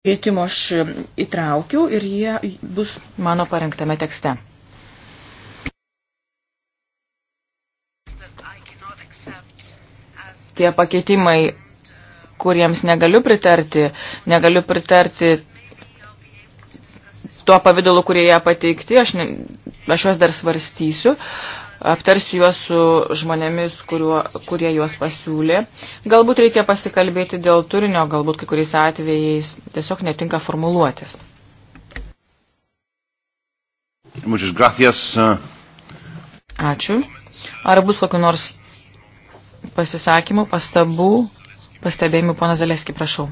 kvietimo aš įtraukiau ir jie bus mano parengtame tekste. Tie pakeitimai, kuriems negaliu pritarti, negaliu pritarti tuo pavydalu, kurie jie pateikti, aš, ne, aš juos dar svarstysiu aptarsiu juos su žmonėmis, kuriuo, kurie juos pasiūlė. Galbūt reikia pasikalbėti dėl turinio, galbūt kai kuriais atvejais tiesiog netinka formuluotis. Eh. Ačiū. Ar bus kokiu nors pasisakymu, pastabų, pastebėjimų, pana Zaleski, prašau.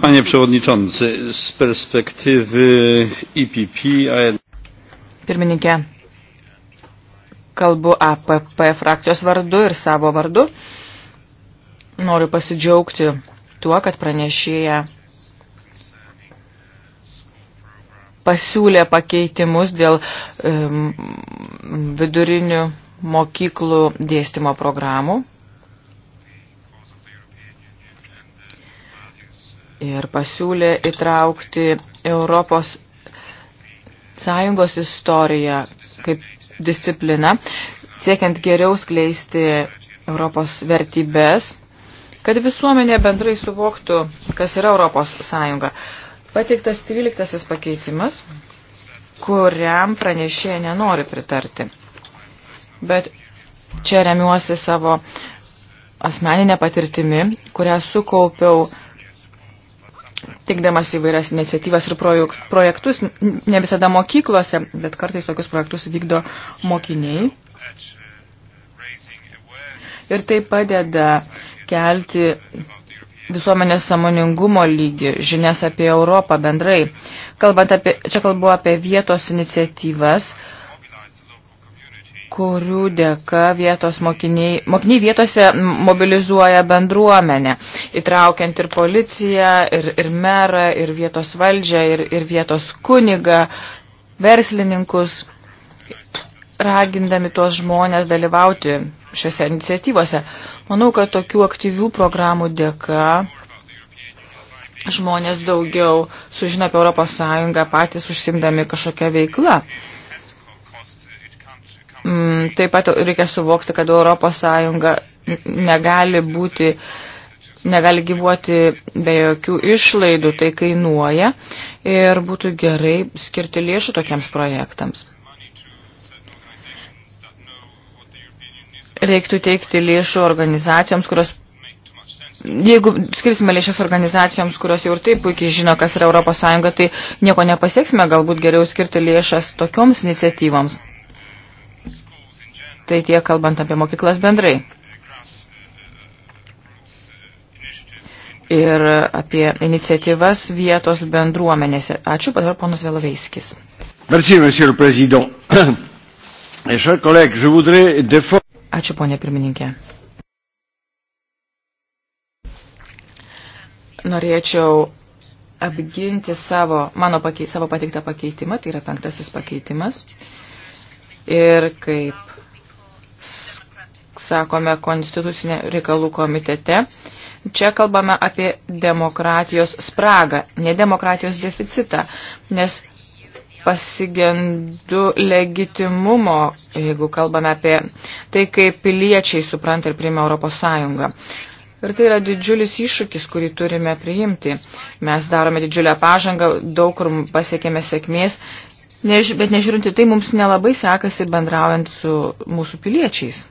Panie Przewodniczący, z perspektywy IPP... A... Pirmininkė, kalbu APP frakcijos vardu ir savo vardu. Noriu pasidžiaugti tuo, kad pranešėja pasiūlė pakeitimus dėl um, vidurinių mokyklų dėstymo programų. Ir pasiūlė įtraukti Europos Sąjungos istoriją kaip discipliną, siekiant geriau skleisti Europos vertybės, kad visuomenė bendrai suvoktų, kas yra Europos Sąjunga. Pateiktas 13 pakeitimas, kuriam pranešėja nenori pritarti. Bet čia remiuosi savo asmeninę patirtimi, kurią sukaupiau teikdamas įvairias iniciatyvas ir projektus, ne visada mokyklose, bet kartais tokius projektus vykdo mokiniai. Ir tai padeda kelti visuomenės samoningumo lygį, žinias apie Europą bendrai. Kalbant apie, čia kalbu apie vietos iniciatyvas, uh, kurių dėka vietos mokiniai, mokiniai vietose mobilizuoja bendruomenę, įtraukiant ir policiją, ir, ir merą, ir vietos valdžią, ir, ir vietos kunigą, verslininkus, ragindami tuos žmonės dalyvauti šiuose iniciatyvose. Manau, kad tokių aktyvių programų dėka žmonės daugiau sužino apie Europos Sąjungą patys užsimdami kažkokią veiklą. Mm, taip pat reikia suvokti, kad Europos Sąjunga negali būti, negali gyvuoti be jokių išlaidų, tai kainuoja ir būtų gerai skirti lėšų tokiems projektams. Reiktų teikti lėšų organizacijoms, kurios jeigu skirsime lėšas organizacijoms, kurios jau ir taip puikiai žino, kas yra Europos Sąjunga, tai nieko nepasieksime, galbūt geriau skirti lėšas tokioms iniciatyvoms. Tai tiek kalbant apie mokyklas bendrai. Ir apie iniciatyvas vietos bendruomenėse. Ačiū, dabar ponas Vėloveiskis. Merci, monsieur le président. Chers collègues, je voudrais défendre... Ačiū, ponė pirmininkė. Norėčiau apginti savo, mano pakei, savo patiktą pakeitimą, tai yra penktasis pakeitimas. Ir kaip sakome konstitucinė reikalų komitete. Čia kalbame apie demokratijos spragą, ne demokratijos deficitą, nes pasigendu legitimumo, jeigu kalbame apie tai, kaip piliečiai supranta ir priima Europos Sąjungą. Ir tai yra didžiulis iššūkis, kurį turime priimti. Mes darome didžiulę pažangą, daug kur pasiekėme sėkmės, než, bet nežiūrinti tai mums nelabai sekasi bendraujant su mūsų piliečiais.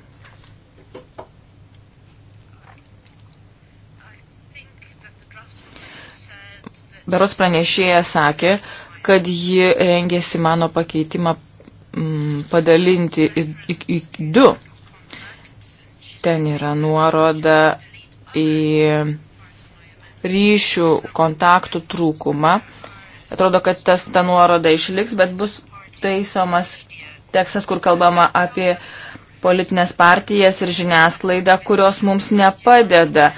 beros pranešėja sakė, kad ji rengėsi mano pakeitimą mm, padalinti į, į, į du. Ten yra nuoroda į ryšių, kontaktų trūkumą. Atrodo, kad tas, ta nuoroda išliks, bet bus taisomas tekstas, kur kalbama apie politinės partijas ir žiniasklaidą, kurios mums nepadeda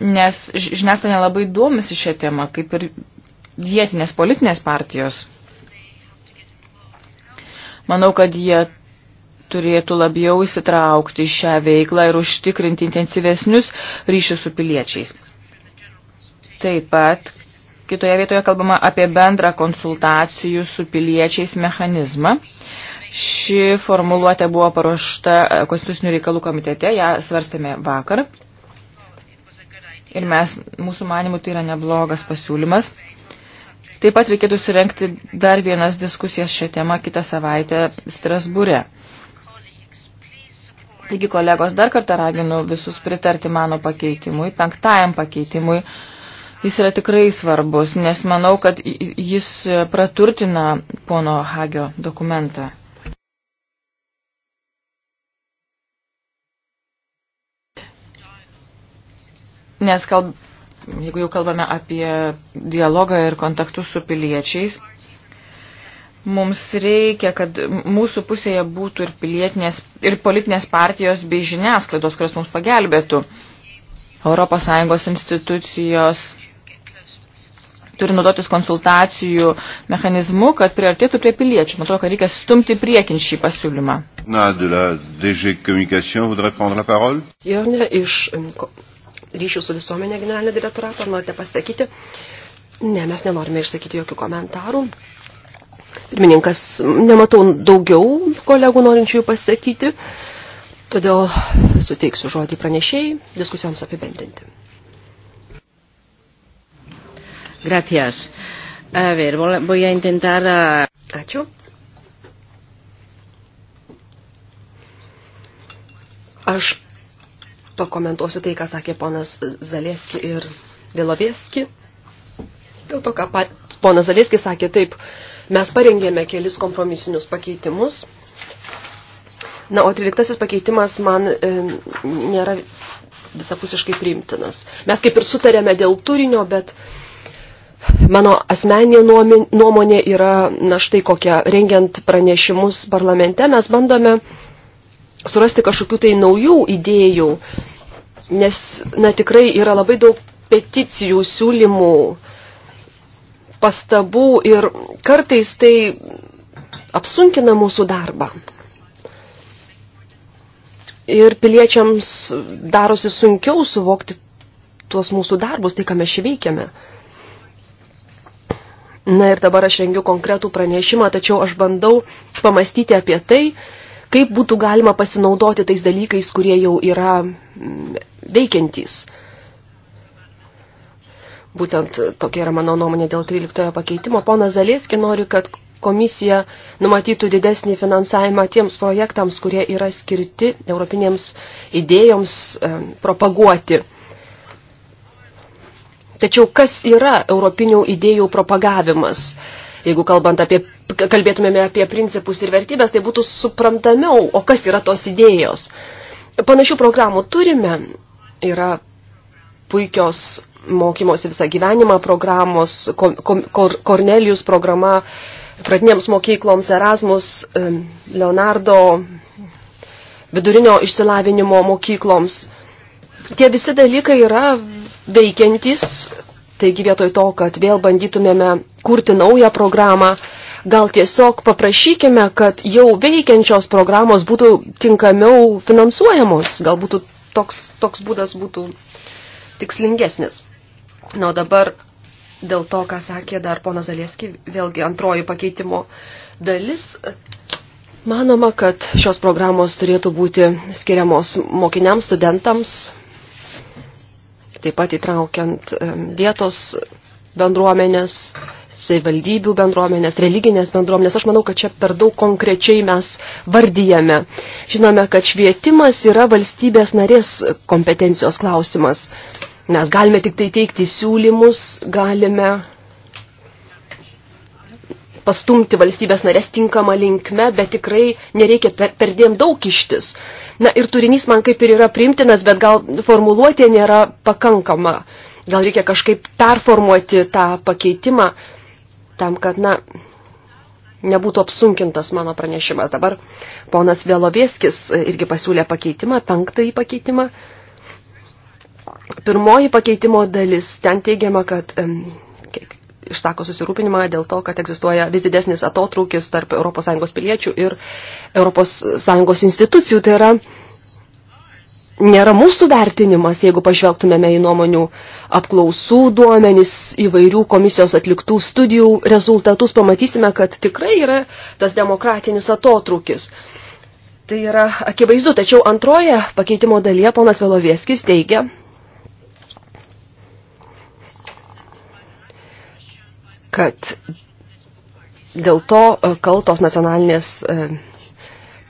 nes žiniasklaida labai duomisi šią temą, kaip ir vietinės politinės partijos. Manau, kad jie turėtų labiau įsitraukti į šią veiklą ir užtikrinti intensyvesnius ryšius su piliečiais. Taip pat kitoje vietoje kalbama apie bendrą konsultacijų su piliečiais mechanizmą. Ši formuluotė buvo paruošta Konstitucinių reikalų komitete, ją svarstėme vakar. Ir mes, mūsų manimų, tai yra neblogas pasiūlymas. Taip pat reikėtų surenkti dar vienas diskusijas šią temą kitą savaitę Strasbūre. Taigi, kolegos, dar kartą raginu visus pritarti mano pakeitimui, penktajam pakeitimui. Jis yra tikrai svarbus, nes manau, kad jis praturtina pono Hagio dokumentą. nes kalb, jeigu jau kalbame apie dialogą ir kontaktus su piliečiais, mums reikia, kad mūsų pusėje būtų ir, pilietinės, ir politinės partijos bei žiniasklaidos, kurios mums pagelbėtų. Europos Sąjungos institucijos turi naudotis konsultacijų mechanizmu, kad priartėtų prie piliečių. Man atrodo, kad reikia stumti priekin šį pasiūlymą. Na, de la DG Communication voudrait prendre la parole. Jorne iš ryšių su visuomenė generalinio direktorato, ar norite pasakyti? Ne, mes nenorime išsakyti jokių komentarų. Pirmininkas, nematau daugiau kolegų norinčių pasakyti, todėl suteiksiu žodį pranešėjai diskusijoms apibendrinti. Gracias. A ver, voy a intentar... A... Ah, Ačiū. Aš pakomentuosiu tai, ką sakė ponas Zalieski ir Vilovieski. Dėl to, ką ponas Zalieski sakė, taip, mes parengėme kelis kompromisinius pakeitimus. Na, o 13 pakeitimas man e, nėra visapusiškai priimtinas. Mes kaip ir sutarėme dėl turinio, bet mano asmeninė nuomonė yra, na štai kokia, rengiant pranešimus parlamente, mes bandome surasti kažkokių tai naujų idėjų, nes na, tikrai yra labai daug peticijų, siūlymų, pastabų ir kartais tai apsunkina mūsų darbą. Ir piliečiams darosi sunkiau suvokti tuos mūsų darbus, tai ką mes čia veikiame. Na ir dabar aš rengiu konkretų pranešimą, tačiau aš bandau pamastyti apie tai, kaip būtų galima pasinaudoti tais dalykais, kurie jau yra mm, veikiantys. Būtent tokia yra mano nuomonė dėl 13 pakeitimo. Pona Zalieski nori, kad komisija numatytų didesnį finansavimą tiems projektams, kurie yra skirti europinėms idėjoms e, propaguoti. Tačiau kas yra europinių idėjų propagavimas? jeigu kalbant apie, kalbėtumėme apie principus ir vertybės, tai būtų suprantamiau, o kas yra tos idėjos. Panašių programų turime, yra puikios mokymosi visą gyvenimą programos, Kornelijus programa, pradinėms mokykloms Erasmus, Leonardo vidurinio išsilavinimo mokykloms. Tie visi dalykai yra veikiantys Taigi vietoj to, kad vėl bandytumėme kurti naują programą, gal tiesiog paprašykime, kad jau veikiančios programos būtų tinkamiau finansuojamos. Gal būtų toks, toks būdas būtų tikslingesnis. Na, o dabar dėl to, ką sakė dar ponas Zalieski, vėlgi antroji pakeitimo dalis. Manoma, kad šios programos turėtų būti skiriamos mokiniams, studentams, taip pat įtraukiant vietos bendruomenės, savivaldybių bendruomenės, religinės bendruomenės. Aš manau, kad čia per daug konkrečiai mes vardyjame. Žinome, kad švietimas yra valstybės narės kompetencijos klausimas. Mes galime tik tai teikti siūlymus, galime pastumti valstybės narės tinkamą linkme, bet tikrai nereikia per, per dėm daug ištis. Na ir turinys man kaip ir yra primtinas, bet gal formuluotė nėra pakankama. Gal reikia kažkaip performuoti tą pakeitimą tam, kad, na, nebūtų apsunkintas mano pranešimas. Dabar ponas Vėlovėskis irgi pasiūlė pakeitimą, penktąjį pakeitimą. Pirmoji pakeitimo dalis, ten teigiama, kad išsako susirūpinimą dėl to, kad egzistuoja vis didesnis atotrūkis tarp ES piliečių ir ES institucijų. Tai yra nėra mūsų vertinimas, jeigu pažvelgtumėme į nuomonių apklausų duomenis, įvairių komisijos atliktų studijų rezultatus, pamatysime, kad tikrai yra tas demokratinis atotrūkis. Tai yra akivaizdu, tačiau antroje pakeitimo dalyje ponas Velovieskis teigia, kad dėl to e, kaltos nacionalinės e,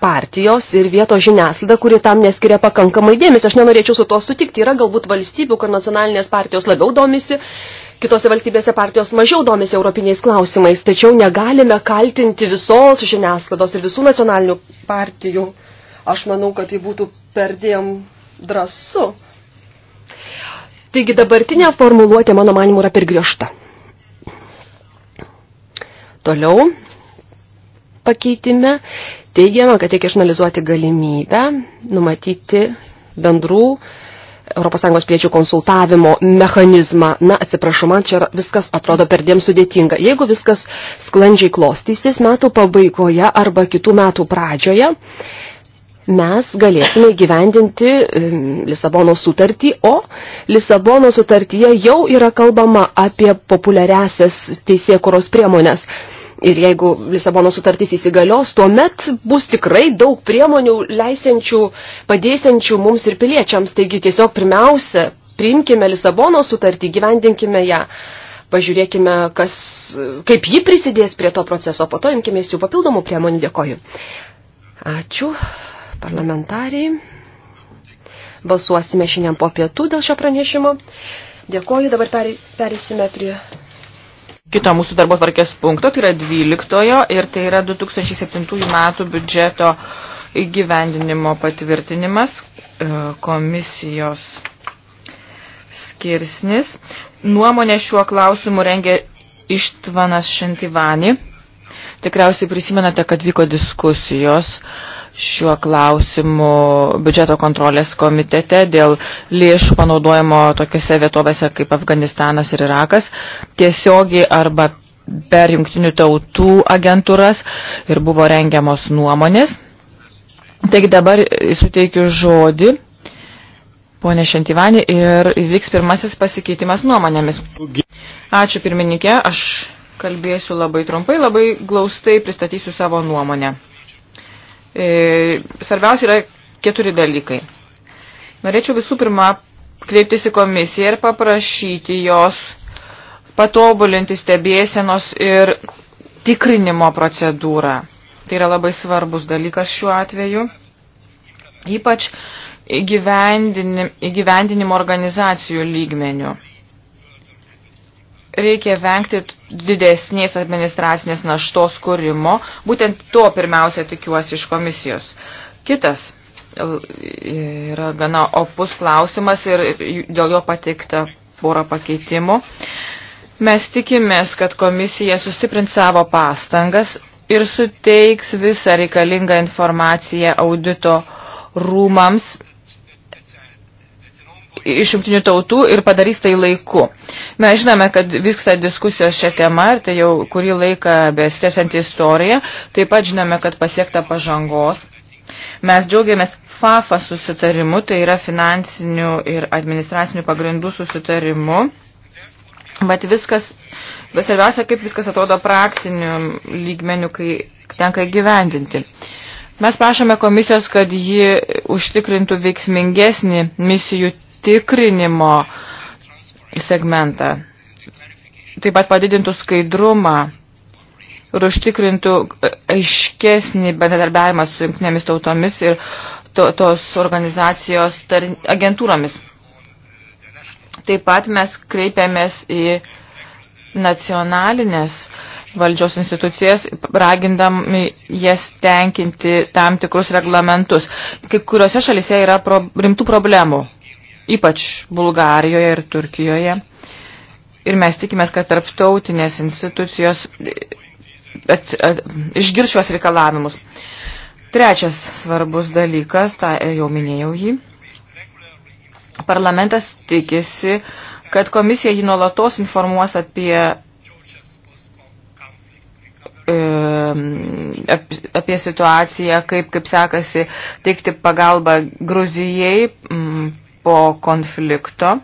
partijos ir vietos žiniaslaida, kuri tam neskiria pakankamai dėmesio. Aš nenorėčiau su to sutikti. Yra galbūt valstybių, kur nacionalinės partijos labiau domisi, kitose valstybėse partijos mažiau domisi europiniais klausimais, tačiau negalime kaltinti visos žiniasklaidos ir visų nacionalinių partijų. Aš manau, kad tai būtų perdėm drąsu. Taigi dabartinė formuluotė, mano manimu, yra per griežta. Toliau pakeitime teigiama, kad reikia išanalizuoti galimybę numatyti bendrų ES piliečių konsultavimo mechanizmą. Na, atsiprašau, man čia viskas atrodo perdėm sudėtinga. Jeigu viskas sklandžiai klostysis metų pabaigoje arba kitų metų pradžioje, mes galėsime įgyvendinti Lisabono sutartį, o Lisabono sutartyje jau yra kalbama apie populiariasias teisėkuros priemonės. Ir jeigu Lisabono sutartys įsigalios, tuomet bus tikrai daug priemonių leisiančių, padėsiančių mums ir piliečiams. Taigi tiesiog pirmiausia, priimkime Lisabono sutartį, gyvendinkime ją, pažiūrėkime, kas, kaip ji prisidės prie to proceso, po to imkime jų papildomų priemonių. Dėkoju. Ačiū parlamentariai. Balsuosime šiandien po pietų dėl šio pranešimo. Dėkoju, dabar perėsime prie kito mūsų darbo tvarkės punkto, tai yra 12 ir tai yra 2007 metų biudžeto įgyvendinimo patvirtinimas e, komisijos skirsnis. Nuomonė šiuo klausimu rengė Ištvanas Šentivani. Tikriausiai prisimenate, kad vyko diskusijos uh, šiuo klausimu biudžeto kontrolės komitete dėl lėšų panaudojimo tokiose vietovėse kaip Afganistanas ir Irakas tiesiogiai arba per jungtinių tautų agentūras ir buvo rengiamos nuomonės. Taigi dabar suteikiu žodį Pone Šentivanį ir vyks pirmasis pasikeitimas nuomonėmis. Ačiū pirmininkė, aš kalbėsiu labai trumpai, labai glaustai pristatysiu savo nuomonę. E, svarbiausia yra keturi dalykai. Norėčiau visų pirma kreiptis į komisiją ir paprašyti jos patobulinti stebėsenos ir tikrinimo procedūrą. Tai yra labai svarbus dalykas šiuo atveju. Ypač įgyvendinimo organizacijų lygmenių reikia vengti didesnės administracinės naštos kūrimo. Būtent to pirmiausia tikiuosi iš komisijos. Kitas e, yra gana opus klausimas ir dėl jo pateikta porą pakeitimų. Mes tikimės, kad komisija sustiprint savo pastangas ir suteiks visą reikalingą informaciją audito rūmams iš jungtinių tautų ir padarys tai laiku. Mes žinome, kad vyksta diskusijos šią temą ir tai jau kurį laiką besitęsianti istorija. Taip pat žinome, kad pasiekta pažangos. Mes džiaugiamės FAFA susitarimu, tai yra finansinių ir administracinių pagrindų susitarimu. Bet viskas, svarbiausia, kaip viskas atrodo praktiniu lygmeniu, kai tenka gyvendinti. Mes prašome komisijos, kad ji užtikrintų veiksmingesnį misijų tikrinimo segmentą. Taip pat padidintų skaidrumą ir užtikrintų aiškesnį bendradarbiavimą su jungtinėmis tautomis ir to, tos organizacijos tar, agentūromis. Taip pat mes kreipiamės į nacionalinės valdžios institucijas, ragindami jas tenkinti tam tikrus reglamentus. Kai kuriuose šalise yra pro, rimtų problemų ypač Bulgarijoje ir Turkijoje. Ir mes tikimės, kad tarptautinės institucijos at, at, išgirs šios reikalavimus. Trečias svarbus dalykas, tą jau minėjau jį, parlamentas tikisi, kad komisija jį nuolatos informuos apie, e, apie situaciją, kaip, kaip sekasi teikti pagalbą Gruzijai, m, po konflikto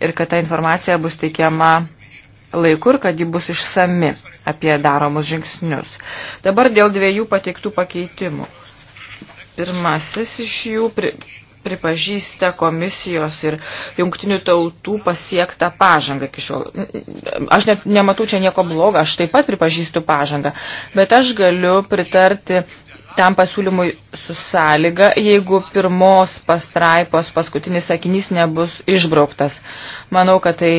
ir kad ta informacija bus teikiama laiku ir kad ji bus išsami apie daromus žingsnius. Dabar dėl dviejų pateiktų pakeitimų. Pirmasis iš jų pri, pripažįsta komisijos ir jungtinių tautų pasiektą pažangą iki šiol. Aš net nematau čia nieko blogo, aš taip pat pripažįstu pažangą, bet aš galiu pritarti tam pasiūlymui su sąlyga, jeigu pirmos pastraipos paskutinis sakinys nebus išbrauktas. Manau, kad tai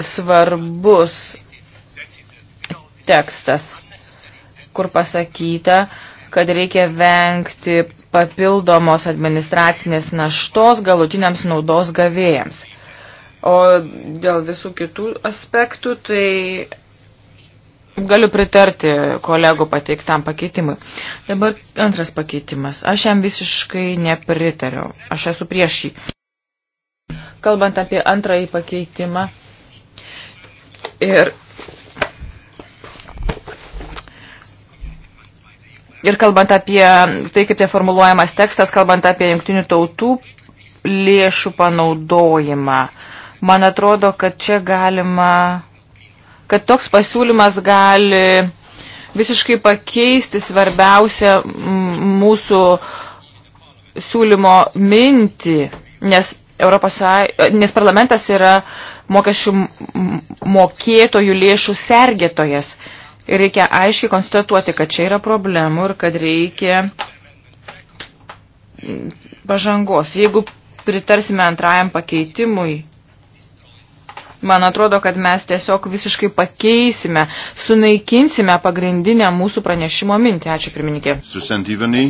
svarbus tekstas, kur pasakyta, kad reikia vengti papildomos administracinės naštos galutiniams naudos gavėjams. O dėl visų kitų aspektų, tai Galiu pritarti kolegų pateiktam pakeitimui. Dabar antras pakeitimas. Aš jam visiškai nepritariu. Aš esu prieš jį. Kalbant apie antrąjį pakeitimą ir, ir kalbant apie tai, kaip tai formuluojamas tekstas, kalbant apie jungtinių tautų lėšų panaudojimą, man atrodo, kad čia galima kad toks pasiūlymas gali visiškai pakeisti svarbiausią mūsų siūlymo mintį, nes, Europos, nes parlamentas yra mokesčių mokėtojų lėšų sergėtojas. Ir reikia aiškiai konstatuoti, kad čia yra problemų ir kad reikia pažangos. Jeigu pritarsime antrajam pakeitimui, Man atrodo, kad mes tiesiog visiškai pakeisime, sunaikinsime pagrindinę mūsų pranešimo mintį. Ačiū, pirmininkė. Susantyvenį.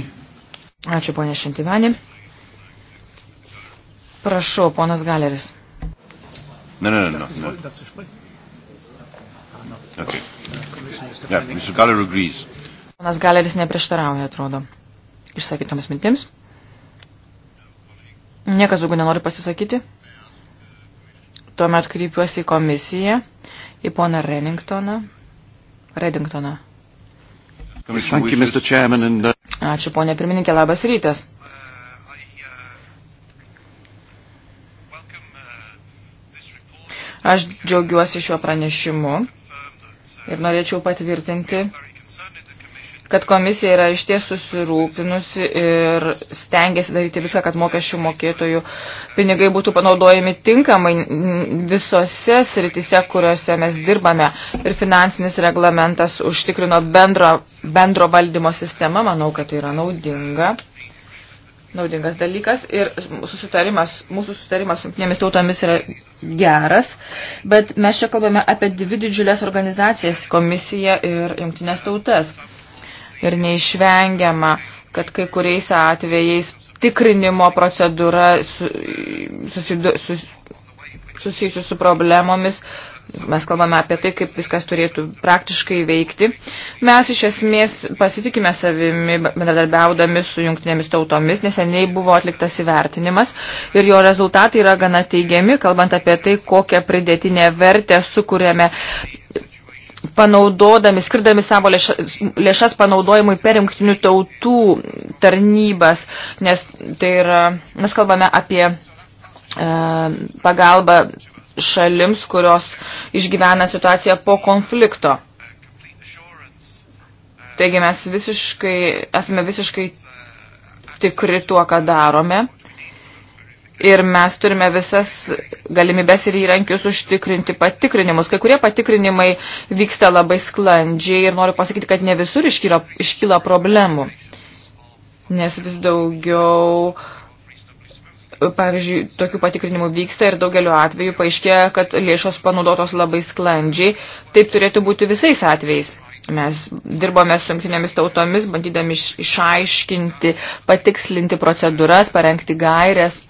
Ačiū, ponė Šentyvenį. Prašau, ponas Galeris. Ne, ne, ne, ne. Okay. Yeah, Mr. Galler agrees. Ponas Galeris neprieštarauja, atrodo, išsakytoms mintims. Niekas daugiau nenori pasisakyti. Tuomet kreipiuosi į komisiją, į poną Reningtoną. Redingtoną. Uh, Ačiū, ponė pirmininkė, labas rytas. Aš džiaugiuosi šiuo pranešimu ir norėčiau patvirtinti, kad komisija yra iš ties susirūpinusi ir stengiasi daryti viską, kad mokesčių mokėtojų pinigai būtų panaudojami tinkamai visose sritise, kuriuose mes dirbame. Ir finansinis reglamentas užtikrino bendro, bendro valdymo sistemą, manau, kad tai yra naudinga naudingas dalykas ir susitarimas, mūsų susitarimas su jungtinėmis tautomis yra geras, bet mes čia kalbame apie dvi didžiulės organizacijas, komisiją ir jungtinės tautas ir neišvengiama, kad kai kuriais atvejais tikrinimo procedūra susijusi sus, susijusiu su problemomis, mes kalbame apie tai, kaip viskas turėtų praktiškai veikti. Mes iš esmės pasitikime savimi, bendradarbiaudami su jungtinėmis tautomis, neseniai buvo atliktas įvertinimas ir jo rezultatai yra gana teigiami, kalbant apie tai, kokią pridėtinę vertę sukūrėme panaudodami, skirdami savo lėša, lėšas panaudojimui per jungtinių tautų tarnybas, nes tai yra, mes kalbame apie e, pagalbą šalims, kurios išgyvena situaciją po konflikto. Taigi mes visiškai, esame visiškai tikri tuo, ką darome. Ir mes turime visas galimybės ir įrankius užtikrinti patikrinimus. Kai kurie patikrinimai vyksta labai sklandžiai ir noriu pasakyti, kad ne visur iškyla, iškyla problemų. Nes vis daugiau uh, pavyzdžiui, tokių patikrinimų vyksta ir daugeliu atveju paaiškėja, kad lėšos panaudotos labai sklandžiai. Taip turėtų būti visais atvejais. Mes dirbome su jungtinėmis tautomis, bandydami išaiškinti, patikslinti procedūras, parengti gairias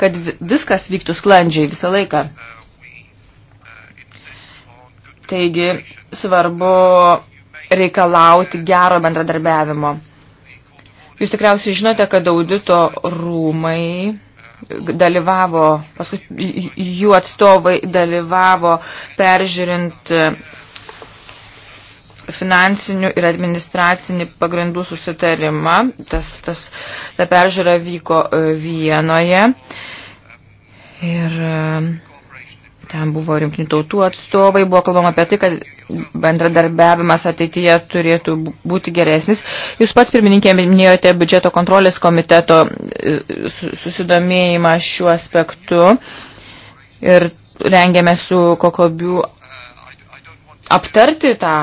kad viskas vyktų sklandžiai visą laiką. Taigi svarbu reikalauti gero bendradarbiavimo. Jūs tikriausiai žinote, kad audito rūmai dalyvavo, paskui jų atstovai dalyvavo peržiūrint finansinių ir administracinį pagrindų susitarimą. Tas, tas, ta peržiūra vyko e, Vienoje. Ir e, ten buvo rimtinių tautų atstovai, buvo kalbama apie tai, kad bendradarbiavimas ateityje turėtų būti geresnis. Jūs pats, pirmininkė, minėjote biudžeto kontrolės komiteto e, susidomėjimą šiuo aspektu ir rengėme su Kokobiu aptarti tą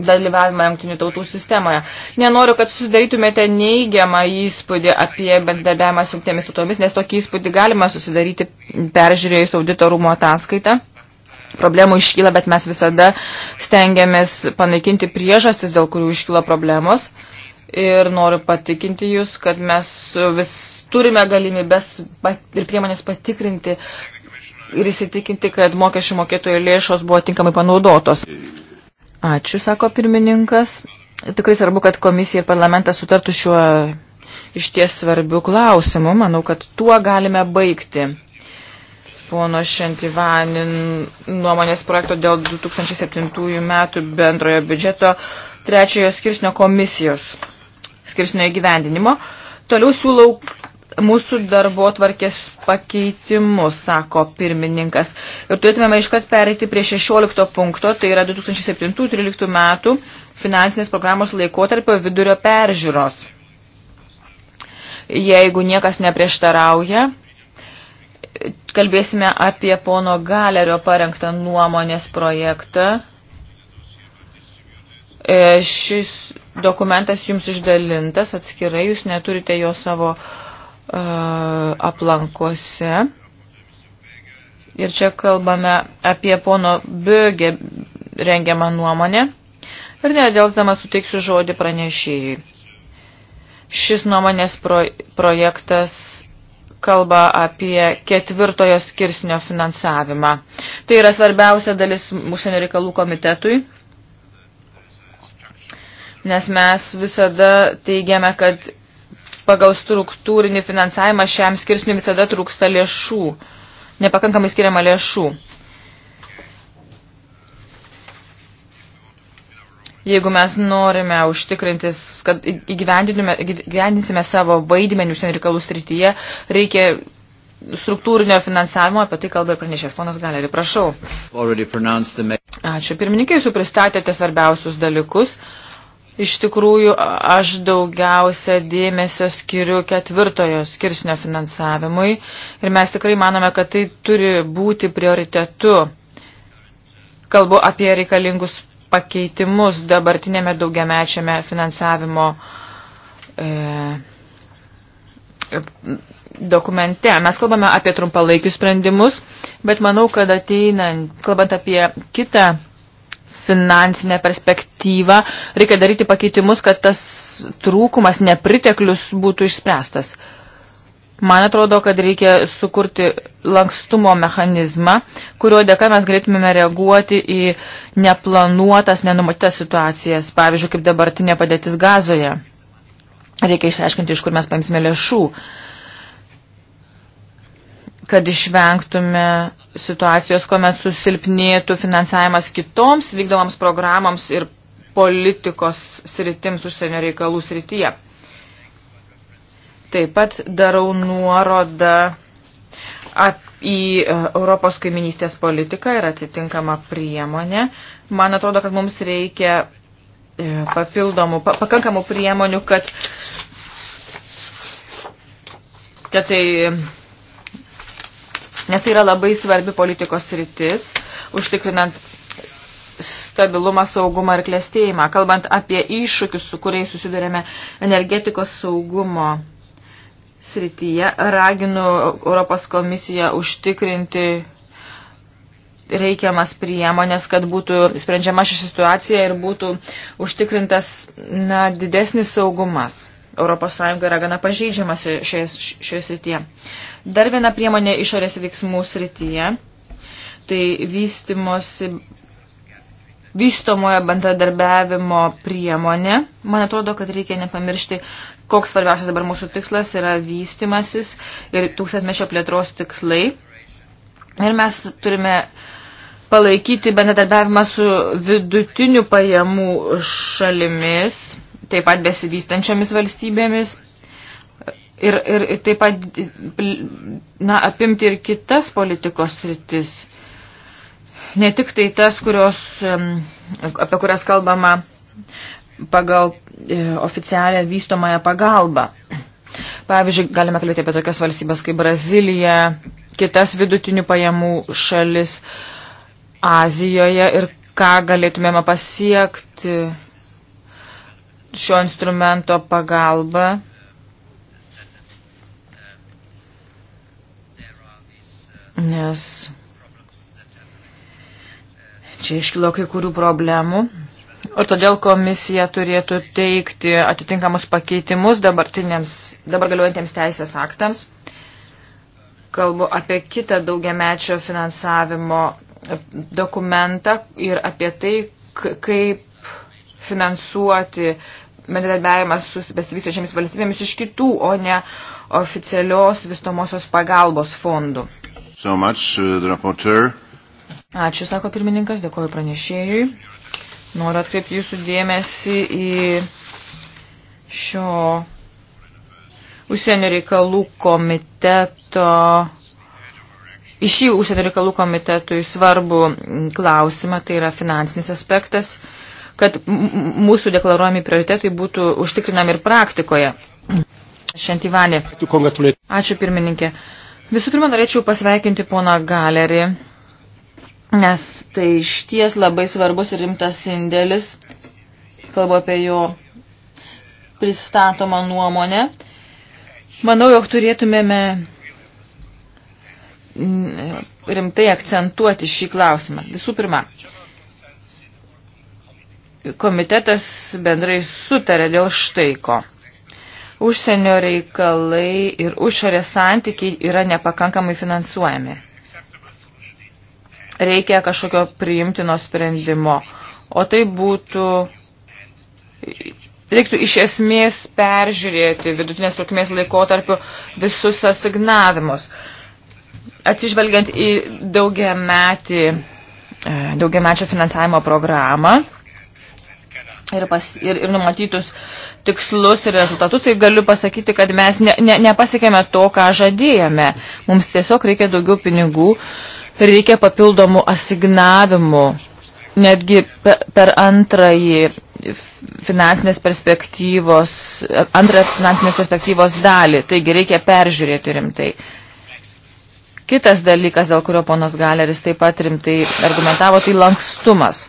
dalyvavimą jungtinių tautų sistemoje. Nenoriu, kad susidarytumėte neigiamą įspūdį apie bendradarbiavimą su jungtinėmis tautomis, nes tokį įspūdį galima susidaryti peržiūrėjus auditorumo ataskaitą. Problemų iškyla, bet mes visada stengiamės panaikinti priežastis, dėl kurių iškyla problemos. Ir noriu patikinti jūs, kad mes vis turime galimybės ir priemonės patikrinti ir įsitikinti, kad mokesčių mokėtojų lėšos buvo tinkamai panaudotos. Ačiū, sako pirmininkas. Tikrai svarbu, kad komisija ir parlamentas sutartų šiuo iš ties svarbių klausimų. Manau, kad tuo galime baigti pono Šentivanin nuomonės projekto dėl 2007 metų bendrojo biudžeto trečiojo skirsnio komisijos skirsnio įgyvendinimo. Toliau siūlau mūsų darbo tvarkės pakeitimus, sako pirmininkas. Ir turėtumėme iškart pereiti prie 16 punkto, tai yra 2007-2013 metų finansinės programos laikotarpio vidurio peržiūros. Jeigu niekas neprieštarauja, kalbėsime apie pono Galerio parengtą nuomonės projektą. E, šis dokumentas jums išdalintas atskirai, jūs neturite jo savo uh, aplankose. Ir čia kalbame apie pono Bögė rengiamą nuomonę. Ir nedėlzama suteiksiu žodį pranešėjai. Šis nuomonės pro, projektas kalba apie ketvirtojo skirsnio finansavimą. Tai yra svarbiausia dalis užsienio reikalų komitetui, nes mes visada teigiame, kad pagal struktūrinį finansavimą šiam skirsniui visada trūksta lėšų, nepakankamai skiriama lėšų. Jeigu mes norime užtikrintis, kad įgyvendinsime savo vaidmenį užsienio reikalų srityje, reikia struktūrinio finansavimo, apie tai kalba ir pranešės ponas Galerį. Prašau. Ačiū. Pirmininkai, jūs pristatėte svarbiausius dalykus. Iš tikrųjų, aš daugiausia dėmesio skiriu ketvirtojo skirsnio finansavimui ir mes tikrai manome, kad tai turi būti prioritetu. Kalbu apie reikalingus pakeitimus dabartinėme daugiamečiame finansavimo e, dokumente. Mes kalbame apie trumpalaikius sprendimus, bet manau, kad ateinant, kalbant apie kitą finansinę perspektyvą, reikia daryti pakeitimus, kad tas trūkumas, nepriteklius būtų išspręstas. Man atrodo, kad reikia sukurti lankstumo mechanizmą, kurio dėka mes galėtumėme reaguoti į neplanuotas, nenumatytas situacijas, pavyzdžiui, kaip dabartinė padėtis gazoje. Reikia išsiaiškinti, iš kur mes paimsime lėšų. Uh, kad išvengtume situacijos, kuomet susilpnėtų finansavimas kitoms vykdomoms programoms ir politikos sritims užsienio reikalų srityje. Taip pat darau nuorodą į e, Europos kaiminystės politiką ir atitinkamą priemonę. Man atrodo, kad mums reikia e, papildomų, pakankamų priemonių, kad, kad tai nes tai yra labai svarbi politikos rytis, užtikrinant stabilumą, saugumą ir klėstėjimą. Kalbant apie iššūkius, su kuriais susidurėme energetikos saugumo srityje, raginu Europos komisiją užtikrinti reikiamas priemonės, kad būtų sprendžiama ši situacija ir būtų užtikrintas na, didesnis saugumas. Europos Sąjunga yra gana pažydžiama šioje, šioje srityje. Šio Dar viena priemonė išorės veiksmų srityje, tai vystimosi vystomojo bendradarbiavimo priemonė. Man atrodo, kad reikia nepamiršti, koks svarbiausias dabar mūsų tikslas yra vystimasis ir tūkstantmečio plėtros tikslai. Ir mes turime palaikyti bendradarbiavimą su vidutinių pajamų šalimis, taip pat besivystančiomis valstybėmis ir, ir taip pat na, apimti ir kitas politikos sritis. Ne tik tai tas, kurios, apie kurias kalbama pagal e, oficialią vystomąją pagalbą. Pavyzdžiui, galime kalbėti apie tokias valstybės kaip Brazilija, kitas vidutinių pajamų šalis Azijoje ir ką galėtumėme pasiekti šio instrumento pagalba nes čia iškilo kai kurių problemų. Ir todėl komisija turėtų teikti atitinkamus pakeitimus dabar galiuojantiems teisės aktams. Kalbu apie kitą daugiamečio finansavimo dokumentą ir apie tai, kaip finansuoti bendradarbiavimas su besivystačiamis valstybėmis iš kitų, o ne oficialios vystomosios pagalbos fondų so much, uh, Ačiū, sako pirmininkas, dėkoju pranešėjui. Noriu atkreipti jūsų dėmesį į šio užsienio reikalų komiteto, į šį užsienio reikalų komitetui svarbų klausimą, tai yra finansinis aspektas, kad mūsų deklaruojami prioritetai būtų užtikrinami ir praktikoje. Šentivanė. Ačiū pirmininkė. Visų pirma, norėčiau pasveikinti poną Galerį, nes tai išties labai svarbus ir rimtas indėlis. Kalbu apie jo pristatomą nuomonę. Manau, jog turėtumėme mm, rimtai akcentuoti šį klausimą. Visų pirma, komitetas bendrai sutarė dėl štaiko užsienio reikalai ir užšorės santykiai yra nepakankamai finansuojami. Reikia kažkokio priimtino sprendimo. O tai būtų reiktų iš esmės peržiūrėti vidutinės trukmės laikotarpiu visus asignavimus. Atsižvelgiant į daugiametį, e, daugiamečio finansavimo programą ir, pas, ir, ir numatytus tikslus ir rezultatus, tai galiu pasakyti, kad mes ne, ne, nepasiekėme to, ką žadėjome. Mums tiesiog reikia daugiau pinigų, reikia papildomų asignavimų. Netgi per antrąjį finansinės perspektyvos, antrą finansinės perspektyvos dalį, taigi reikia peržiūrėti rimtai. Kitas dalykas, dėl kurio ponas Galeris taip pat rimtai argumentavo, tai lankstumas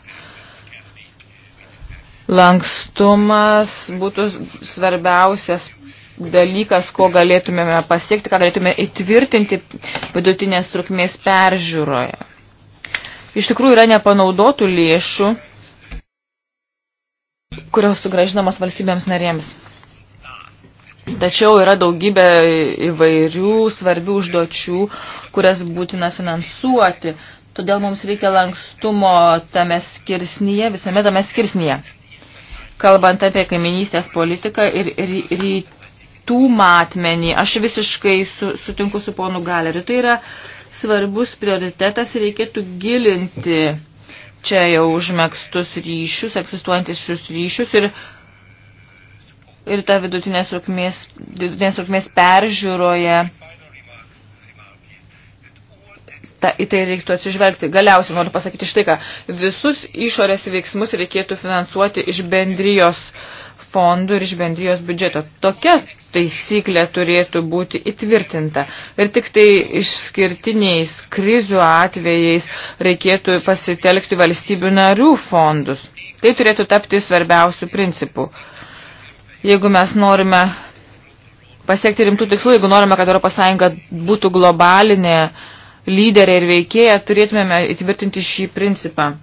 lankstumas būtų svarbiausias dalykas, ko galėtumėme pasiekti, ką galėtume įtvirtinti vidutinės trukmės peržiūroje. Iš tikrųjų yra nepanaudotų lėšų, kurios sugražinamos valstybėms narėms. Tačiau yra daugybė įvairių svarbių užduočių, kurias būtina finansuoti. Todėl mums reikia lankstumo tame skirsnyje, visame tame skirsnyje kalbant apie kaiminystės politiką ir rytų matmenį. Aš visiškai su, sutinku su ponu Galeriu. Tai yra svarbus prioritetas ir reikėtų gilinti čia jau užmėgstus ryšius, egzistuojantis šius ryšius ir, ir ta vidutinės rūkmės, vidutinės rūkmės peržiūroje ta, į tai reiktų atsižvelgti. Galiausiai noriu pasakyti štai ką. Visus išorės veiksmus reikėtų finansuoti iš bendrijos fondų ir iš bendrijos biudžeto. Tokia taisyklė turėtų būti įtvirtinta. Ir tik tai išskirtiniais krizių atvejais reikėtų pasitelkti valstybių narių fondus. Tai turėtų tapti svarbiausių principų. Jeigu mes norime pasiekti rimtų tikslų, jeigu norime, kad ES būtų globalinė, uh, lyderė ir veikėja, turėtumėme įtvirtinti šį principą.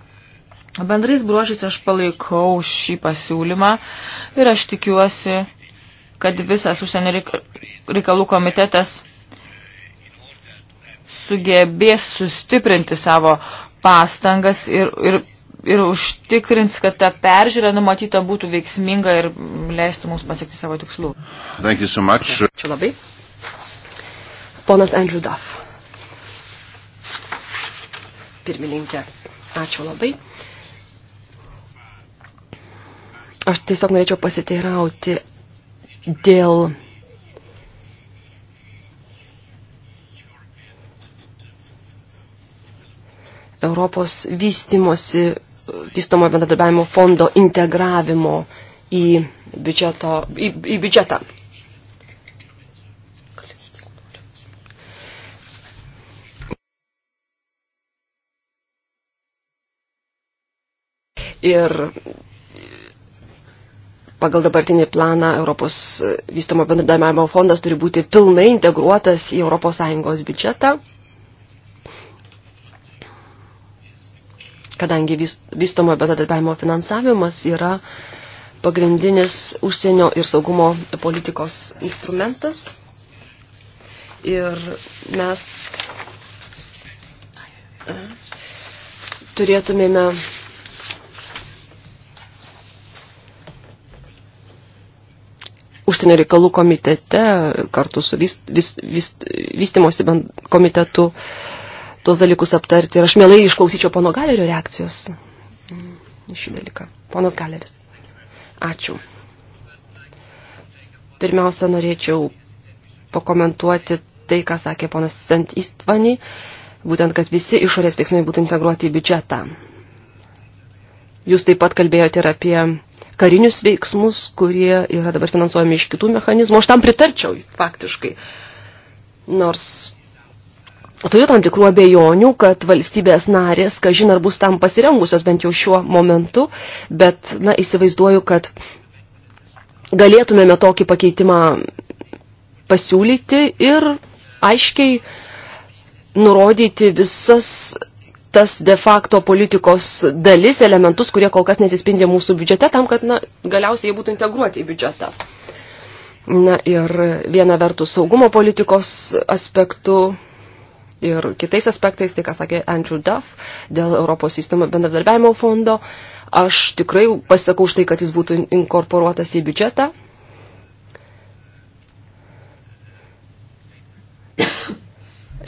Bendrais bruožais aš palaikau šį pasiūlymą ir aš tikiuosi, kad visas užsienio reikalų komitetas sugebės sustiprinti savo pastangas ir, ir, ir užtikrins, kad ta peržiūra numatyta būtų veiksminga ir leistų mums pasiekti savo tikslų. Thank you so much. Ačiū labai. Ponas Andrew Duff pirmininkė. Ačiū labai. Aš tiesiog norėčiau pasiteirauti dėl Europos vystimosi, vystomo bendradarbiavimo fondo integravimo į, biudžeto, į, į biudžetą. Ir pagal dabartinį planą Europos vystamo bendradarbiavimo fondas turi būti pilnai integruotas į ES biudžetą, kadangi vystomo bendradarbiavimo finansavimas yra pagrindinis užsienio ir saugumo politikos instrumentas. Ir mes e, turėtumėme užsienio reikalų komitete kartu su vis, vis, vis, vystimosi komitetu tuos dalykus aptarti. Ir aš mielai išklausyčiau pono Galerio reakcijos mm, šį dalyką. Ponas Galeris. Ačiū. Pirmiausia, norėčiau pakomentuoti tai, ką sakė ponas Sant Istvani, būtent, kad visi išorės veiksmai būtų integruoti į biudžetą. Jūs taip pat kalbėjote ir apie karinius veiksmus, kurie yra dabar finansuojami iš kitų mechanizmų. Aš tam pritarčiau faktiškai. Nors turiu tam tikrų abejonių, kad valstybės narės, kažin ar bus tam pasirengusios bent jau šiuo momentu, bet na, įsivaizduoju, kad galėtumėme tokį pakeitimą pasiūlyti ir aiškiai nurodyti visas tas de facto politikos dalis, elementus, kurie kol kas nesispindė mūsų biudžete, tam, kad na, galiausiai jie būtų integruoti į biudžetą. Na ir viena vertus saugumo politikos aspektu ir kitais aspektais, tai ką sakė Andrew Duff dėl Europos sistemo bendradarbiavimo fondo, aš tikrai pasisakau už tai, kad jis būtų inkorporuotas į biudžetą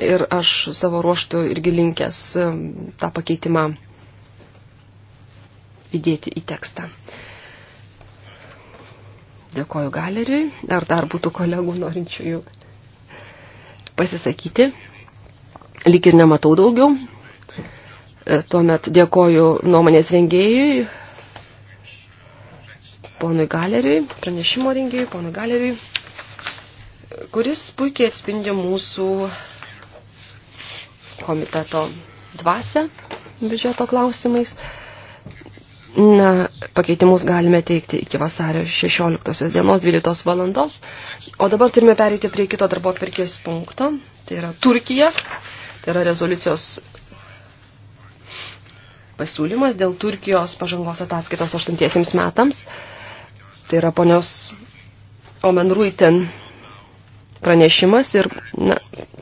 ir aš savo ruoštų irgi linkęs um, tą pakeitimą įdėti į tekstą. Dėkoju galeriui. Ar dar būtų kolegų norinčiųjų pasisakyti? Lik ir nematau daugiau. E, tuomet dėkoju nuomonės rengėjui, ponui galeriui, pranešimo rengėjui, ponui galeriui, kuris puikiai atspindi mūsų komiteto dvasę biudžeto klausimais. Na, pakeitimus galime teikti iki vasario 16 dienos 12 valandos. O dabar turime pereiti prie kito darbo atverkės punkto. Tai yra Turkija. Tai yra rezoliucijos pasiūlymas dėl Turkijos pažangos ataskaitos 8 metams. Tai yra ponios Omen Ruiten pranešimas ir na,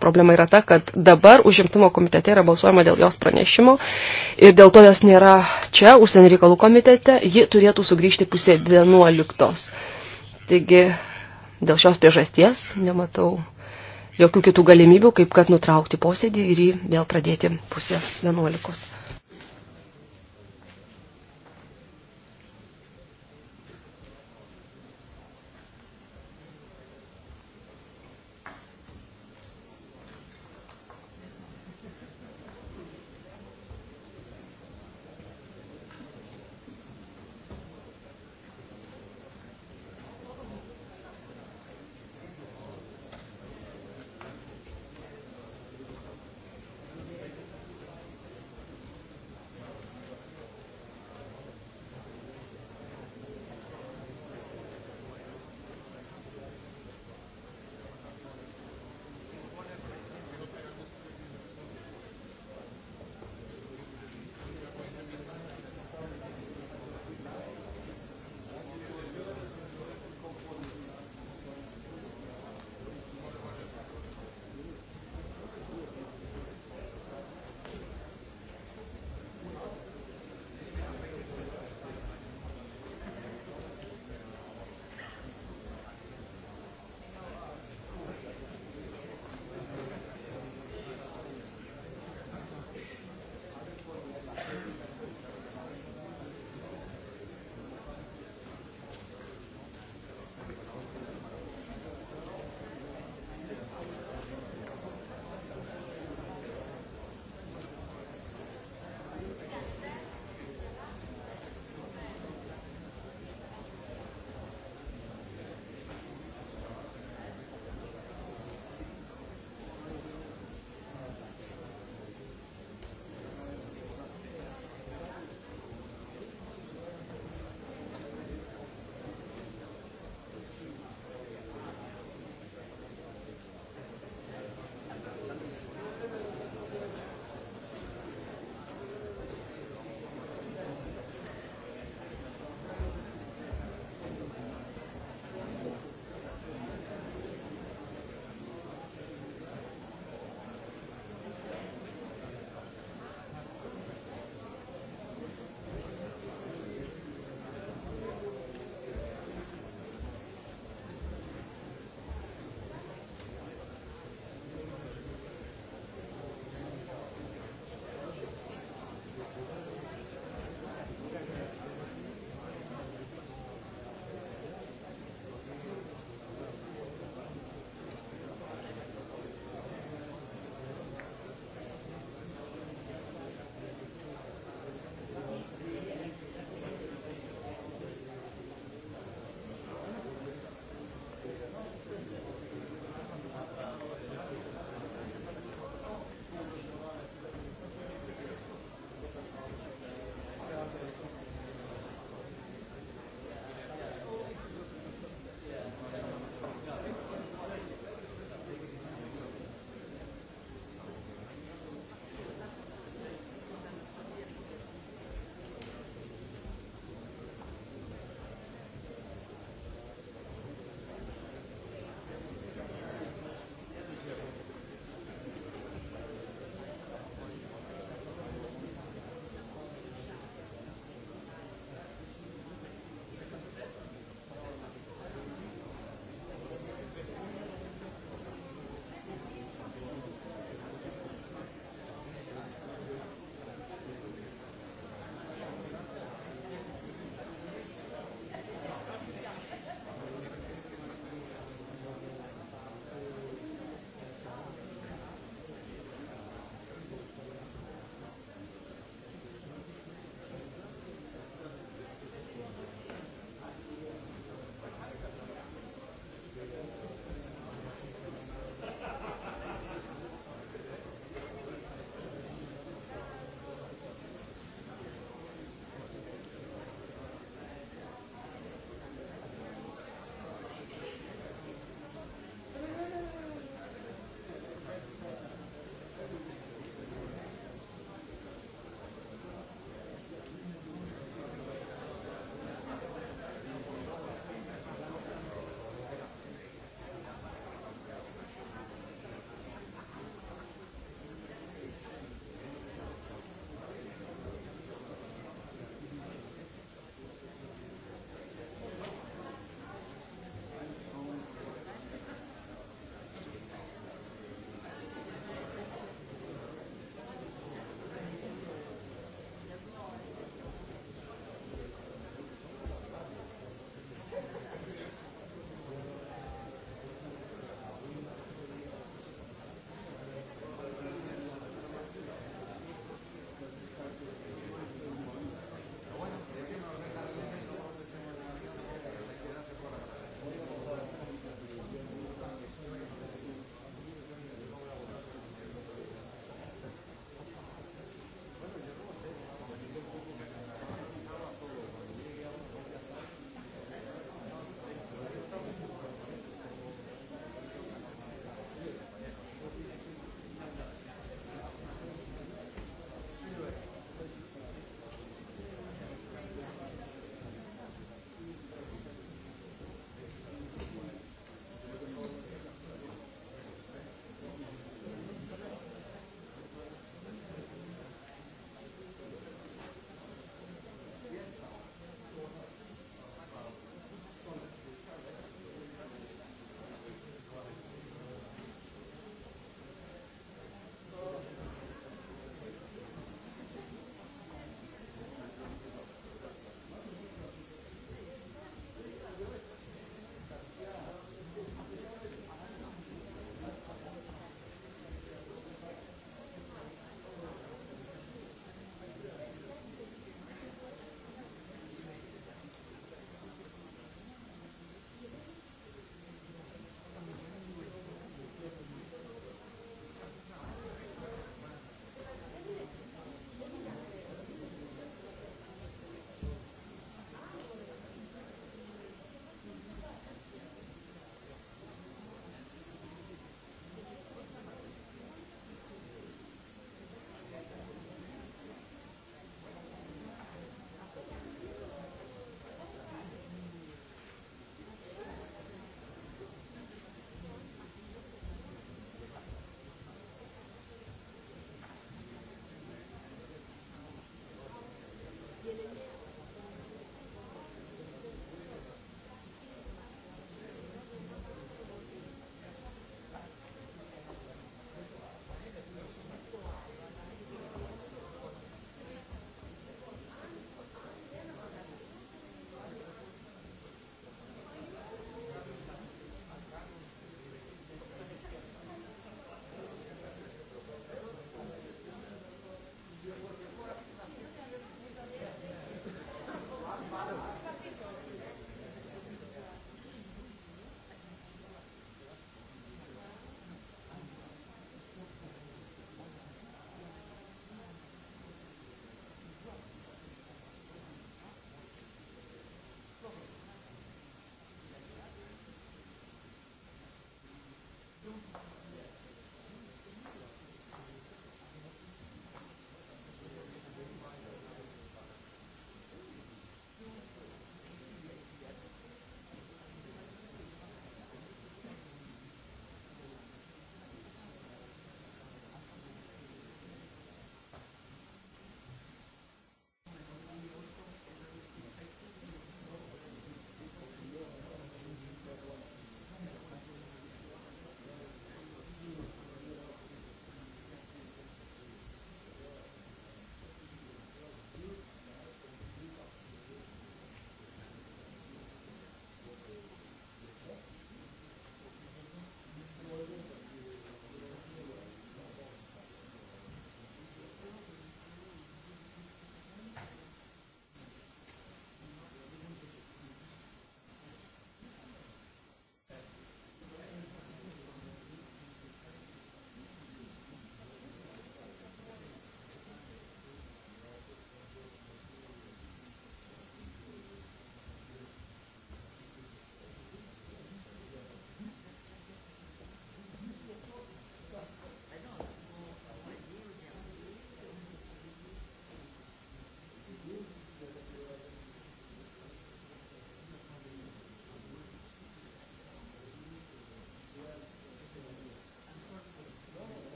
problema yra ta, kad dabar užimtumo komitete yra balsuojama dėl jos pranešimo ir dėl to jos nėra čia, užsienio reikalų komitete, ji turėtų sugrįžti pusė 11. Taigi dėl šios priežasties nematau jokių kitų galimybių, kaip kad nutraukti posėdį ir jį vėl pradėti pusė 11.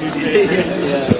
yeah.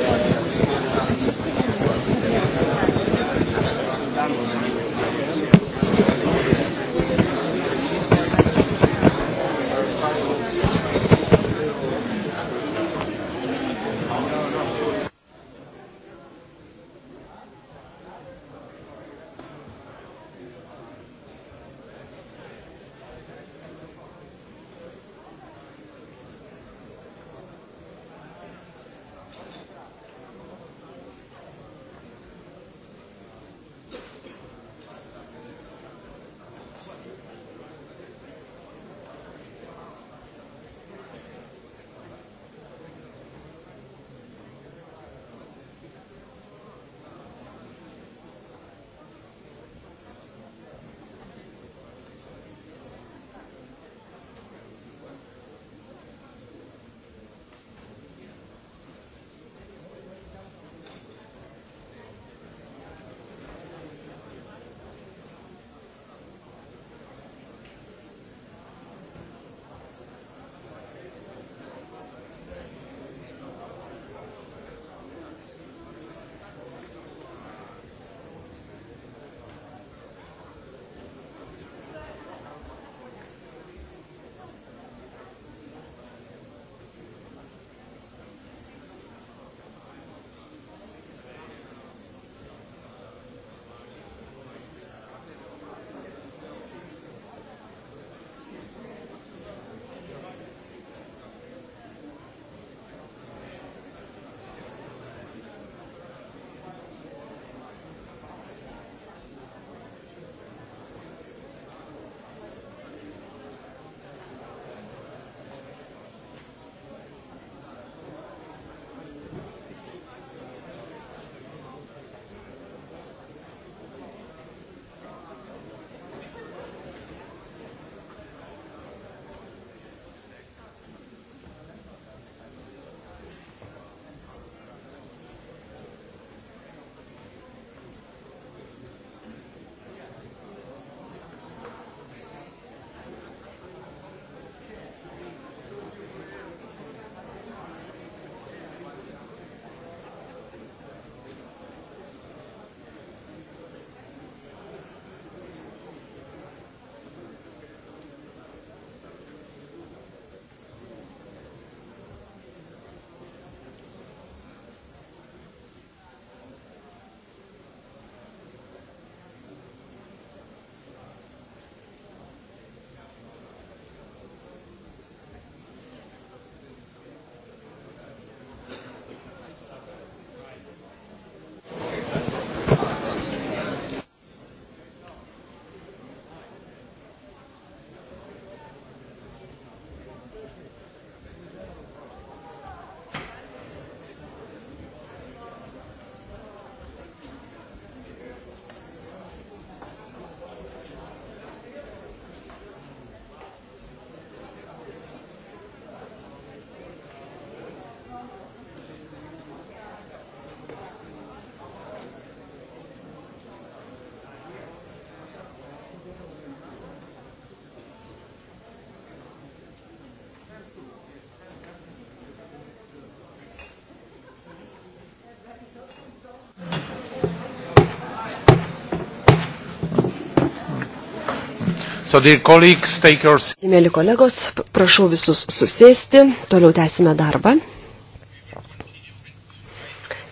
So, your... Mėly kolegos, prašau visus susėsti, toliau tęsime darbą.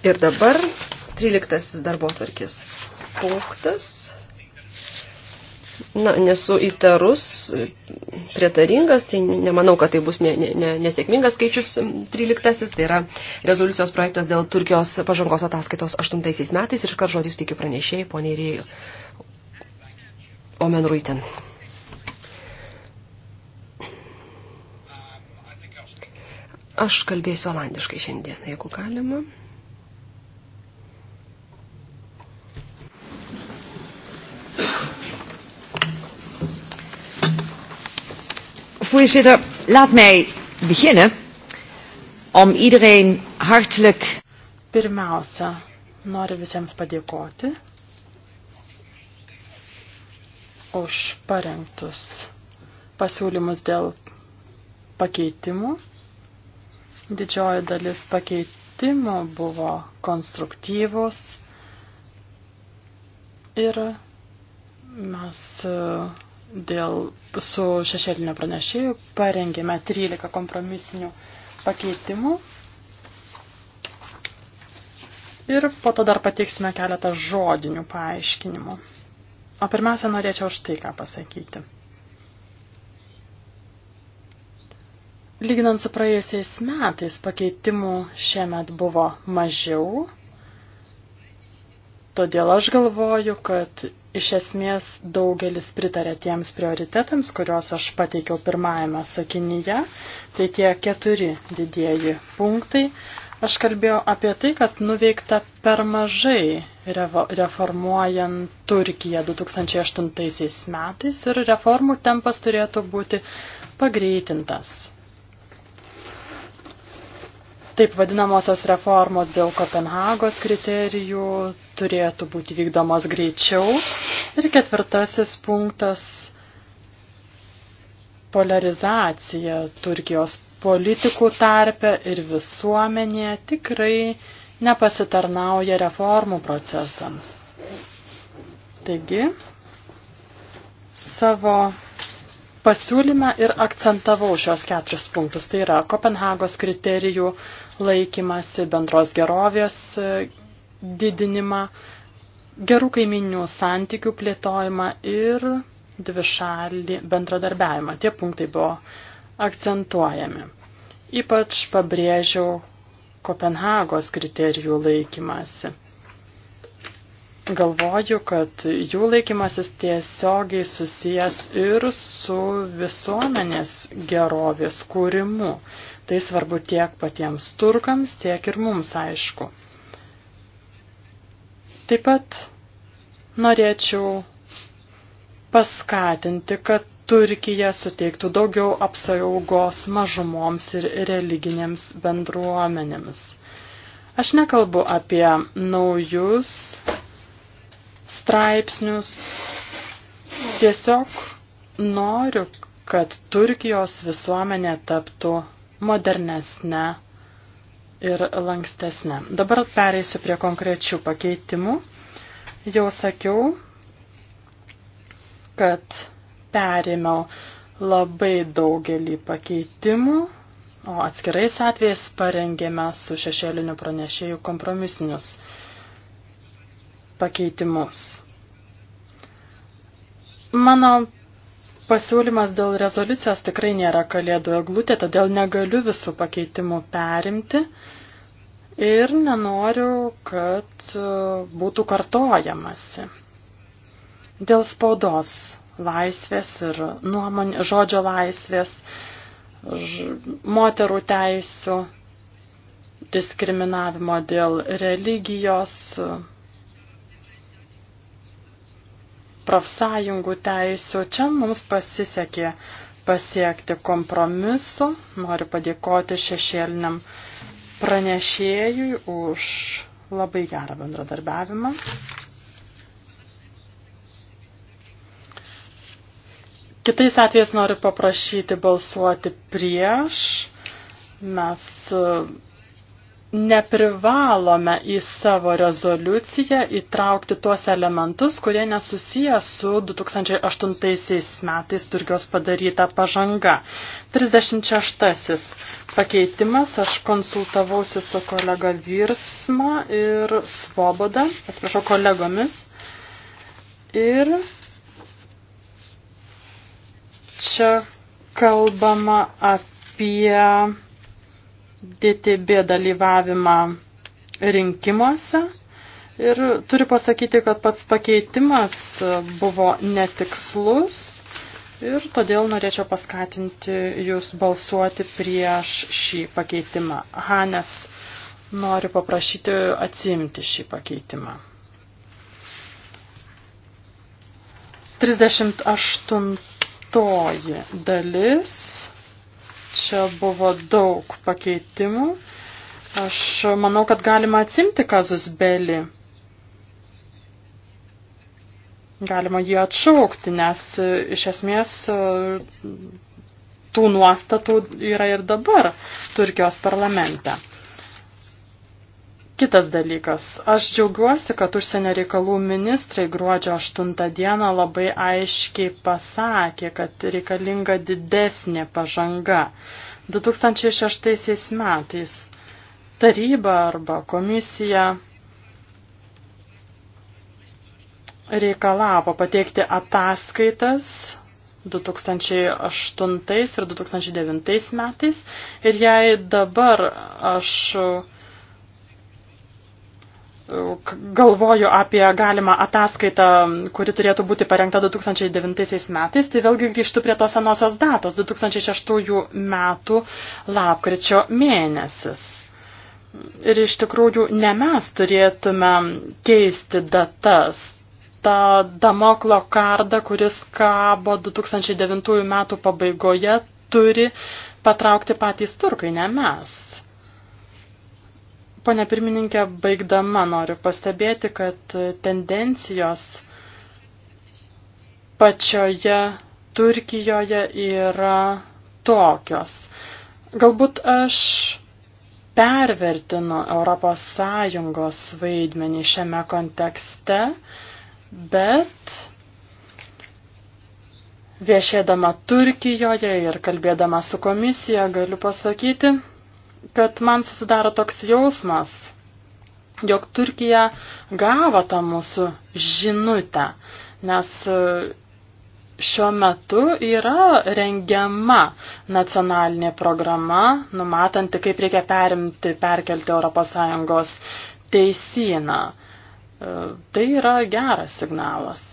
Ir dabar 13 darbo tvarkės punktas. Na, nesu įtarus, prietaringas, tai nemanau, kad tai bus ne, ne, ne, nesėkmingas skaičius 13, tai yra rezoliucijos projektas dėl Turkijos pažangos ataskaitos 8 metais ir iškart žodis tikiu pranešėjai, poniai Rėjų. Omen Ruiten. Aš kalbėsiu olandiškai šiandien, jeigu galima. Voorzitter, laat mij beginnen om iedereen hartelijk. Pirmiausia, noriu visiems padėkoti už parengtus pasiūlymus dėl pakeitimų. Didžioji dalis pakeitimų buvo konstruktyvus ir mes e, dėl su šešėlinio pranešėjų parengėme 13 kompromisinių pakeitimų. Ir po to dar pateiksime keletą žodinių paaiškinimų. O pirmiausia, norėčiau štai ką pasakyti. Lyginant su praėjusiais metais, pakeitimų šiemet buvo mažiau, todėl aš galvoju, kad iš esmės daugelis pritarė tiems prioritetams, kuriuos aš pateikiau pirmajame sakinyje, tai tie keturi didieji punktai. Aš kalbėjau apie tai, kad nuveikta per mažai reformuojant Turkiją 2008 metais ir reformų tempas turėtų būti pagreitintas. Taip vadinamosios reformos dėl Kopenhagos kriterijų turėtų būti vykdomos greičiau. Ir ketvirtasis punktas - polarizacija Turkijos politikų tarpe ir visuomenėje tikrai nepasitarnauja reformų procesams. Taigi, savo pasiūlyme ir akcentavau šios keturis punktus. Tai yra Kopenhagos kriterijų laikymasi, bendros gerovės e, didinimą, gerų kaiminių santykių plėtojimą ir dvišalį bendradarbiavimą. Tie punktai buvo akcentuojami. Ypač pabrėžiau Kopenhagos kriterijų laikymasi. Galvoju, kad jų laikymasis tiesiogiai susijęs ir su visuomenės gerovės kūrimu. Tai svarbu tiek patiems turkams, tiek ir mums aišku. Taip pat norėčiau paskatinti, kad Turkija suteiktų daugiau apsaugos mažumoms ir religinėms bendruomenėms. Aš nekalbu apie naujus straipsnius, tiesiog noriu, kad Turkijos visuomenė taptų modernesnę ir lankstesnę. Dabar pereisiu prie konkrečių pakeitimų. Jau sakiau, kad perėmiau labai daugelį pakeitimų, o atskirais atvejais parengėme su šešėliniu pranešėju kompromisinius pakeitimus. Mano Pasiūlymas dėl rezoliucijos tikrai nėra kalėdų eglutė, todėl negaliu visų pakeitimų perimti ir nenoriu, kad e, būtų kartojamasi. Dėl spaudos laisvės ir nuomonė, žodžio laisvės, ž, moterų teisų, diskriminavimo dėl religijos, profsąjungų teisų. Čia mums pasisekė pasiekti kompromisu. Noriu padėkoti šešėliniam pranešėjui už labai gerą bendradarbiavimą. Kitais atvejais noriu paprašyti balsuoti prieš. Mes neprivalome į savo rezoliuciją įtraukti tuos elementus, kurie nesusiję su 2008 metais Turkijos padaryta pažanga. 36. Pakeitimas. Aš konsultavausi su kolega Virsma ir Svoboda, atsiprašau, kolegomis. Ir čia kalbama apie DTB dalyvavimą rinkimuose. Ir turiu pasakyti, kad pats pakeitimas buvo netikslus ir todėl norėčiau paskatinti jūs balsuoti prieš šį pakeitimą. Hanes noriu paprašyti atsimti šį pakeitimą. 38 dalis. Čia buvo daug pakeitimų. Aš manau, kad galima atsimti kazus belį. Galima jį atšaukti, nes e, iš esmės e, tų nuostatų yra ir dabar Turkijos parlamente. Kitas dalykas. Aš džiaugiuosi, kad užsienio reikalų ministrai gruodžio 8 dieną labai aiškiai pasakė, kad reikalinga didesnė pažanga. 2006 metais taryba arba komisija reikalavo pateikti ataskaitas 2008 ir 2009 metais ir jei dabar aš galvoju apie galimą ataskaitą, kuri turėtų būti parengta 2009 metais, tai vėlgi grįžtu prie tos senosios datos, 2006 metų lapkričio mėnesis. Ir iš tikrųjų ne mes turėtume keisti datas. Ta damoklo karda, kuris kabo 2009 metų pabaigoje, turi patraukti patys turkai, ne mes. Pone pirmininkė, baigdama noriu pastebėti, kad tendencijos pačioje Turkijoje yra tokios. Galbūt aš pervertinu Europos Sąjungos vaidmenį šiame kontekste, bet viešėdama Turkijoje ir kalbėdama su komisija galiu pasakyti, kad man susidaro toks jausmas, jog Turkija gavo tą mūsų žinutę, nes e, šiuo metu yra rengiama nacionalinė programa, numatanti, kaip reikia perimti, perkelti ES teisyną. E, tai yra geras signalas.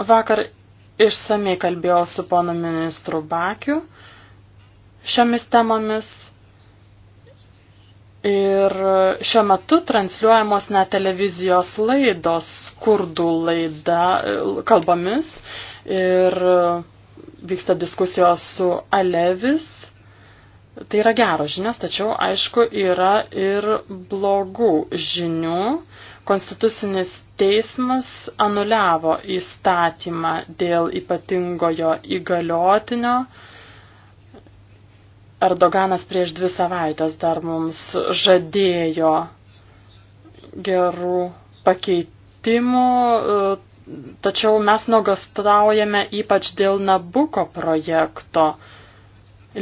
Vakar išsamei kalbėjau su ponu ministru Bakiu šiomis temomis Ir šiuo metu transliuojamos net televizijos laidos kurdų laida kalbomis ir vyksta diskusijos su Alevis. Tai yra geros žinios, tačiau aišku yra ir blogų žinių. Konstitucinis teismas anuliavo įstatymą dėl ypatingojo įgaliotinio Erdoganas prieš dvi savaitės dar mums žadėjo gerų pakeitimų, tačiau mes nuogastraujame ypač dėl Nabuko projekto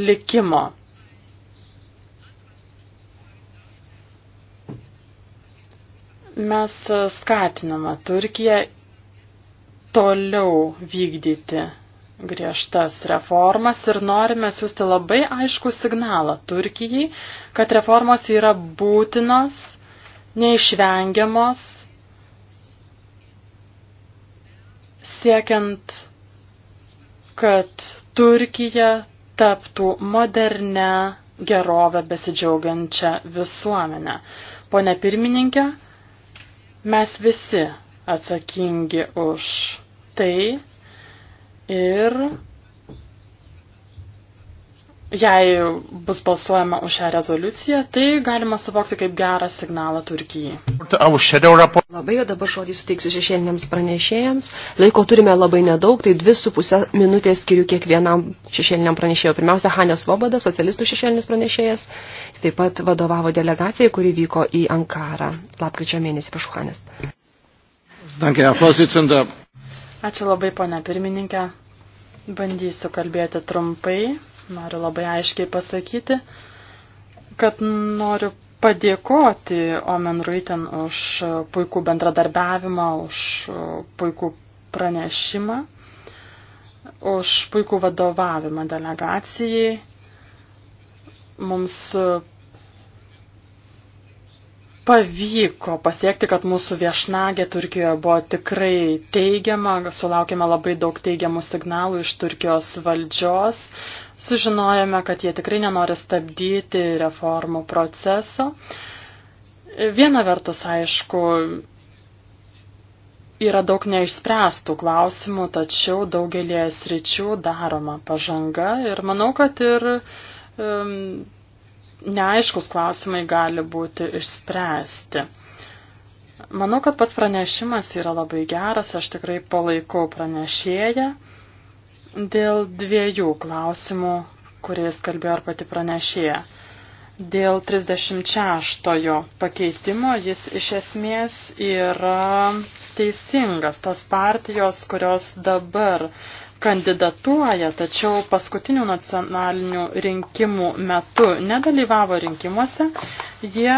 likimo. Mes skatiname Turkiją toliau vykdyti griežtas reformas ir norime siūsti labai aišku signalą Turkijai, kad reformos yra būtinos, neišvengiamos, siekiant, kad Turkija taptų modernę gerovę besidžiaugiančią visuomenę. Pone pirmininkė, mes visi atsakingi už tai, Ir jei bus balsuojama už šią rezoliuciją, tai galima suvokti kaip gerą signalą Turkijai. Labai jau dabar žodį suteiksiu šešėliniams pranešėjams. Laiko turime labai nedaug, tai dvi su pusę minutės skiriu kiekvienam šešėliniam pranešėjo. Pirmiausia, Hanės Voboda, socialistų šešėlinis pranešėjas. Jis taip pat vadovavo delegacijai, kuri vyko į Ankarą. Lapkričio mėnesį, prašau, Hanės. Danke, Herr Vorsitzender. Ačiū labai, ponia pirmininkė. Bandysiu kalbėti trumpai. Noriu labai aiškiai pasakyti, kad noriu padėkoti Omen Ruiten už puikų bendradarbiavimą, už puikų pranešimą, už puikų vadovavimą delegacijai. Mums pavyko pasiekti, kad mūsų viešnagė Turkijoje buvo tikrai teigiama, sulaukėme labai daug teigiamų signalų iš Turkijos valdžios, sužinojame, kad jie tikrai nenori stabdyti reformų proceso. Viena vertus, aišku, yra daug neišspręstų klausimų, tačiau daugelie sričių daroma pažanga ir manau, kad ir um, neaiškus klausimai gali būti išspręsti. Manau, kad pats pranešimas yra labai geras, aš tikrai palaikau pranešėją dėl dviejų klausimų, kuriais kalbėjo ar pati pranešėja. Dėl 36 pakeitimo jis iš esmės yra teisingas. Tos partijos, kurios dabar uh, kandidatuoja, tačiau paskutinių nacionalinių rinkimų metu nedalyvavo rinkimuose, jie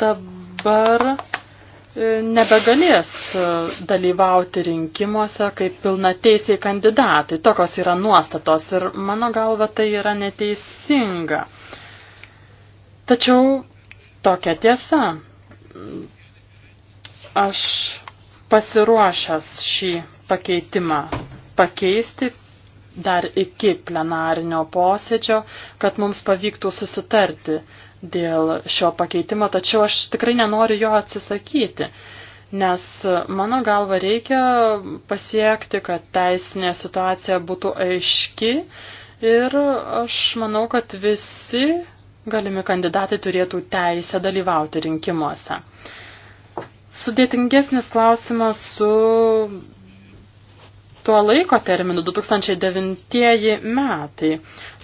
dabar e, nebegalės e, dalyvauti rinkimuose kaip pilnateisiai kandidatai. Tokios yra nuostatos ir mano galva tai yra neteisinga. Tačiau tokia tiesa. Aš pasiruošęs šį pakeitimą pakeisti dar iki plenarinio posėdžio, kad mums pavyktų susitarti dėl šio pakeitimo, tačiau aš tikrai nenoriu jo atsisakyti, nes mano galva reikia pasiekti, kad teisinė situacija būtų aiški ir aš manau, kad visi galimi kandidatai turėtų teisę dalyvauti rinkimuose. Sudėtingesnis klausimas su tuo laiko terminu 2009 metai.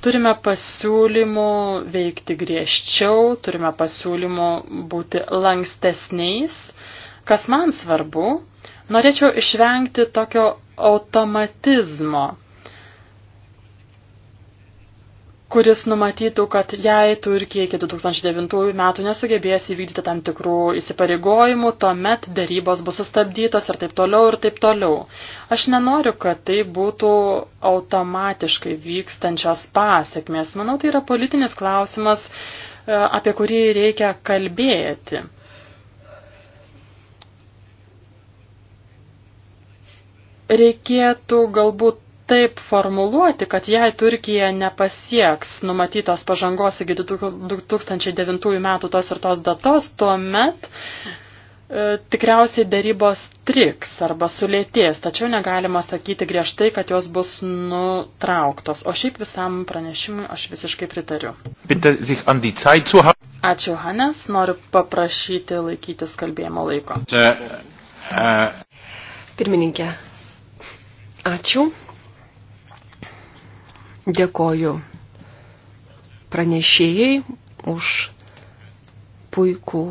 Turime pasiūlymų veikti griežčiau, turime pasiūlymų būti lankstesniais. Kas man svarbu, norėčiau išvengti tokio automatizmo kuris numatytų, kad jei Turkija iki 2009 metų nesugebės įvykdyti tam tikrų įsipareigojimų, tuomet darybos bus sustabdytos ir taip toliau ir taip toliau. Aš nenoriu, kad tai būtų automatiškai vykstančios pasiekmės. Manau, tai yra politinis klausimas, e, apie kurį reikia kalbėti. Reikėtų galbūt taip formuluoti, kad jei Turkija nepasieks numatytos pažangos iki 2009 metų tos ir tos datos, tuomet e, tikriausiai darybos triks arba sulėtės, tačiau negalima sakyti griežtai, kad jos bus nutrauktos. O šiaip visam pranešimui aš visiškai pritariu. Ačiū, Hanes, noriu paprašyti laikytis kalbėjimo laiko. E, e. Pirmininkė, ačiū. Dėkoju pranešėjai už puikų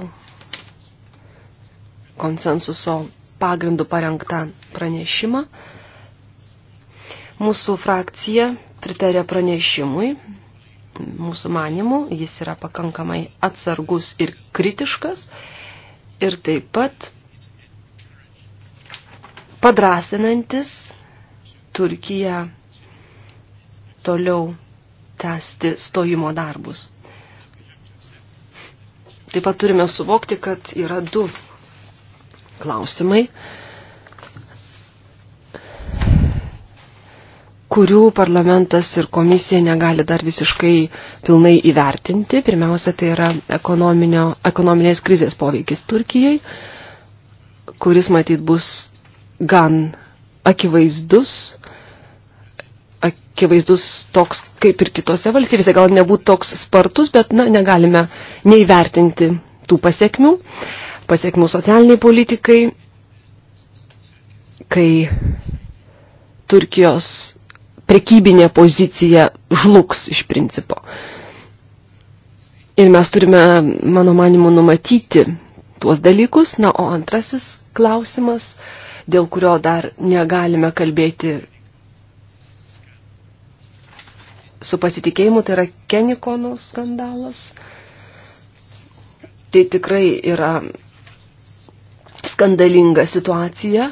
konsensuso pagrindų parengtą pranešimą. Mūsų frakcija pritarė pranešimui. Mūsų manimų jis yra pakankamai atsargus ir kritiškas ir taip pat padrasinantis Turkiją toliau tęsti stojimo darbus. Taip pat turime suvokti, kad yra du klausimai, kurių parlamentas ir komisija negali dar visiškai pilnai įvertinti. Pirmiausia, tai yra ekonominės krizės poveikis Turkijai, kuris matyt bus gan akivaizdus akivaizdus toks kaip ir kitose valstybėse, gal nebūtų toks spartus, bet na, negalime neįvertinti tų pasiekmių, pasiekmių socialiniai politikai, kai Turkijos prekybinė pozicija žlugs iš principo. Ir mes turime, mano manimu, numatyti tuos dalykus. Na, o antrasis klausimas, dėl kurio dar negalime kalbėti su pasitikėjimu, tai yra Kenikono skandalas. Tai tikrai yra skandalinga situacija,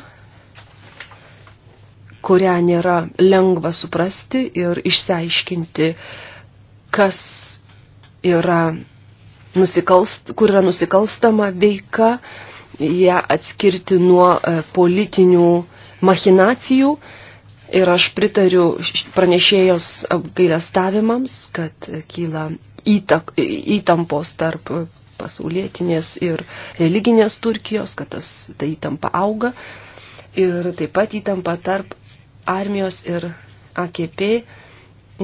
kurią nėra lengva suprasti ir išsiaiškinti, kas yra nusikalst, kur yra nusikalstama veika, ją atskirti nuo e, politinių machinacijų Ir aš pritariu pranešėjos apgailestavimams, kad kyla įtak, įtampos tarp pasaulietinės ir religinės Turkijos, kad tas, ta įtampa auga. Ir taip pat įtampa tarp armijos ir AKP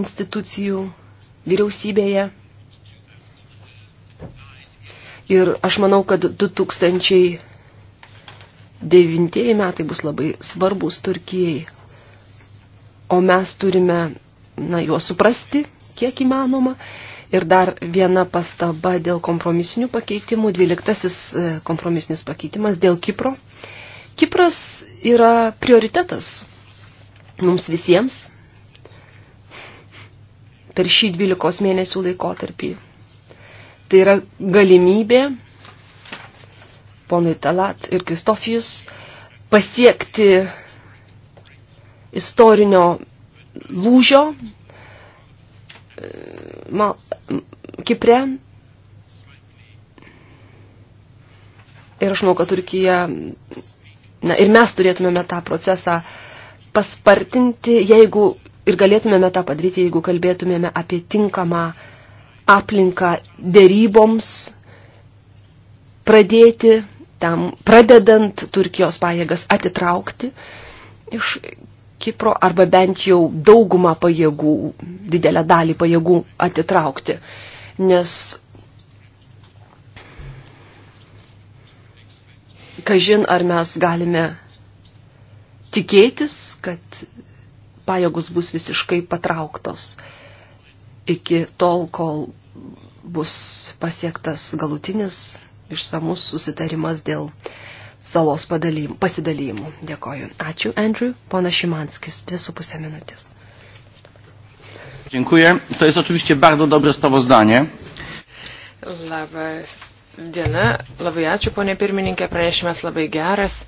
institucijų vyriausybėje. Ir aš manau, kad 2009 metai bus labai svarbus Turkijai o mes turime na, juos suprasti, kiek įmanoma. Ir dar viena pastaba dėl kompromisinių pakeitimų, dvyliktasis e, kompromisinis pakeitimas dėl Kipro. Kipras yra prioritetas mums visiems per šį 12 mėnesių laikotarpį. Tai yra galimybė ponui Talat ir Kristofijus pasiekti istorinio lūžio e, Mal, Kipre. Ir aš manau, kad Turkija, na ir mes turėtumėme tą procesą paspartinti, jeigu ir galėtumėme tą padaryti, jeigu kalbėtumėme apie tinkamą aplinką dėryboms pradėti, tam pradedant Turkijos pajėgas atitraukti iš Kipro arba bent jau daugumą pajėgų, didelę dalį pajėgų atitraukti. Nes, kažin ar mes galime tikėtis, kad pajėgus bus visiškai patrauktos iki tol, kol bus pasiektas galutinis išsamus susitarimas dėl uh, salos padalym, pasidalymų. Dėkoju. Ačiū, Andrew. Pona Šimanskis, dvi su pusę minutės. Dziękuję. To jest oczywiście bardzo dobre sprawozdanie. Labą dieną. Labai ačiū, ponė pirmininkė. Pranešimas labai geras.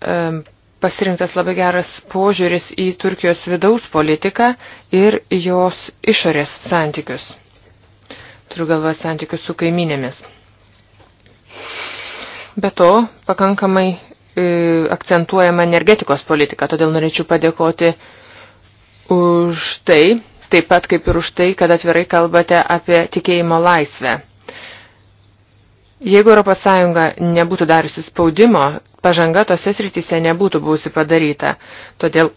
Um, pasirinktas labai geras požiūris į Turkijos vidaus politiką ir jos išorės santykius. Turiu galvoje santykius su kaiminėmis. Be to, pakankamai e, akcentuojama energetikos politika, todėl norėčiau padėkoti už tai, taip pat kaip ir už tai, kad atvirai kalbate apie tikėjimo laisvę. Jeigu ES nebūtų dariusi spaudimo, pažanga tose srityse nebūtų būsi padaryta. Todėl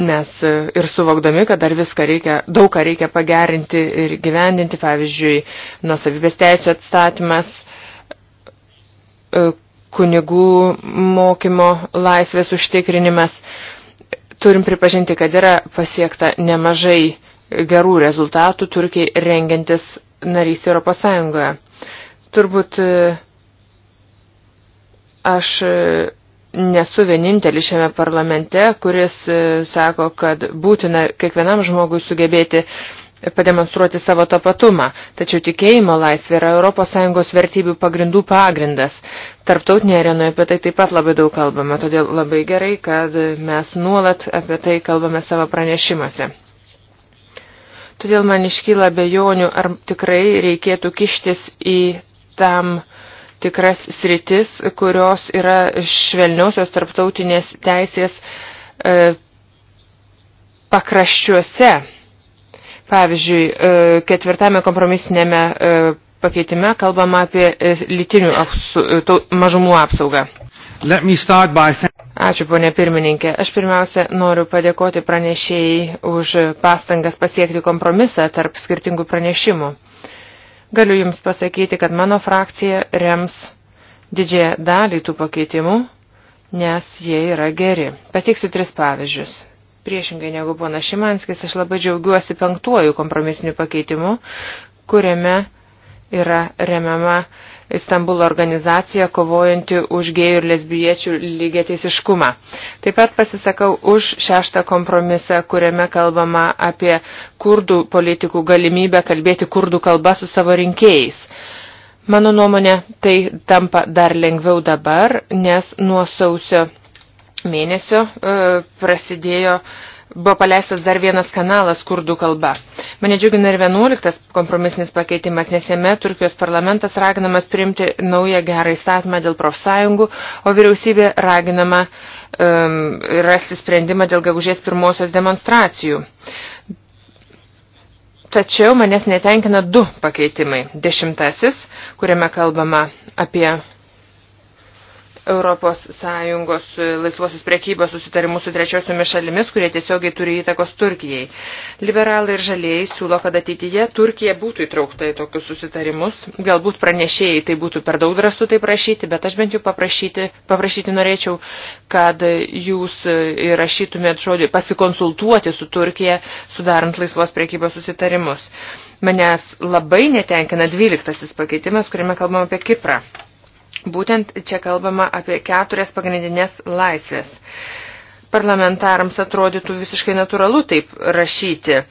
mes e, ir suvokdami, kad dar viską reikia, daug ką reikia pagerinti ir gyvendinti, pavyzdžiui, nuosavybės teisų atstatymas – E, kunigų mokymo laisvės užtikrinimas. Turim pripažinti, kad yra pasiekta nemažai gerų rezultatų Turkiai rengiantis narys Europos Sąjungoje. Turbūt e, aš e, nesu vienintelis šiame parlamente, kuris sako, kad būtina kiekvienam žmogui sugebėti uh, pademonstruoti savo tapatumą. Tačiau tikėjimo laisvė yra ES vertybių pagrindų pagrindas. Tarptautinėje arenoje apie tai taip pat labai daug kalbame, todėl labai gerai, kad mes nuolat apie tai kalbame savo pranešimuose. Todėl man iškyla bejonių, ar tikrai reikėtų kištis į tam tikras sritis, kurios yra švelniausios tarptautinės teisės e, pakraščiuose Pavyzdžiui, e, ketvirtame kompromisinėme e, pakeitime kalbama apie e, litinių mažumų apsaugą. Ačiū, ponė pirmininkė. Aš pirmiausia noriu padėkoti pranešėjai už pastangas pasiekti kompromisą tarp skirtingų pranešimų. Galiu Jums pasakyti, kad mano frakcija rems didžiąją dalį tų pakeitimų, nes jie yra geri. Pateiksiu tris pavyzdžius. Priešingai negu pana Šimanskis, aš labai džiaugiuosi penktuoju kompromisiniu pakeitimu, kuriame yra remiama Istanbulo organizacija kovojanti už gėjų ir lesbiečių lygiateisiškumą. Taip pat pasisakau už šeštą kompromisą, kuriame kalbama apie kurdų politikų galimybę kalbėti kurdų kalbą su savo rinkėjais. Mano nuomonė, tai tampa dar lengviau dabar, nes nuo sausio mėnesio e, prasidėjo buvo paleistas dar vienas kanalas kurdų kalba. Mane džiugina ir 11 kompromisinis pakeitimas, nes jame Turkijos parlamentas raginamas priimti naują gerą įstatymą dėl profsąjungų, o vyriausybė raginama um, rasti sprendimą dėl gegužės pirmosios demonstracijų. Tačiau manęs netenkina du pakeitimai. Dešimtasis, kuriame kalbama apie ES laisvosios priekybos susitarimus su trečiosiomis šalimis, kurie tiesiogiai turi įtakos Turkijai. Liberalai ir žalieji siūlo, kad ateityje Turkija būtų įtraukta į tokius susitarimus. Galbūt pranešėjai tai būtų per daug drąsų tai prašyti, bet aš bent jau paprašyti, paprašyti norėčiau, kad jūs įrašytumėt žodį pasikonsultuoti su Turkija, sudarant laisvos priekybos susitarimus. Manęs labai netenkina dvyliktasis pakeitimas, kuriame kalbam apie Kiprą. Būtent čia kalbama apie keturias pagrindinės laisvės. Parlamentarams atrodytų visiškai natūralu taip rašyti,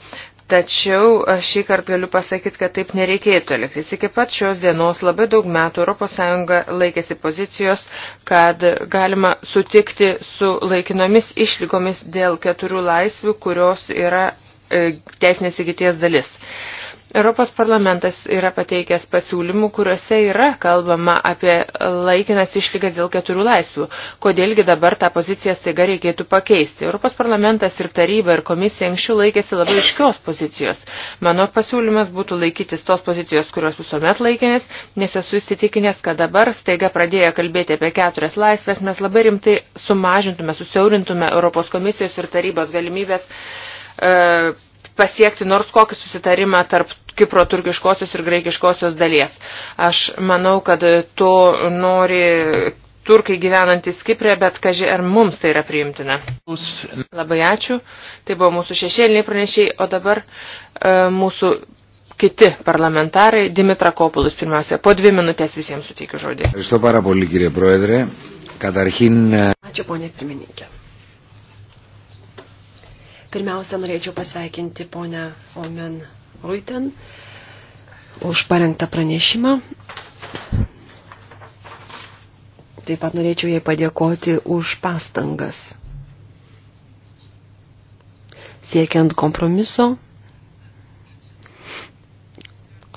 Tačiau aš šį kartą galiu pasakyti, kad taip nereikėtų elgtis. Iki pat šios dienos labai daug metų ES laikėsi pozicijos, kad galima sutikti su laikinomis išlygomis dėl keturių laisvių, kurios yra e, teisinės įgyties dalis. E, Europos parlamentas yra pateikęs pasiūlymų, kuriuose yra kalbama apie laikinas išlygas dėl keturių laisvių. Kodėlgi dabar tą poziciją staiga reikėtų pakeisti? Europos parlamentas ir taryba ir komisija anksčiau laikėsi labai iškios pozicijos. Mano pasiūlymas būtų laikytis tos pozicijos, kurios visuomet laikėmės, nes esu įsitikinęs, kad dabar staiga pradėję kalbėti apie keturias laisvės, mes labai rimtai sumažintume, susiaurintume Europos komisijos ir tarybos galimybės. Uh, e, pasiekti nors kokį susitarimą tarp Kipro turkiškosios ir graikiškosios dalies. Aš manau, kad to nori turkai gyvenantis Kiprė, bet kaži, ar mums tai yra priimtina. Labai ačiū. Tai buvo mūsų šešėliniai pranešiai, o dabar e, mūsų kiti parlamentarai. Dimitra Kopulus pirmiausia. Po dvi minutės visiems suteikiu žodį. Ačiū, e- ponė pirmininkė. Pirmiausia, norėčiau pasveikinti ponę Omen Ruiten už parengtą pranešimą. Taip pat norėčiau jai padėkoti už pastangas. Siekiant kompromiso,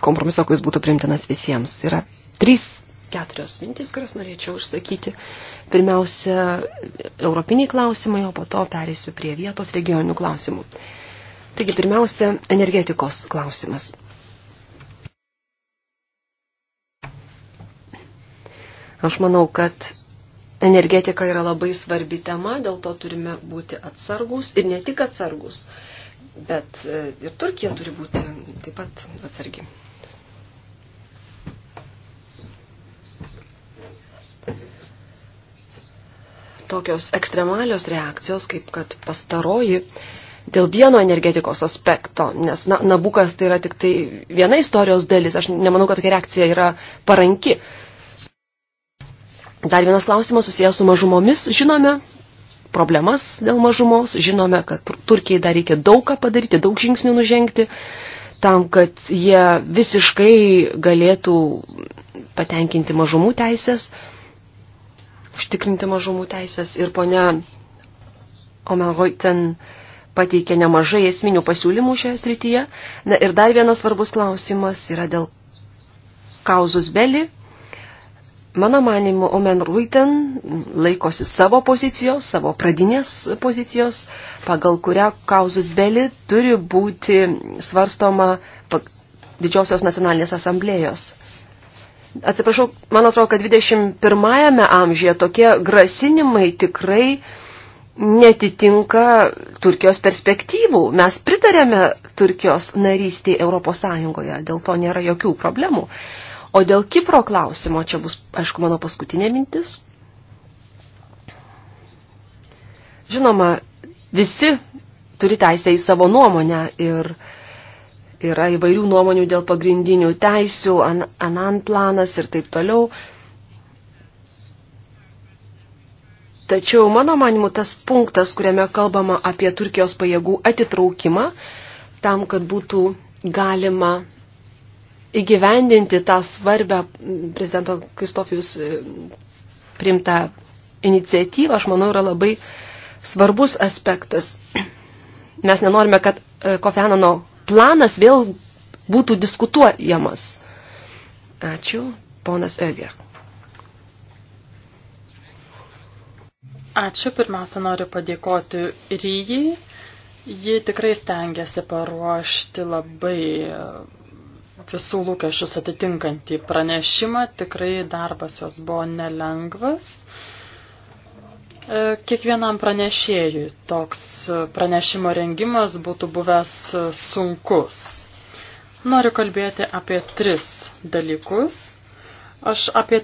kompromiso, kuris būtų primtinas visiems, yra trys, keturios mintys, kurias norėčiau užsakyti. Uh, Pirmiausia, europiniai klausimai, o po to pereisiu prie vietos regioninių klausimų. Taigi, pirmiausia, energetikos klausimas. Aš manau, kad energetika yra labai svarbi tema, dėl to turime būti atsargus ir ne tik atsargus, bet e, ir Turkija turi būti taip pat atsargi tokios ekstremalios reakcijos, kaip kad pastaroji, dėl vieno energetikos aspekto, nes na, Nabukas tai yra tik tai viena istorijos dalis, aš nemanau, kad tokia reakcija yra paranki. Dar vienas klausimas susijęs su mažumomis, žinome problemas dėl mažumos, žinome, kad Turkijai dar reikia daug ką padaryti, daug žingsnių nužengti, tam, kad jie visiškai galėtų patenkinti mažumų teisės užtikrinti mažumų teisės ir ponia Omegoiten pateikė nemažai esminių pasiūlymų šioje srityje. Na ir dar vienas svarbus klausimas yra dėl kauzus beli. Mano manimu, Omen Ruiten laikosi savo pozicijos, savo pradinės pozicijos, pagal kurią kauzus beli turi būti svarstoma didžiosios nacionalinės asamblėjos. Atsiprašau, man atrodo, kad 21 amžiuje tokie grasinimai tikrai netitinka Turkijos perspektyvų. Mes pritarėme Turkijos narystiai Europos Sąjungoje, dėl to nėra jokių problemų. O dėl Kipro klausimo, čia bus, aišku, mano paskutinė mintis. Žinoma, visi turi teisę į savo nuomonę ir uh, Yra įvairių nuomonių dėl pagrindinių teisių, an, anan planas ir taip toliau. Tačiau, mano manimu, tas punktas, kuriame kalbama apie Turkijos pajėgų atitraukimą, tam, kad būtų galima įgyvendinti tą svarbę prezidento Kristofijus e, primtą iniciatyvą, aš manau, yra labai svarbus aspektas. Mes nenorime, kad e, Kofenano planas vėl būtų diskutuojamas. Ačiū, ponas Öger. Ačiū, pirmiausia noriu padėkoti Ryjai. Ji tikrai stengiasi paruošti labai visų lūkesčius atitinkantį pranešimą. Tikrai darbas jos buvo nelengvas. E, kiekvienam pranešėjui toks pranešimo rengimas būtų buvęs sunkus. Noriu kalbėti apie tris dalykus. Aš apie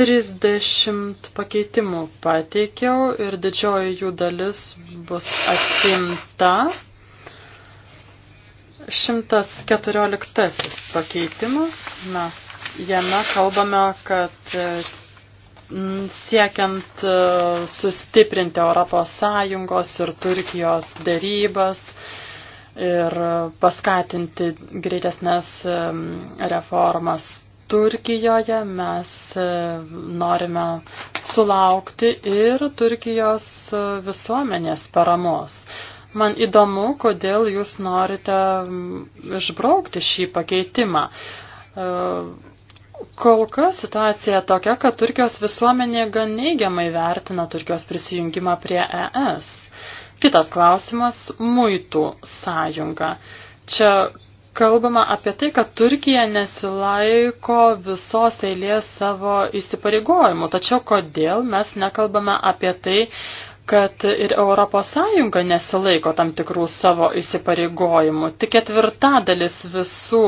30 pakeitimų pateikiau ir didžioji jų dalis bus atimta. 114 pakeitimas. Mes jame kalbame, kad Mm, siekiant e, sustiprinti ES ir Turkijos dėrybas ir paskatinti greitesnės e, reformas Turkijoje, mes e, norime sulaukti ir Turkijos visuomenės paramos. Man įdomu, kodėl jūs norite išbraukti šį pakeitimą Kol kas situacija tokia, kad Turkijos visuomenė gan neigiamai vertina Turkijos prisijungimą prie ES. Kitas klausimas - muitų sąjunga. Čia kalbama apie tai, kad Turkija nesilaiko visos eilės savo įsipareigojimų. Tačiau kodėl mes nekalbame apie tai, kad ir ES nesilaiko tam tikrų savo įsipareigojimų. Tik ketvirtadalis visų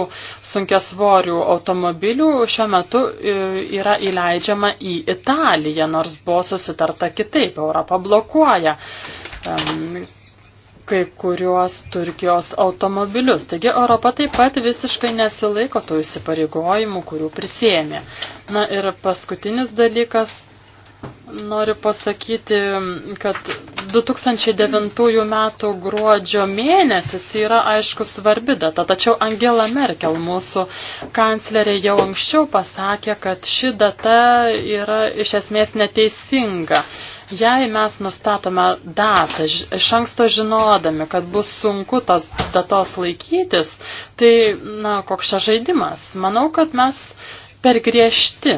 sunkiasvorių automobilių šiuo metu e, yra įleidžiama į Italiją, nors buvo susitarta kitaip. Europa blokuoja um, kai kuriuos Turkijos automobilius. Taigi Europa taip pat visiškai nesilaiko tų įsipareigojimų, kurių prisėmė. Na ir paskutinis dalykas Noriu pasakyti, kad 2009 metų gruodžio mėnesis yra aišku svarbi data, tačiau Angela Merkel, mūsų kanclerė, jau anksčiau pasakė, kad ši data yra iš esmės neteisinga. Jei mes nustatome datą iš anksto žinodami, kad bus sunku tos datos laikytis, tai, na, koks čia žaidimas. Manau, kad mes per griežti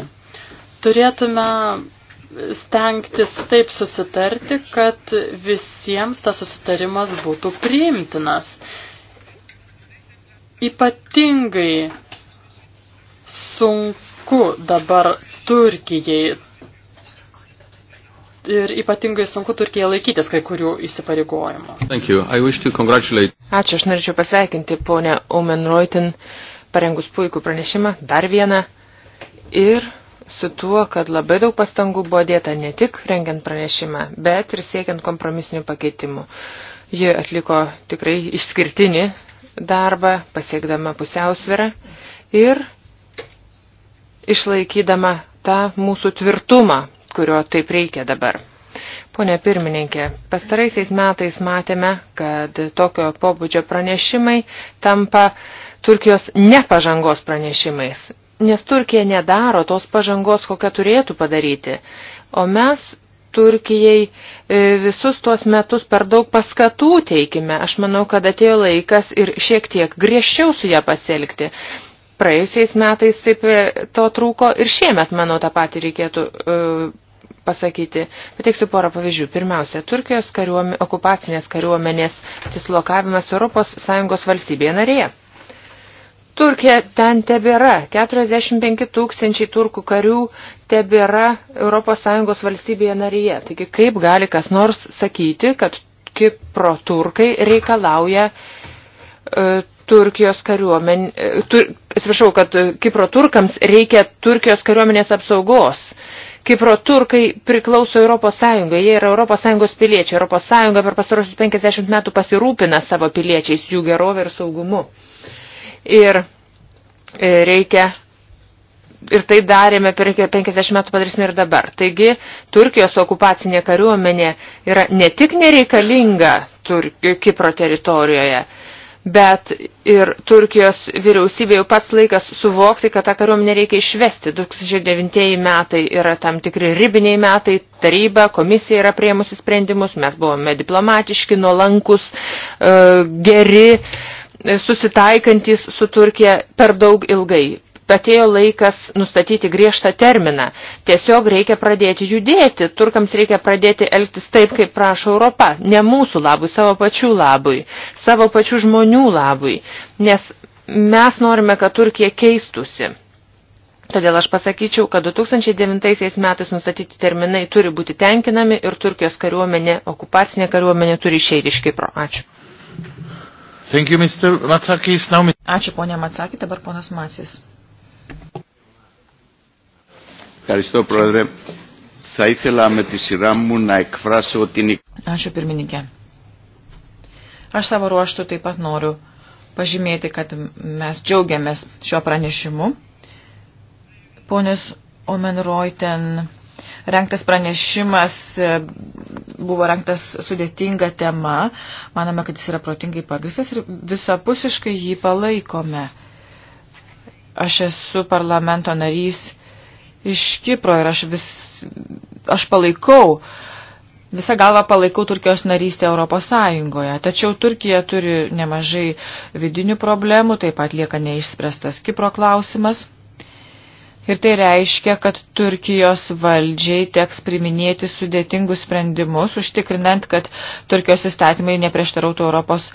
turėtume stengtis taip susitarti, kad visiems tas susitarimas būtų priimtinas. Ypatingai sunku dabar Turkijai ir ypatingai sunku Turkijai laikytis kai kurių įsipareigojimų. Ačiū, aš norėčiau pasveikinti ponę Omen Reutin, parengus puikų pranešimą, dar vieną ir su tuo, kad labai daug pastangų buvo dėta ne tik rengiant pranešimą, bet ir siekiant kompromisinių pakeitimų. Ji atliko tikrai išskirtinį darbą, pasiekdama pusiausvirą ir išlaikydama tą mūsų tvirtumą, kurio taip reikia dabar. Pone pirmininkė, pastaraisiais metais matėme, kad tokio pobūdžio pranešimai tampa Turkijos nepažangos pranešimais nes Turkija nedaro tos pažangos, kokią turėtų padaryti. O mes Turkijai e, visus tuos metus per daug paskatų teikime. Aš manau, kad atėjo laikas ir šiek tiek griežčiau su ją pasielgti. Praėjusiais metais taip e, to trūko ir šiemet, manau, tą patį reikėtų uh, pasakyti. Pateiksiu porą pavyzdžių. Pirmiausia, Turkijos kariuomenės, okupacinės kariuomenės dislokavimas ES valstybėje narėje. Turkija ten tebėra. 45 tūkstančiai turkų karių tebėra ES valstybėje narėje. Taigi kaip gali kas nors sakyti, kad Kipro turkai reikalauja uh, Turkijos kariuomenė, e, tur, atsiprašau, kad e, Kipro turkams reikia Turkijos kariuomenės apsaugos. Kipro turkai priklauso Europos Sąjungai, jie yra Europos Sąjungos piliečiai. Europos Sąjunga per pasarosius 50 metų pasirūpina savo piliečiais, jų gerovę ir saugumu. Uh, ir e, reikia ir tai darėme per 50 metų padarysime ir dabar. Taigi, Turkijos okupacinė kariuomenė yra ne tik nereikalinga Tur Kipro teritorijoje, bet ir Turkijos vyriausybė jau pats laikas suvokti, kad tą kariuomenę reikia išvesti. 2009 metai yra tam tikri ribiniai metai, taryba, komisija yra priemusi sprendimus, mes buvome diplomatiški, nuolankus, e, geri, susitaikantis su Turkija per daug ilgai. Atėjo laikas nustatyti griežtą terminą. Tiesiog reikia pradėti judėti. Turkams reikia pradėti elgtis taip, kaip prašo Europa. Ne mūsų labui, savo pačių labui, savo pačių žmonių labui. Nes mes norime, kad Turkija keistusi. Todėl aš pasakyčiau, kad 2009 metais nustatyti terminai turi būti tenkinami ir Turkijos kariuomenė, okupacinė kariuomenė turi išeiti iš Kipro. Ačiū. Thank you, Mr. Matsakis. Now... Ačiū, ponė Matsakis, dabar ponas Masis. Ευχαριστώ, Πρόεδρε. Θα ήθελα με τη σειρά μου να εκφράσω την... Ačiū, pirmininkė. Aš savo ruoštų taip pat noriu pažymėti, kad mes džiaugiamės šio pranešimu. Ponės Omenroiten Renktas pranešimas e, buvo renktas sudėtinga tema. Manome, kad jis yra protingai pagristas ir visapusiškai jį palaikome. Aš esu parlamento narys iš Kipro ir aš, vis, aš palaikau visą galvą palaikau Turkijos narystę Europos Sąjungoje. Tačiau Turkija turi nemažai vidinių problemų, taip pat lieka neišspręstas Kipro klausimas. Ir tai reiškia, kad Turkijos valdžiai teks priminėti sudėtingus sprendimus, užtikrinant, kad Turkijos įstatymai neprieštarautų Europos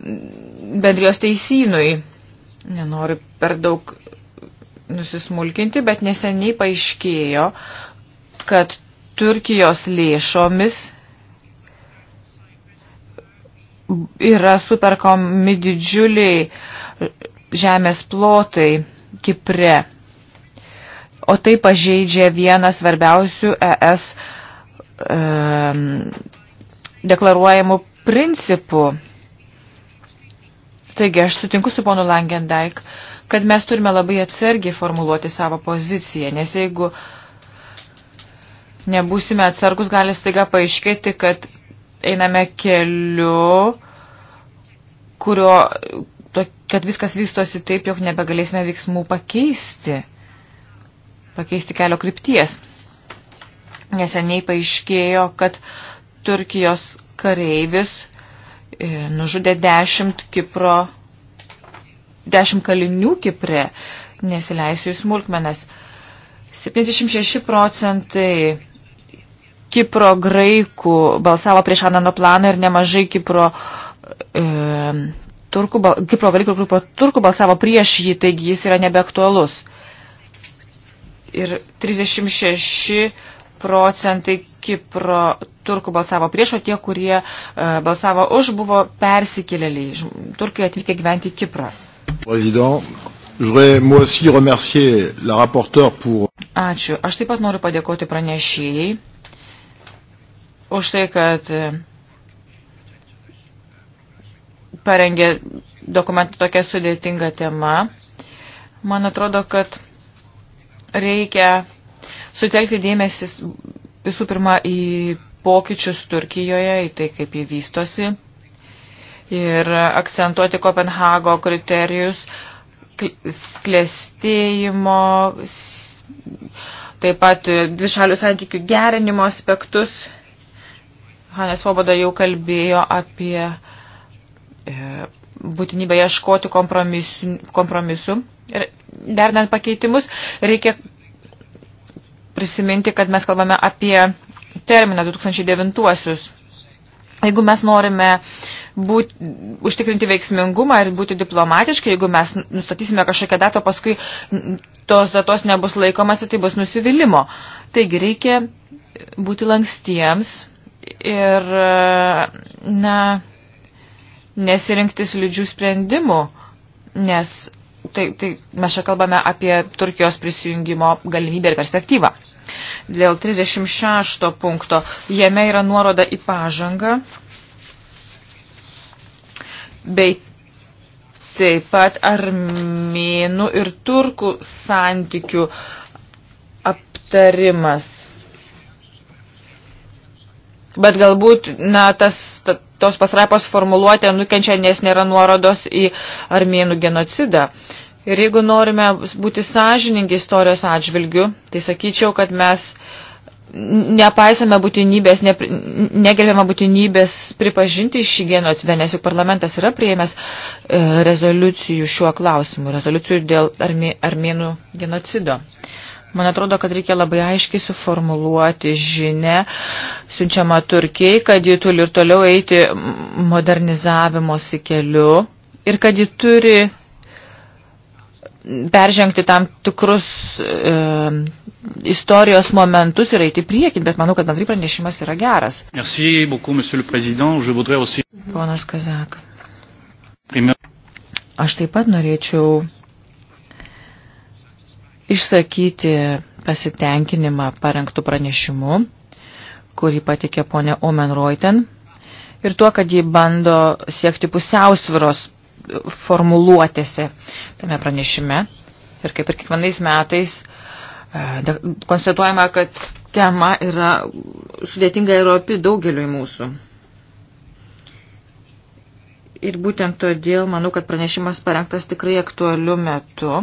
bendrijos teisynui. Nenoriu per daug nusismulkinti, bet neseniai paaiškėjo, kad Turkijos lėšomis yra superkomi didžiuliai žemės plotai Kipre o tai pažeidžia vieną svarbiausių ES e, deklaruojamų principų. Taigi aš sutinku su ponu Langendaik, kad mes turime labai atsargiai formuluoti savo poziciją, nes jeigu nebūsime atsargus, gali staiga paaiškėti, kad einame keliu, kurio, kad viskas vystosi taip, jog nebegalėsime veiksmų pakeisti pakeisti kelio krypties. Neseniai paaiškėjo, kad Turkijos kareivis e, nužudė dešimt Kipro, dešimt kalinių Kipre, nesileisiu į smulkmenas. 76 procentai Kipro graikų balsavo prieš Anano planą ir nemažai Kipro, e, turkų, Kipro graikų turkų balsavo prieš jį, taigi jis yra nebeaktualus ir 36 procentai Kipro turkų balsavo prieš, o tie, kurie e, balsavo už, buvo persikėlėliai. Turkai atvykę gyventi į Kiprą. Ačiū. Aš taip pat noriu padėkoti pranešėjai už tai, kad e, parengė dokumentą tokia sudėtinga tema. Man atrodo, kad reikia sutelkti dėmesį visų pirma į pokyčius Turkijoje, į tai, kaip jį vystosi ir akcentuoti Kopenhago kriterijus klėstėjimo, taip pat dvišalių santykių gerinimo aspektus. Hanes Svoboda jau kalbėjo apie e, būtinybę ieškoti kompromisų, kompromisų Ir dernant pakeitimus, reikia prisiminti, kad mes kalbame apie terminą 2009-uosius. Jeigu mes norime būt, užtikrinti veiksmingumą ir būti diplomatiškai, jeigu mes nustatysime kažkokią datą, paskui tos datos nebus laikomasi, tai bus nusivylimų. Taigi reikia būti lankstiems ir na, nesirinkti slidžių sprendimų, nes tai, tai mes čia kalbame apie Turkijos prisijungimo galimybę ir perspektyvą. Dėl 36 punkto jame yra nuoroda į pažangą bei taip pat armėnų ir turkų santykių aptarimas bet galbūt na, tas, ta, tos pasraipos formuluotė nukenčia, nes nėra nuorodos į armėnų genocidą. Ir jeigu norime būti sąžiningi istorijos atžvilgių, tai sakyčiau, kad mes nepaisome būtinybės, ne, negerbėme būtinybės pripažinti šį genocidą, nes juk parlamentas yra prieėmęs e, rezoliucijų šiuo klausimu, rezoliucijų dėl armė, armėnų genocido. Uh, Man atrodo, kad reikia labai aiškiai suformuluoti žinę, siunčiamą Turkijai, kad ji turi ir toliau eiti modernizavimosi keliu ir kad ji turi peržengti tam tikrus e, istorijos momentus ir eiti priekin, bet manau, kad bendrai pranešimas yra geras. Merci beaucoup, monsieur le président. Je voudrais aussi... Ponas Kazak. Aš taip pat norėčiau išsakyti pasitenkinimą parengtų pranešimu, kurį patikė ponė Omen Reuten, ir tuo, kad jį bando siekti pusiausviros formuluotėse tame pranešime. Ir kaip ir kiekvienais metais e, konstatuojama, kad tema yra sudėtinga ir opi daugeliui mūsų. Ir būtent todėl manau, kad pranešimas parengtas tikrai aktualiu metu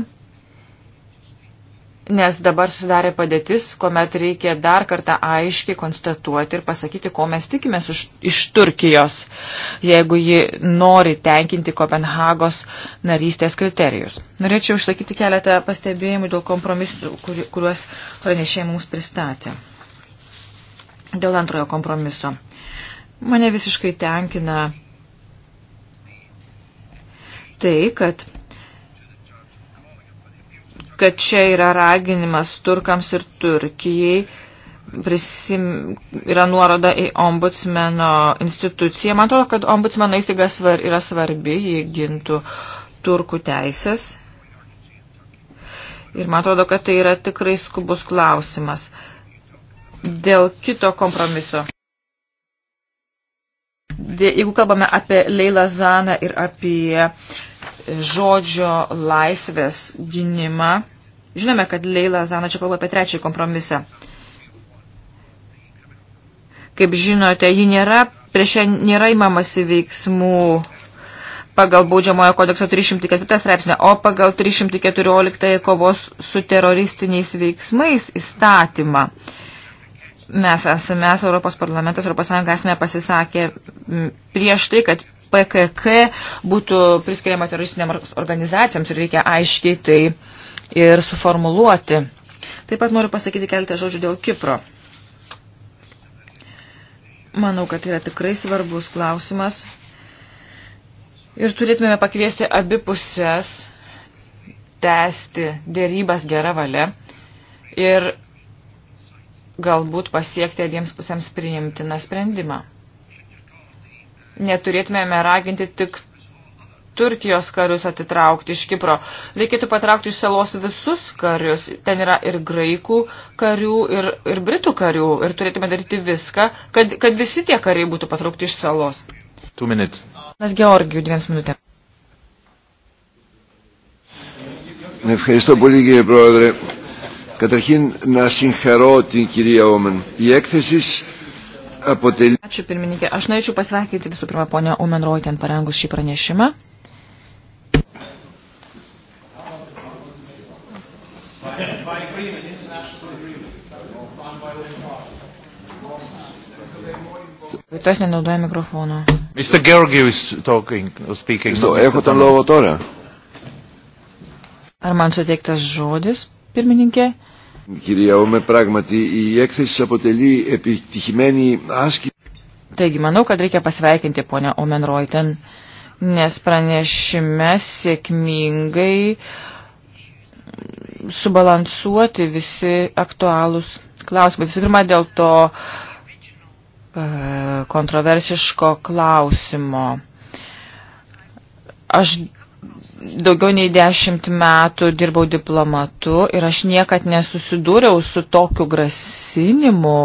nes dabar sudarė padėtis, kuomet reikia dar kartą aiškiai konstatuoti ir pasakyti, ko mes tikimės už, iš Turkijos, jeigu ji nori tenkinti Kopenhagos narystės kriterijus. Norėčiau išsakyti keletą pastebėjimų dėl kompromisų, kur, kuriuos pranešėjai mums pristatė. Dėl antrojo kompromiso. Mane visiškai tenkina tai, kad kad čia yra raginimas turkams ir Turkijai, prisim, yra nuoroda į ombudsmeno instituciją. Man atrodo, kad ombudsmeno įstaiga svar, yra svarbi, jį gintų turkų teisės. Ir man atrodo, kad tai yra tikrai skubus klausimas. Dėl kito kompromiso. Dėl, jeigu kalbame apie Leila Zaną ir apie uh, žodžio laisvės gynimą. Žinome, kad Leila Zana čia kalba apie trečiąjį kompromisą. Kaip žinote, ji nėra, prieš ją nėra įmamasi veiksmų pagal baudžiamojo kodekso 304 straipsnę, o pagal 314 kovos su teroristiniais veiksmais įstatymą. Mes esame, mes Europos parlamentas, Europos Sąjunga esame pasisakę prieš tai, kad PKK būtų priskiriama teroristiniam organizacijoms ir reikia aiškiai tai ir suformuluoti. Taip pat noriu pasakyti keletą žodžių dėl Kipro. Manau, kad tai yra tikrai svarbus klausimas. Ir turėtume pakviesti abi pusės tęsti dėrybas gerą valią ir galbūt pasiekti abiems pusėms priimtiną sprendimą neturėtumėme raginti tik Turkijos karius atitraukti iš Kipro. Reikėtų patraukti iš salos visus karius. Ten yra ir graikų karių, ir, ir britų karių. Ir turėtume daryti viską, kad, kad visi tie kariai būtų patraukti iš salos. Two minutes. Nas Georgijų dviems minutėm. Ευχαριστώ πολύ κύριε Πρόεδρε. Καταρχήν να συγχαρώ την κυρία Όμεν. Η έκθεση αποτελεί... Ačiū pirmininkė. Aš norėčiau pasveikinti visų pirma ponę Omenroitę parengus šį pranešimą. Βιτός να νοδάει μικροφόνο. Mr. Georgiou is talking, speaking. So, έχω τον λόγο τώρα. Ar man suteiktas žodis, pirmininkė? Κυρία Όμε, πράγματι η έκθεση αποτελεί επιτυχημένη άσκηση. Taigi, manau, kad reikia pasveikinti ponę Omenroiten, nes pranešime sėkmingai subalansuoti visi aktualūs klausimai. Visų pirma, dėl to e, kontroversiško klausimo. Aš daugiau nei dešimt metų dirbau diplomatu ir aš niekad nesusidūriau su tokiu grasinimu.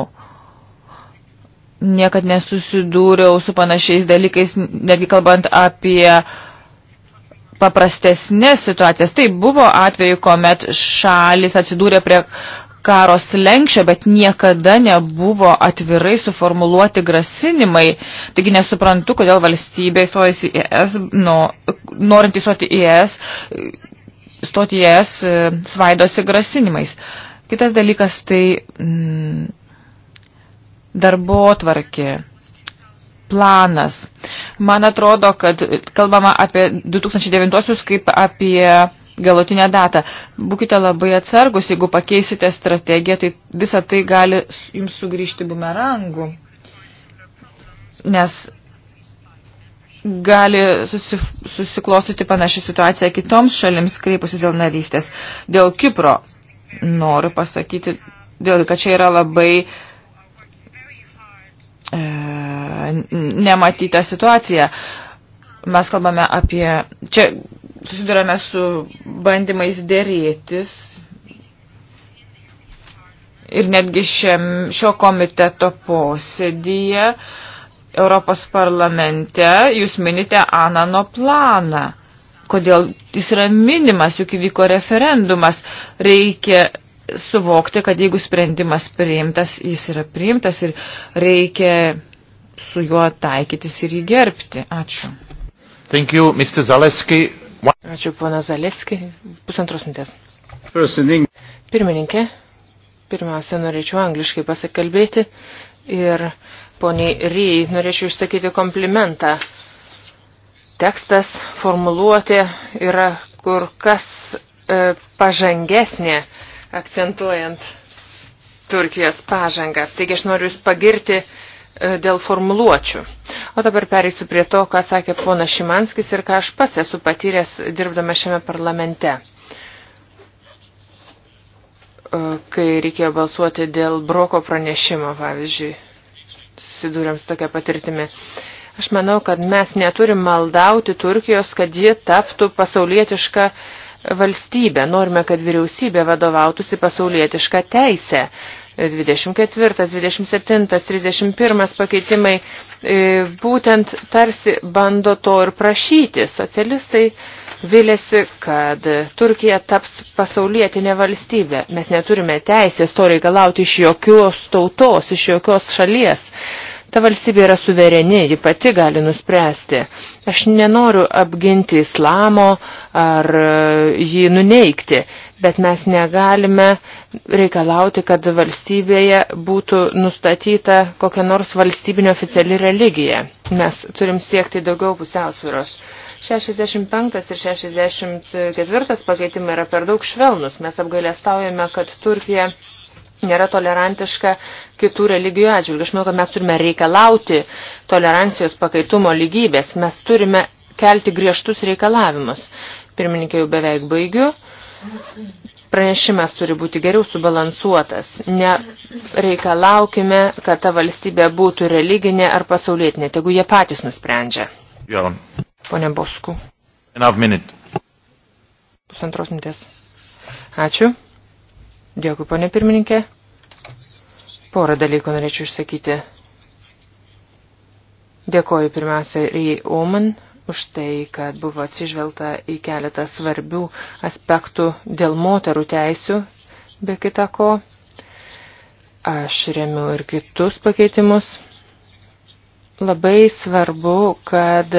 Niekad nesusidūriau su panašiais dalykais, netgi kalbant apie paprastesnės situacijas. Tai buvo atveju, kuomet šalis atsidūrė prie karos lenkščio, bet niekada nebuvo atvirai suformuluoti grasinimai. Taigi nesuprantu, kodėl valstybė įstojasi į ES, nu, norint įstoti į ES, stoti į ES e, svaidosi grasinimais. Kitas dalykas tai mm, darbo tvarkė planas. Man atrodo, kad kalbama apie 2009 kaip apie galutinę datą. Būkite labai atsargus, jeigu pakeisite strategiją, tai visa tai gali jums sugrįžti bumerangų. Nes gali susif, susiklostyti panašią situaciją kitoms šalims kreipusis dėl narystės. Dėl Kipro noriu pasakyti, dėl, kad čia yra labai e, nematyta situacija. Mes kalbame apie, čia susidurame su bandymais dėrėtis ir netgi šiam, šio komiteto posėdyje Europos parlamente jūs minite Anano planą. Kodėl jis yra minimas, juk įvyko referendumas. Reikia suvokti, kad jeigu sprendimas priimtas, jis yra priimtas ir reikia su juo taikytis ir jį gerbti. Ačiū. Thank you, Mr. Zaleski. Ačiū, pana Zaleski. Pusantros mintės. Pirmininkė, pirmiausia, norėčiau angliškai pasikalbėti ir poniai Ryjai norėčiau išsakyti komplimentą. Tekstas, formuluotė yra kur kas e, pažangesnė, akcentuojant Turkijos pažangą. Taigi aš noriu Jūs pagirti E, dėl formuluočių. O dabar pereisiu prie to, ką sakė pona Šimanskis ir ką aš pats esu patyręs dirbdama šiame parlamente. E, kai reikėjo balsuoti dėl broko pranešimo, pavyzdžiui, susidūrėm su tokia patirtimi. Aš manau, kad mes neturim maldauti Turkijos, kad ji taptų pasaulietišką valstybę. Norime, kad vyriausybė vadovautųsi pasaulietišką teisę. 24, 27, 31 pakeitimai e, būtent tarsi bando to ir prašyti. Socialistai vilėsi, kad Turkija taps pasaulietinė valstybė. Mes neturime teisės to reikalauti iš jokios tautos, iš jokios šalies. Ta valstybė yra suvereni, ji pati gali nuspręsti. Aš nenoriu apginti islamo ar e, jį nuneikti bet mes negalime reikalauti, kad valstybėje būtų nustatyta kokia nors valstybinė oficiali religija. Mes turim siekti daugiau pusiausvyros. 65 ir 64 pakeitimai yra per daug švelnus. Mes apgailestaujame, kad Turkija nėra tolerantiška kitų religijų atžvilgių. Aš manau, kad mes turime reikalauti tolerancijos pakaitumo lygybės. Mes turime kelti griežtus reikalavimus. Pirmininkė jau beveik baigiu pranešimas turi būti geriau subalansuotas. Ne reikalaukime, kad ta valstybė būtų religinė ar pasaulietinė, tegu jie patys nusprendžia. Joran. Pone Bosku. Enough minute. Pusantros minutės. Ačiū. Dėkui, ponė pirmininkė. Porą dalykų norėčiau išsakyti. Dėkoju pirmiausia Rijai Oman už tai, kad buvo atsižvelgta į keletą svarbių aspektų dėl moterų teisių, be kita ko. Aš remiu ir kitus pakeitimus. Labai svarbu, kad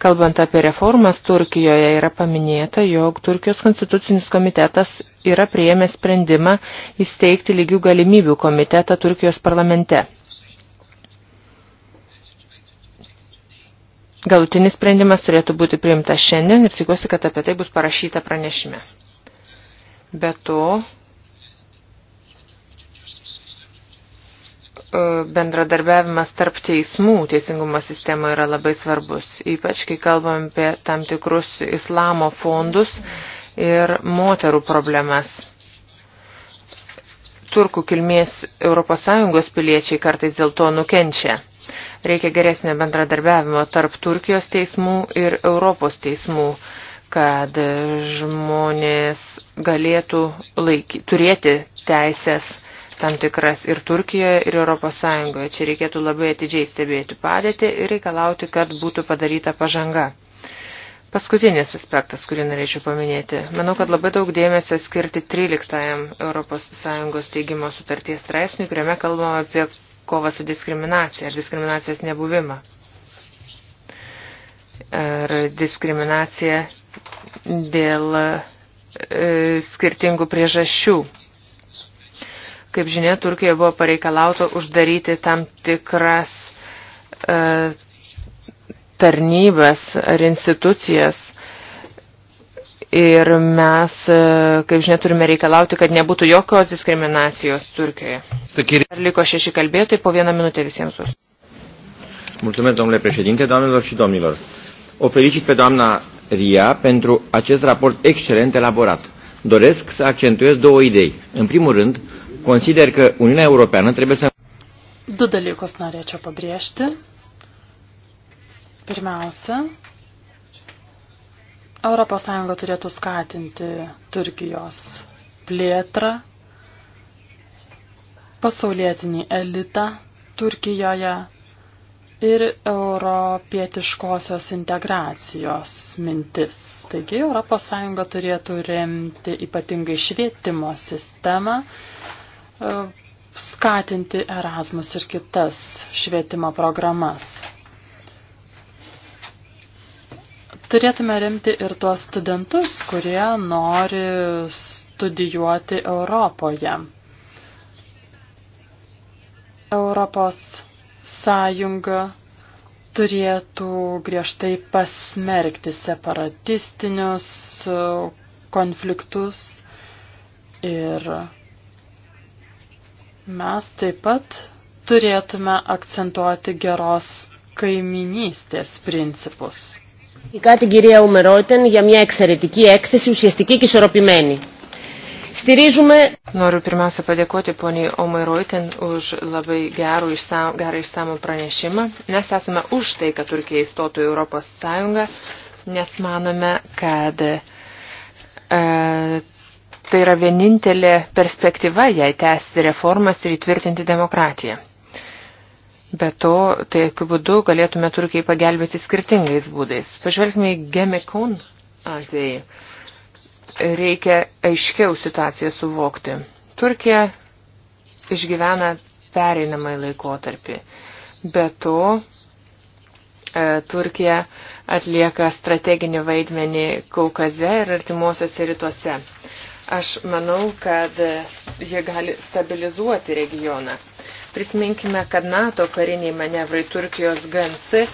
kalbant apie reformas Turkijoje yra paminėta, jog Turkijos konstitucinis komitetas yra prieėmęs sprendimą įsteigti lygių galimybių komitetą Turkijos parlamente. Galutinis sprendimas turėtų būti priimtas šiandien ir tikiuosi, kad apie tai bus parašyta pranešime. Be to, e, bendradarbiavimas tarp teismų teisingumo sistemoje yra labai svarbus, ypač kai kalbam apie tam tikrus islamo fondus ir moterų problemas. Turkų kilmės ES piliečiai kartais dėl to nukenčia. Reikia geresnio bendradarbiavimo tarp Turkijos teismų ir Europos teismų, kad žmonės galėtų laiky, turėti teisės tam tikras ir Turkijoje, ir Europos Sąjungoje. Čia reikėtų labai atidžiai stebėti padėtį ir reikalauti, kad būtų padaryta pažanga. Paskutinis aspektas, kurį norėčiau paminėti. Manau, kad labai daug dėmesio skirti 13 ES teigimo sutarties straipsniui, kuriame kalbama apie kovą su diskriminacija ir diskriminacijos nebuvimą. Ar diskriminacija dėl e, skirtingų priežasčių. Kaip žinia, Turkija buvo pareikalauta uždaryti tam tikras e, tarnybas ar institucijas, Ir mes, e, kaip žinia, turime reikalauti, kad nebūtų jokios diskriminacijos Turkijoje. Ar liko šeši kalbėtojai, po vieną minutę visiems bus. Mulțumesc, domnule președinte, doamnelor și domnilor. O felicit pe doamna Ria pentru acest raport excelent elaborat. Doresc să accentuez două idei. În primul rând, consider că Uniunea Europeană trebuie să... Du dalykus norėčiau pabrėžti. Pirmiausia, ES turėtų skatinti Turkijos plėtrą, pasaulietinį elitą Turkijoje ir europietiškosios integracijos mintis. Taigi ES turėtų remti ypatingai švietimo sistemą, e, skatinti Erasmus ir kitas švietimo programas. Turėtume remti ir tuos studentus, kurie nori studijuoti Europoje. Europos sąjunga turėtų griežtai pasmerkti separatistinius konfliktus ir mes taip pat turėtume akcentuoti geros kaiminystės principus. Ειδικά την κυρία Ουμερόιτεν για μια εξαιρετική έκθεση, ουσιαστική και ισορροπημένη. Στηρίζουμε... Noriu pirmiausia padėkoti poniai Omeroitin už labai gerų išsam, gerą išsamų pranešimą. Mes esame už tai, kad Turkija įstotų į Europos Sąjungą, nes manome, kad e, tai yra vienintelė perspektyva, jei tęsti reformas ir įtvirtinti demokratiją. Be to, tai jokių būdų galėtume Turkijai pagelbėti skirtingais būdais. Pažvelgime į Gemekon atvejį. Reikia aiškiau situaciją suvokti. Turkija išgyvena pereinamai laikotarpį. Be to, e, Turkija atlieka strateginį vaidmenį Kaukaze ir artimuosiuose rytuose. Aš manau, kad jie gali stabilizuoti regioną. Prisiminkime, kad NATO kariniai manevrai Turkijos GNC e,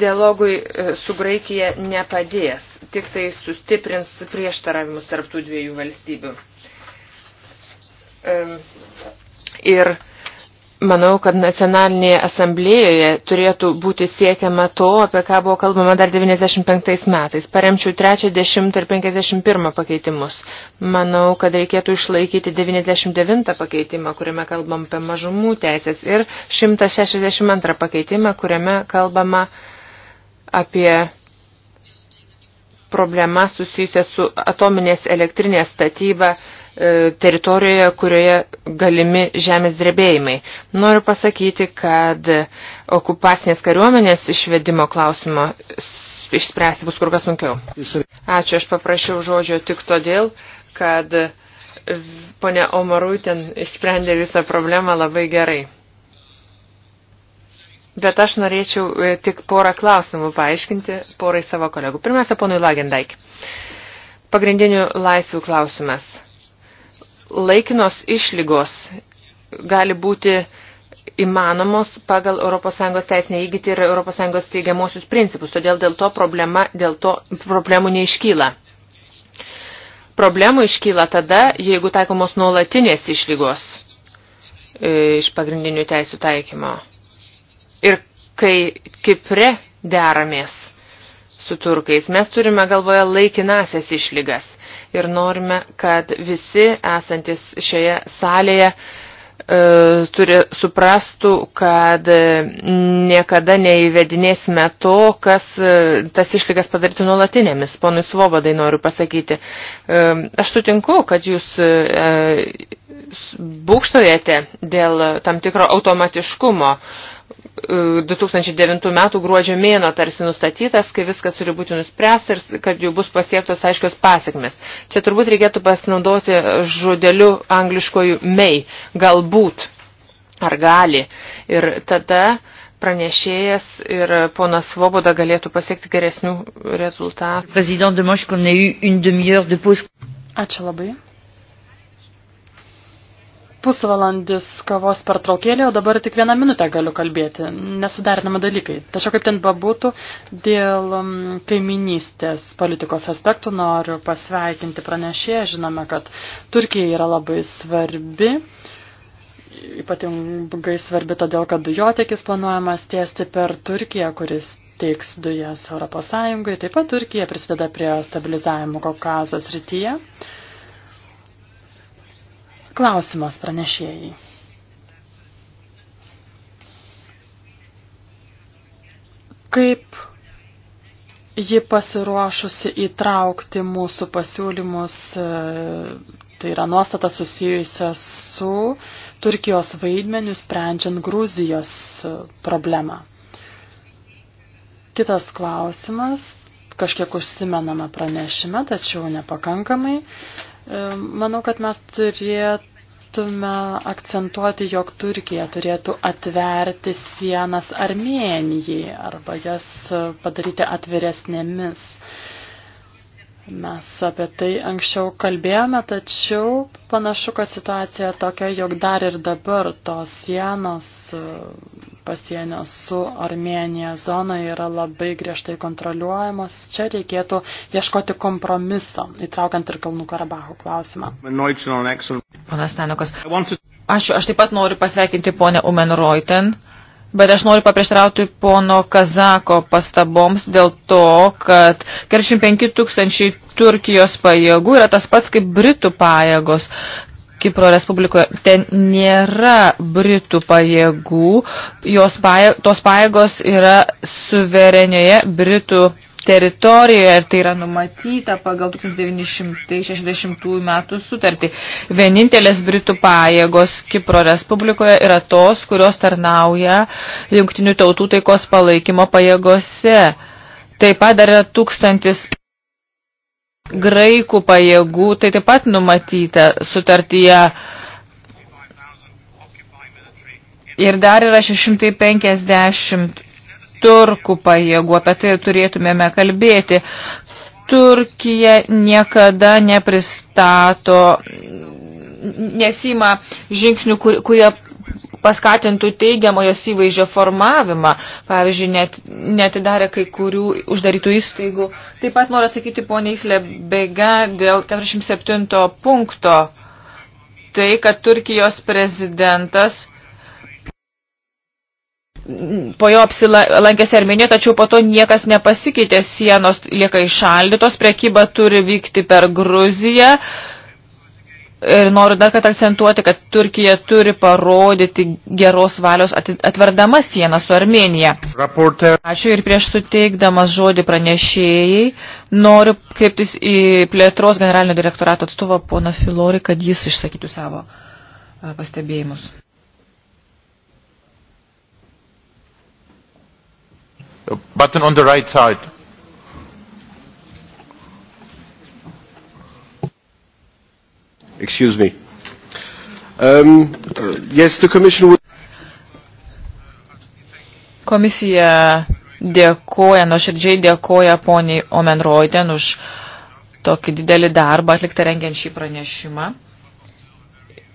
dialogui e, su Graikija nepadės, tik tai sustiprins prieštaravimus tarptų dviejų valstybių. Ir Manau, kad nacionalinėje asamblėjoje turėtų būti siekiama to, apie ką buvo kalbama dar 95 metais. Paremčiau 3, 10 ir 51 pakeitimus. Manau, kad reikėtų išlaikyti 99 pakeitimą, kuriame kalbam apie mažumų teisės, ir 162 pakeitimą, kuriame kalbama apie problemą susijusią su atominės elektrinės statyba E, teritorijoje, kurioje galimi žemės drebėjimai. Noriu pasakyti, kad okupacinės kariuomenės išvedimo klausimo išspręsti bus kur kas sunkiau. Ačiū, aš paprašiau žodžio tik todėl, kad ponia Omarui ten išsprendė visą problemą labai gerai. Bet aš norėčiau e, tik porą klausimų paaiškinti porai savo kolegų. Pirmiausia, ponui Lagendaik. Pagrindinių laisvių klausimas. Laikinos išlygos gali būti įmanomos pagal ES teisinę įgyti ir ES teigiamosius principus, todėl dėl to, problema, dėl to problemų neiškyla. Problemų iškyla tada, jeigu taikomos nuolatinės išlygos e, iš pagrindinių teisų taikymo. Ir kai Kipre deramės su turkais, mes turime galvoje laikinasias išlygas ir norime, kad visi esantis šioje salėje e, turi suprastų, kad e, niekada neįvedinėsime to, kas e, tas išlygas padaryti nuolatinėmis. Ponui Svobodai noriu pasakyti. Aš sutinku, kad jūs būkštojate dėl tam tikro automatiškumo. 2009 e, metų gruodžio mėno tarsi nustatytas, kai viskas turi būti nuspręsta ir kad jau bus pasiektos aiškios pasiekmes. Čia turbūt reikėtų pasinaudoti žodeliu angliškojų may, galbūt ar gali. Ir tada pranešėjas ir ponas Svoboda galėtų pasiekti geresnių rezultatų. Ačiū labai pusvalandis kavos pertraukėlė, o dabar tik vieną minutę galiu kalbėti. Nesuderinami dalykai. Tačiau kaip ten bebūtų, dėl um, kaiminystės politikos aspektų noriu pasveikinti pranešėją. Žinome, kad Turkija yra labai svarbi. Ypatingai svarbi todėl, kad dujotekis planuojamas tiesti per Turkiją, kuris teiks dujas Europos Sąjungai. Taip pat Turkija prisideda prie stabilizavimo Kaukazos rytyje. Klausimas pranešėjai. Kaip ji pasiruošusi įtraukti mūsų pasiūlymus, e, tai yra nuostata susijusia su Turkijos vaidmeniu sprendžiant Gruzijos e, problemą. Kitas klausimas, kažkiek užsimenama pranešime, tačiau nepakankamai, E, manau, kad mes turėtume akcentuoti, jog Turkija turėtų atverti sienas Armenijai arba jas padaryti atviresnėmis. Mes apie tai anksčiau kalbėjome, tačiau panašu, kad situacija tokia, jog dar ir dabar tos sienos pasienio su Armenija zona yra labai griežtai kontroliuojamas. Čia reikėtų ieškoti kompromiso, įtraukiant ir Kalnų Karabacho klausimą. Panas Tenokas, aš, aš taip pat noriu pasveikinti ponę Umen Reuten. Uh, Bet aš noriu paprieštrauti pono Kazako pastaboms dėl to, kad 45 tūkstančiai Turkijos pajėgų yra tas pats kaip Britų pajėgos. Kipro Respublikoje ten nėra Britų pajėgų, jos pajėg, tos pajėgos yra suverenioje Britų teritorijoje ir tai yra numatyta pagal 1960 metų sutartį. Vienintelės Britų pajėgos Kipro Respublikoje yra tos, kurios tarnauja jungtinių tautų taikos palaikymo pajėgose. Taip pat dar yra tūkstantis graikų pajėgų, tai taip pat numatyta sutartyje. Ir dar yra 650 turkų pajėgų, apie tai turėtumėme kalbėti. Turkija niekada nepristato, nesima žingsnių, kur, kurie paskatintų teigiamo jos įvaizdžio formavimą, pavyzdžiui, net, netidarė kai kurių uždarytų įstaigų. Taip pat noriu sakyti, ponia Islė Bega, dėl 47 punkto, tai, kad Turkijos prezidentas po jo apsilankėsi Armenija, tačiau po to niekas nepasikeitė, sienos lieka išaldytos, prekyba turi vykti per Gruziją. Ir noriu dar kad akcentuoti, kad Turkija turi parodyti geros valios atverdama sieną su Armenija. Raporte. Ačiū ir prieš suteikdamas žodį pranešėjai, noriu kreiptis į plėtros generalinio direktorato atstovą poną Filori, kad jis išsakytų savo pastebėjimus. button on the right side. Excuse me. Um, uh, yes, the Commission would... Komisija dėkoja, nuoširdžiai dėkoja poniai Omenroiden už tokį didelį darbą atliktą rengiant šį pranešimą.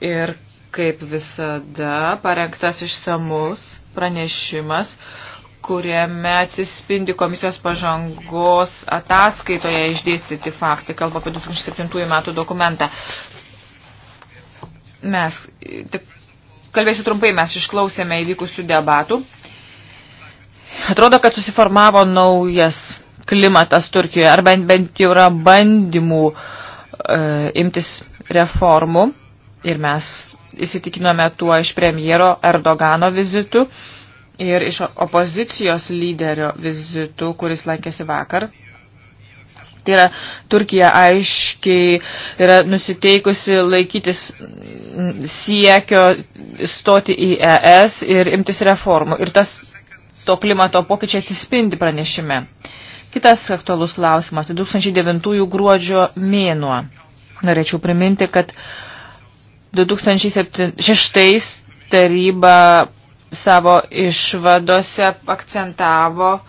Ir kaip visada parengtas išsamus pranešimas uh, kuriame atsispindi komisijos pažangos ataskaitoje išdėstyti faktai, kalba apie 2007 metų dokumentą. Mes, tik kalbėsiu trumpai, mes išklausėme įvykusių debatų. Atrodo, kad susiformavo naujas klimatas Turkijoje, ar bent, bent jau yra bandymų e, imtis reformų ir mes įsitikinome tuo iš premjero Erdogano vizitų. E, ir iš opozicijos lyderio vizitų, kuris laikėsi vakar. Tai yra, Turkija aiškiai yra nusiteikusi laikytis siekio stoti į ES ir imtis reformų. Ir tas to klimato pokyčiai atsispindi pranešime. Kitas aktualus klausimas, tai 2009 gruodžio mėnuo. Norėčiau priminti, kad 2006 taryba savo išvadose akcentavo,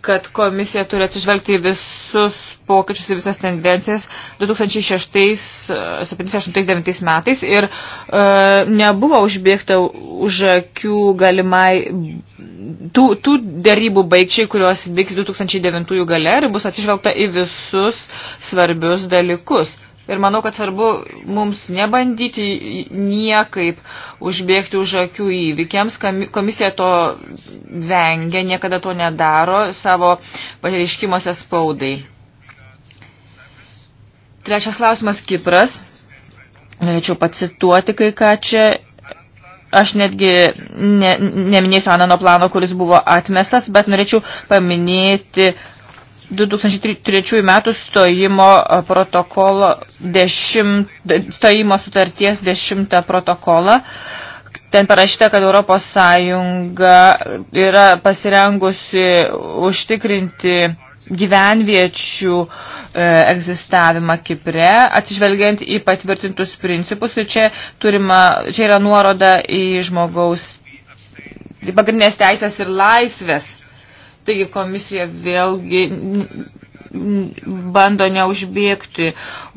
kad komisija turi atsižvelgti į visus pokyčius ir visas tendencijas 2006-2008 metais ir e, nebuvo užbėgta už akių galimai tų, tų dėrybų baigčiai, kurios vyks 2009 gale ir bus atsižvelgta į visus svarbius dalykus. Ir manau, kad svarbu mums nebandyti niekaip užbėgti už akių įvykiams. Komisija to vengia, niekada to nedaro savo pareiškimuose spaudai. Trečias klausimas Kipras. Norėčiau pacituoti kai ką čia aš netgi ne, neminėsiu Anano plano, kuris buvo atmestas, bet norėčiau paminėti 2003 metų stojimo e, protokolo dešimt, stojimo sutarties 10 protokolą. Ten parašyta, kad Europos Sąjunga yra pasirengusi užtikrinti gyvenviečių e, egzistavimą Kipre, atsižvelgiant į patvirtintus principus. Ir tai čia, turima, čia yra nuoroda į žmogaus pagrindinės teisės ir laisvės Taigi komisija vėlgi bando neužbėgti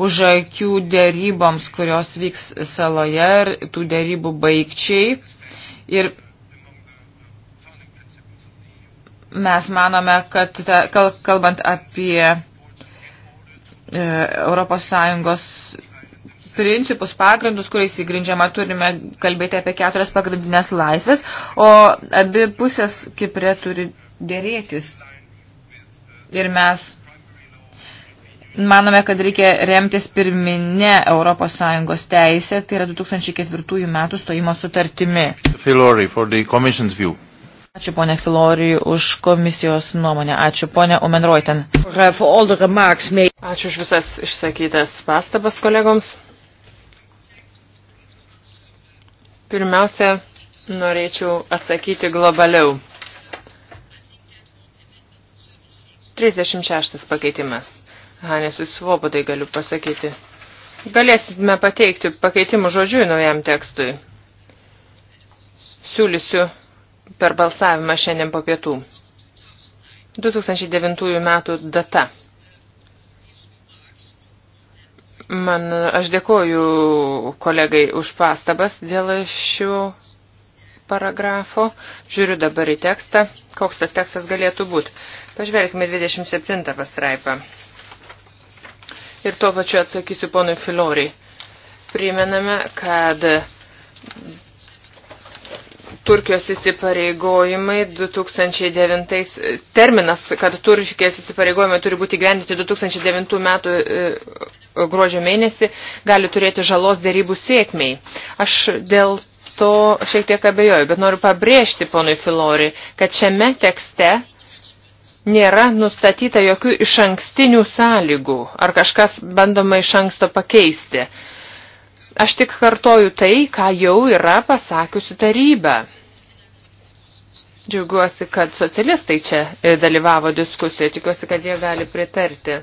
už akių dėryboms, kurios vyks saloje ir tų dėrybų baigčiai. Ir mes manome, kad kalbant apie ES principus, pagrindus, kuriais įgrindžiama, turime kalbėti apie keturias pagrindinės laisvės, o abi pusės Kiprė turi dėrėtis. Ir mes manome, kad reikia remtis pirminė ES teisė, tai yra 2004 metų stojimo sutartimi. Filori, for the commission's view. Ačiū ponė Filori už komisijos nuomonę. Ačiū ponė Omenroiten. Ačiū už visas išsakytas pastabas kolegoms. Pirmiausia, norėčiau atsakyti globaliau. 36 pakeitimas. Hanesui Svobodai galiu pasakyti. Galėsime pateikti pakeitimų žodžių naujam tekstui. Siūlysiu per balsavimą šiandien po pietų. 2009 metų data. Man, aš dėkoju kolegai už pastabas dėl šių paragrafo. Žiūriu dabar į tekstą, koks tas tekstas galėtų būti. Pažvelgime 27 pastraipą. Ir tuo pačiu atsakysiu ponui Filoriai. Primename, kad Turkijos įsipareigojimai 2009, terminas, kad Turkijos įsipareigojimai turi būti gyvendyti 2009 metų e, gruodžio mėnesį, gali turėti žalos dėrybų sėkmiai. Aš dėl to šiek tiek abejoju, bet noriu pabrėžti ponui Filori, kad šiame tekste nėra nustatyta jokių iš ankstinių sąlygų ar kažkas bandoma iš anksto pakeisti. Aš tik kartoju tai, ką jau yra pasakiusi taryba. Džiaugiuosi, kad socialistai čia dalyvavo diskusijoje, tikiuosi, kad jie gali pritarti.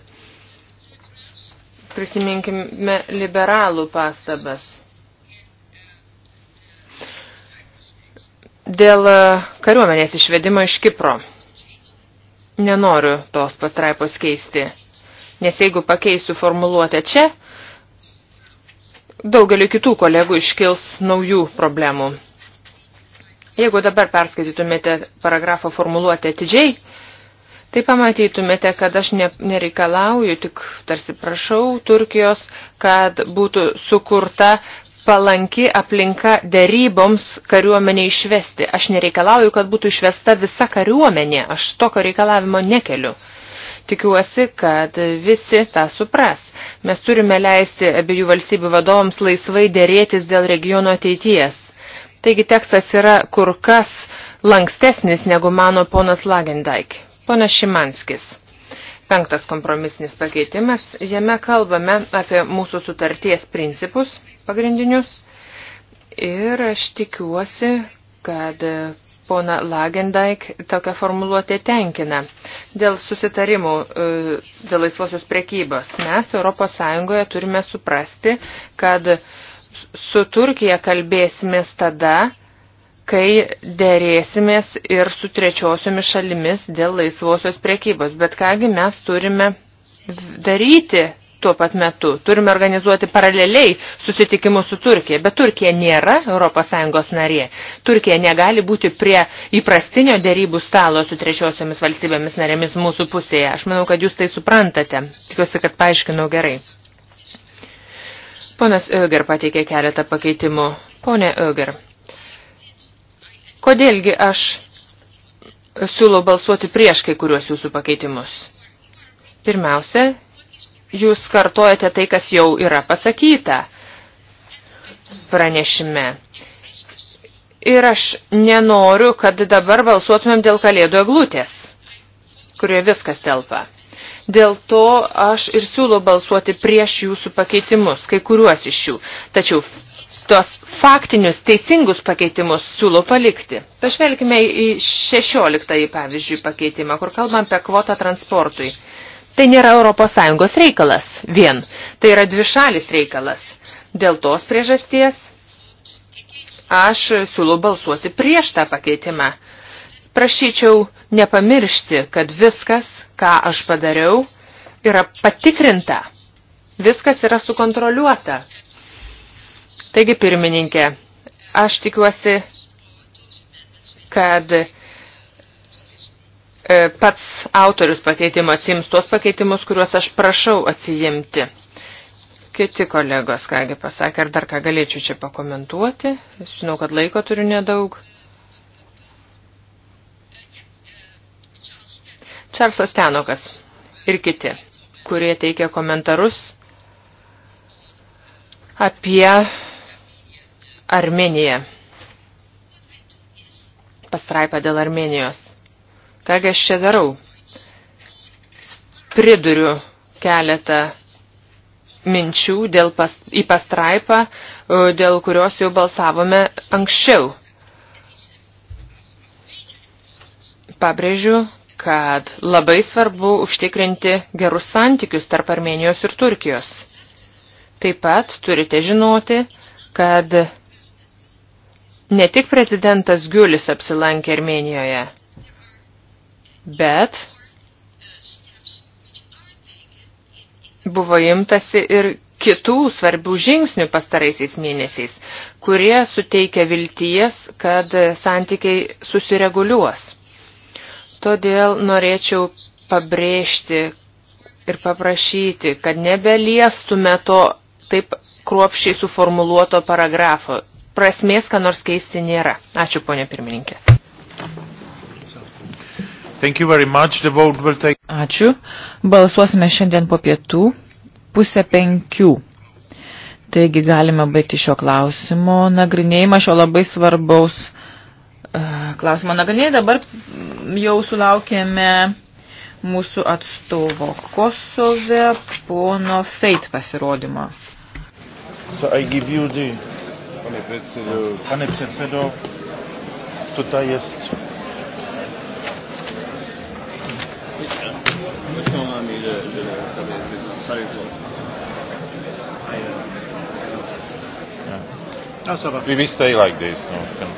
Prisiminkime liberalų pastabas. Dėl kariuomenės išvedimo iš Kipro nenoriu tos pastraipos keisti. Nes jeigu pakeisiu formuluotę čia, daugeliu kitų kolegų iškils naujų problemų. Jeigu dabar perskaitytumėte paragrafo formuluotę atidžiai, tai pamatytumėte, kad aš ne, nereikalauju, tik tarsi prašau Turkijos, kad būtų sukurta palanki aplinka deryboms kariuomenė išvesti. Aš nereikalauju, kad būtų išvesta visa kariuomenė, aš tokio reikalavimo nekeliu. Tikiuosi, kad visi tą supras. Mes turime leisti abiejų valstybių vadovams laisvai dėrėtis dėl regiono ateities. Taigi tekstas yra kur kas lankstesnis negu mano ponas Lagendaik. Ponas Šimanskis. Penktas kompromisinis pakeitimas. Jame kalbame apie mūsų sutarties principus pagrindinius. Ir aš tikiuosi, kad pona Lagendaik tokią formuluotę tenkina. Dėl susitarimų, e, dėl laisvosios prekybos, mes ES turime suprasti, kad su Turkija kalbėsimės tada, kai dėrėsimės ir su trečiosiomis šalimis dėl laisvosios priekybos. Bet kągi mes turime daryti tuo pat metu. Turime organizuoti paraleliai susitikimus su Turkija, bet Turkija nėra ES narė. Turkija negali būti prie įprastinio dėrybų stalo su trečiosiomis valstybėmis narėmis mūsų pusėje. Aš manau, kad jūs tai suprantate. Tikiuosi, kad paaiškinau gerai. Ponas Öger pateikė keletą pakeitimų. Pone Öger, Kodėlgi aš siūlau balsuoti prieš kai kuriuos jūsų pakeitimus? Pirmiausia, jūs kartojate tai, kas jau yra pasakyta pranešime. Ir aš nenoriu, kad dabar balsuotumėm dėl kalėdų eglutės, kurioje viskas telpa. Dėl to aš ir siūlau balsuoti prieš jūsų pakeitimus, kai kuriuos iš jų. Tačiau tuos faktinius, teisingus pakeitimus siūlo palikti. Pažvelkime į 16 pavyzdžiui pakeitimą, kur kalbam apie kvotą transportui. Tai nėra ES reikalas vien, tai yra dvišalis reikalas. Dėl tos priežasties aš siūlau balsuoti prieš tą pakeitimą. Prašyčiau nepamiršti, kad viskas, ką aš padariau, yra patikrinta. Viskas yra sukontroliuota. Taigi, pirmininkė, aš tikiuosi, kad e, pats autorius pakeitimo atsims tuos pakeitimus, kuriuos aš prašau atsijimti. Kiti kolegos, kągi pasakė, ar dar ką galėčiau čia pakomentuoti. Žinau, kad laiko turiu nedaug. Čarlzas Tenokas ir kiti, kurie teikia komentarus apie Armenija. Pastraipa dėl Armenijos. Kągi aš čia darau? Priduriu keletą minčių dėl pas, į pastraipą, dėl kurios jau balsavome anksčiau. Pabrėžiu, kad labai svarbu užtikrinti gerus santykius tarp Armenijos ir Turkijos. Taip pat turite žinoti, kad Ne tik prezidentas Giulis apsilankė Armenijoje, bet buvo imtasi ir kitų svarbių žingsnių pastaraisiais mėnesiais, kurie suteikia vilties, kad santykiai susireguliuos. Todėl norėčiau pabrėžti ir paprašyti, kad nebeliestume to taip kruopščiai suformuluoto paragrafo prasmės, ką nors keisti nėra. Ačiū, ponė pirmininkė. Thank you very much. The vote will take... Ačiū. Balsuosime šiandien po pietų pusę penkių. Taigi galime baigti šio klausimo nagrinėjimą, šio labai svarbaus uh, klausimo nagrinėjimą. Dabar jau sulaukėme mūsų atstovo Kosove pono Feit pasirodymą. So I give you the... Pane předsedo. Pane předsedo, toto je Yeah. No, Vy, vy stay like this. No, can...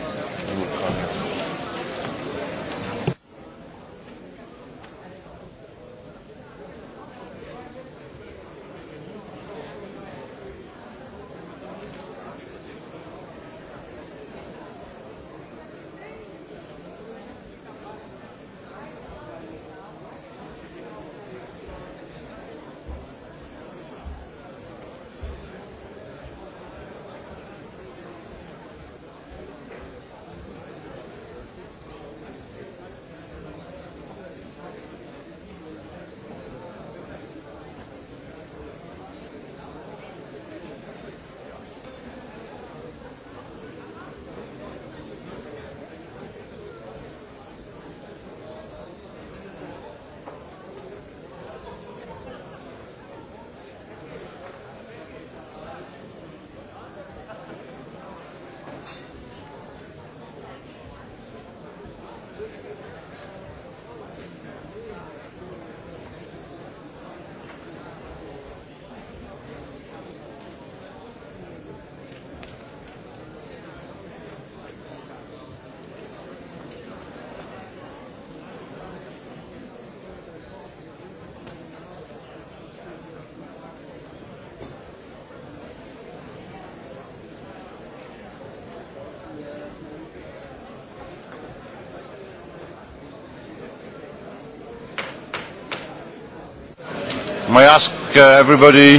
May I ask uh, everybody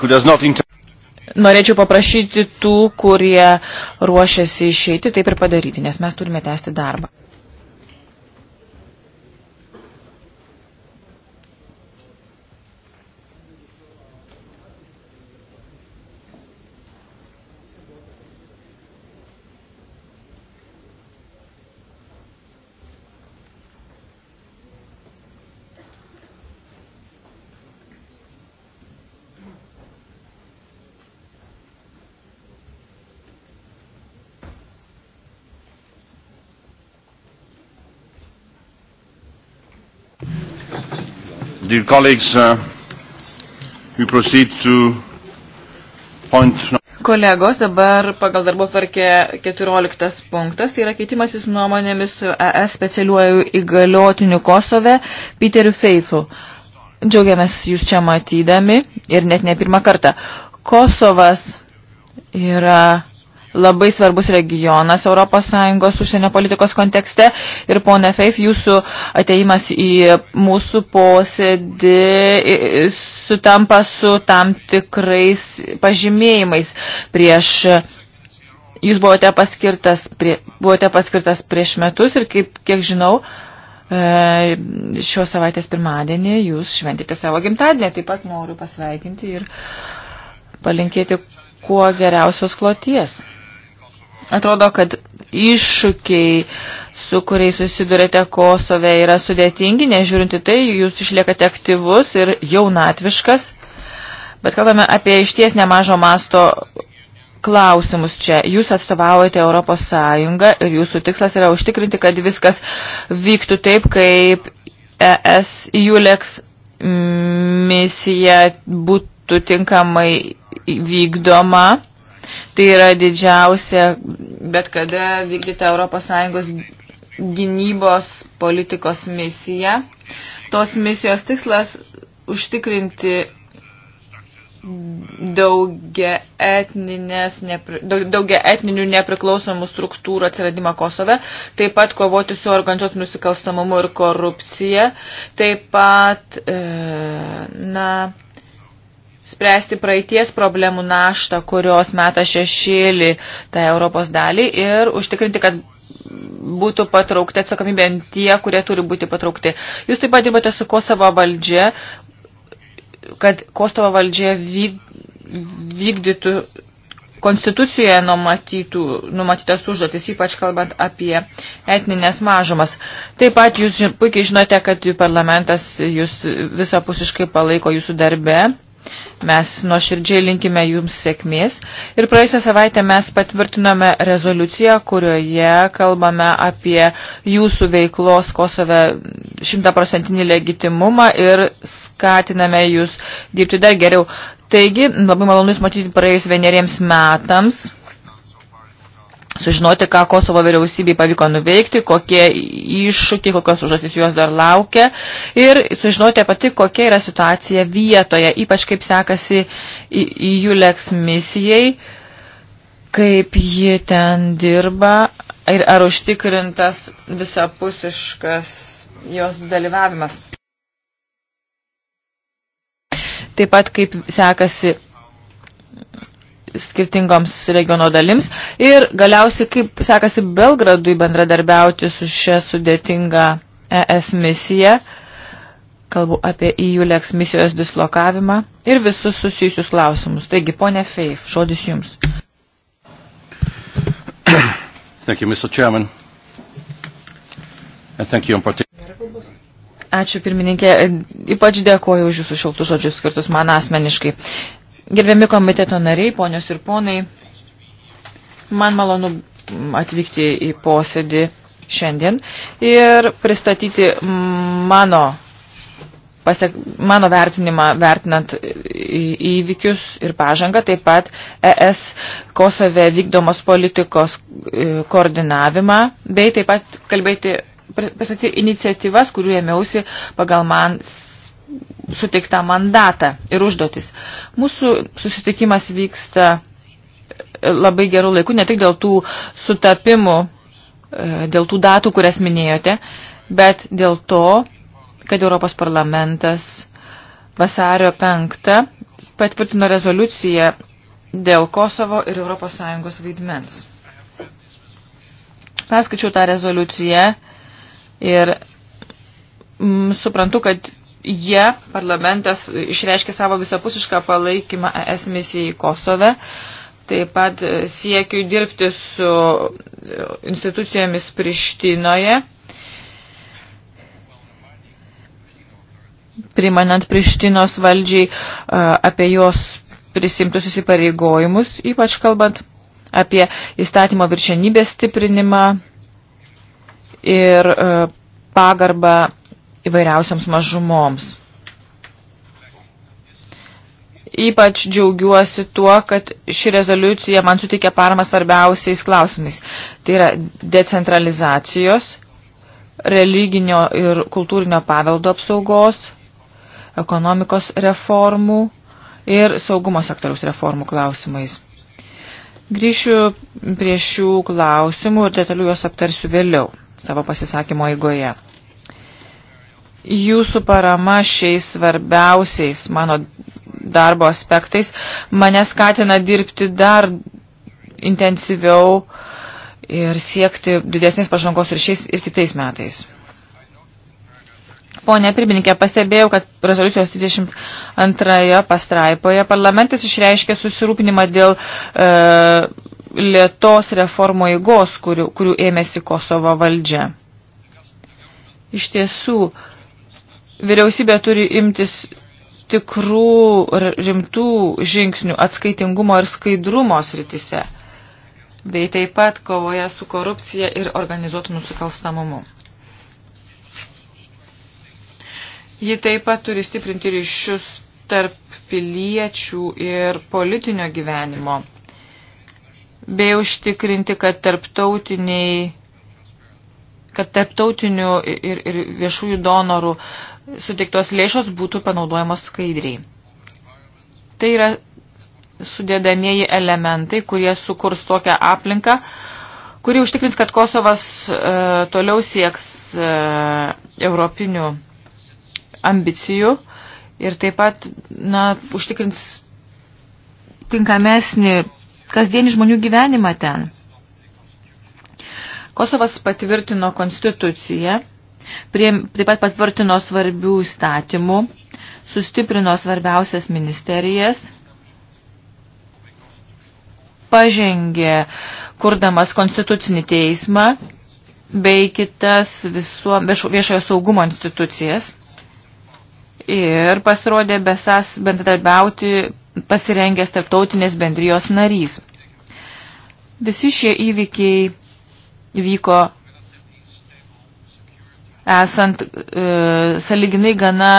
who does not intend... Norėčiau paprašyti tų, kurie ruošiasi išeiti, taip ir padaryti, nes mes turime tęsti darbą. Dear colleagues, uh, we proceed to point. Kolegos, dabar pagal darbos varkė 14 punktas, tai yra keitimasis nuomonėmis su ES specialiuoju įgaliotiniu Kosove, Peteriu Feifu. Džiaugiamės jūs čia matydami ir net ne pirmą kartą. Kosovas yra labai svarbus regionas ES užsienio politikos kontekste. Ir ponė Feif, jūsų ateimas į mūsų posėdį sutampa su tam tikrais pažymėjimais prieš. Jūs buvote paskirtas, prie, buvote paskirtas prieš metus ir kaip, kiek žinau, e, šios savaitės pirmadienį jūs šventite savo gimtadienį. Taip pat noriu pasveikinti ir palinkėti kuo geriausios kloties. Atrodo, kad iššūkiai, su kuriais susidurėte Kosove, yra sudėtingi, nežiūrinti tai, jūs išliekate aktyvus ir jaunatviškas, bet kalbame apie išties nemažo masto klausimus čia. Jūs atstovaujate Europos Sąjungą ir jūsų tikslas yra užtikrinti, kad viskas vyktų taip, kaip ES Juleks misija būtų tinkamai vykdoma Tai yra didžiausia bet kada vykdyta ES gynybos politikos misija. Tos misijos tikslas užtikrinti daugia, etninės, nepri, daugia etninių nepriklausomų struktūrų atsiradimą Kosove, taip pat kovoti su organizuotų nusikalstamumu ir korupcija, taip pat e, na, spręsti praeities problemų naštą, kurios meta šešėlį tą Europos dalį ir užtikrinti, kad būtų patraukti atsakomybė tie, kurie turi būti patraukti. Jūs taip pat dirbate su Kosovo valdžia, kad Kosovo valdžia vykdytų konstitucijoje numatytų, numatytas užduotis, ypač kalbant apie etninės mažumas. Taip pat jūs puikiai žinote, kad parlamentas jūs visapusiškai palaiko jūsų darbe Mes nuoširdžiai linkime jums sėkmės ir praėjusią savaitę mes patvirtinome rezoliuciją, kurioje kalbame apie jūsų veiklos Kosove šimtaprocentinį legitimumą ir skatiname jūs dirbti dar geriau. Taigi, labai malonu jūs matyti praėjus vieneriems metams sužinoti, ką Kosovo vyriausybei pavyko nuveikti, kokie iššūkiai, kokios užduotis juos dar laukia ir sužinoti apie tai, kokia yra situacija vietoje, ypač kaip sekasi į Juleks misijai, kaip ji ten dirba ir ar užtikrintas visapusiškas jos dalyvavimas. Taip pat kaip sekasi skirtingoms regiono dalims ir galiausiai kaip sekasi Belgradui bendradarbiauti su šia sudėtinga ES misija. Kalbu apie EULEX misijos dislokavimą ir visus susijusius klausimus. Taigi, ponė Feif, žodis jums. Thank you, Mr. Chairman. And thank you in particular. Ačiū pirmininkė, ypač dėkoju už jūsų šiltų žodžius skirtus man asmeniškai. Gerbiami komiteto nariai, ponios ir ponai, man malonu atvykti į posėdį šiandien ir pristatyti mano, pasiek, mano vertinimą, vertinant įvykius ir pažangą, taip pat ES Kosove vykdomos politikos e, koordinavimą, bei taip pat kalbėti, pristatyti iniciatyvas, kurių ėmiausi pagal man suteiktą mandatą ir užduotis. Mūsų susitikimas vyksta e, labai gerų laikų, ne tik dėl tų sutapimų, e, dėl tų datų, kurias minėjote, bet dėl to, kad Europos parlamentas vasario 5 patvirtino rezoliuciją dėl Kosovo ir Europos Sąjungos vaidmens. Perskaičiau tą rezoliuciją ir m, mm, suprantu, kad jie, parlamentas, išreiškė savo visapusišką palaikymą ES misijai Kosove, taip pat e, siekiu dirbti su e, institucijomis Prištinoje, primanant Prištinos valdžiai e, apie jos prisimtus įsipareigojimus, ypač kalbant apie įstatymo viršenybės stiprinimą ir pagarbą įvairiausiams mažumoms. Ypač džiaugiuosi tuo, kad ši rezoliucija man suteikia paramą svarbiausiais klausimais. Tai yra decentralizacijos, religinio ir kultūrinio paveldo apsaugos, ekonomikos reformų ir saugumo sektoriaus reformų klausimais. Grįšiu prie šių klausimų ir detaliu juos aptarsiu vėliau savo pasisakymo eigoje jūsų parama šiais svarbiausiais mano darbo aspektais mane skatina dirbti dar intensyviau ir siekti didesnės pažangos ir šiais ir kitais metais. Pone pirmininkė, pastebėjau, kad rezoliucijos 32 pastraipoje parlamentas išreiškė susirūpinimą dėl e, lietos reformo įgos, kurių, kurių ėmėsi Kosovo valdžia. Iš tiesų, e, vyriausybė turi imtis tikrų rimtų žingsnių atskaitingumo ir skaidrumo sritise, bei taip pat kovoje su korupcija ir organizuotų nusikalstamumu. Ji taip pat turi stiprinti ryšius tarp piliečių ir politinio gyvenimo, bei užtikrinti, kad tarptautiniai kad tarptautinių ir, ir viešųjų donorų uh, suteiktos lėšos būtų panaudojamos skaidriai. Tai yra sudėdamieji elementai, kurie sukurs tokią aplinką, kuri užtikrins, kad Kosovas e, toliau sieks e, europinių ambicijų ir taip pat na, užtikrins tinkamesnį kasdienį žmonių gyvenimą ten. Kosovas patvirtino konstituciją prie, taip pat patvirtino svarbių įstatymų, sustiprino svarbiausias ministerijas, pažengė, kurdamas konstitucinį teismą bei kitas visuo, viešo, viešojo saugumo institucijas ir pasirodė besas bendradarbiauti pasirengęs tarptautinės bendrijos narys. Visi šie įvykiai vyko esant e, saliginai gana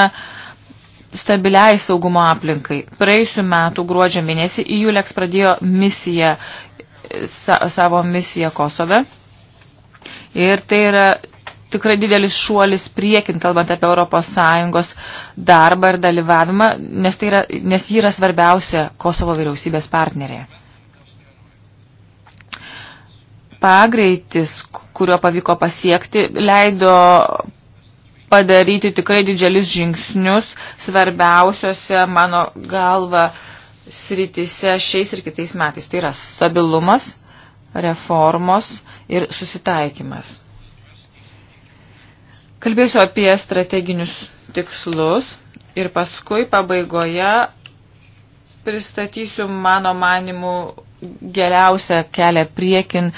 stabiliai saugumo aplinkai. Praėjusiu metu gruodžio mėnesį EULEX pradėjo misiją, sa, savo misiją Kosove. Ir tai yra tikrai didelis šuolis priekin, kalbant apie ES darbą ir dalyvavimą, nes, tai yra, nes ji yra svarbiausia Kosovo vyriausybės partnerė pagreitis, kurio pavyko pasiekti, leido padaryti tikrai didžiulis žingsnius svarbiausiose mano galva sritise šiais ir kitais metais. Tai yra stabilumas, reformos ir susitaikymas. Kalbėsiu apie strateginius tikslus ir paskui pabaigoje pristatysiu mano manimų geriausią kelią priekin,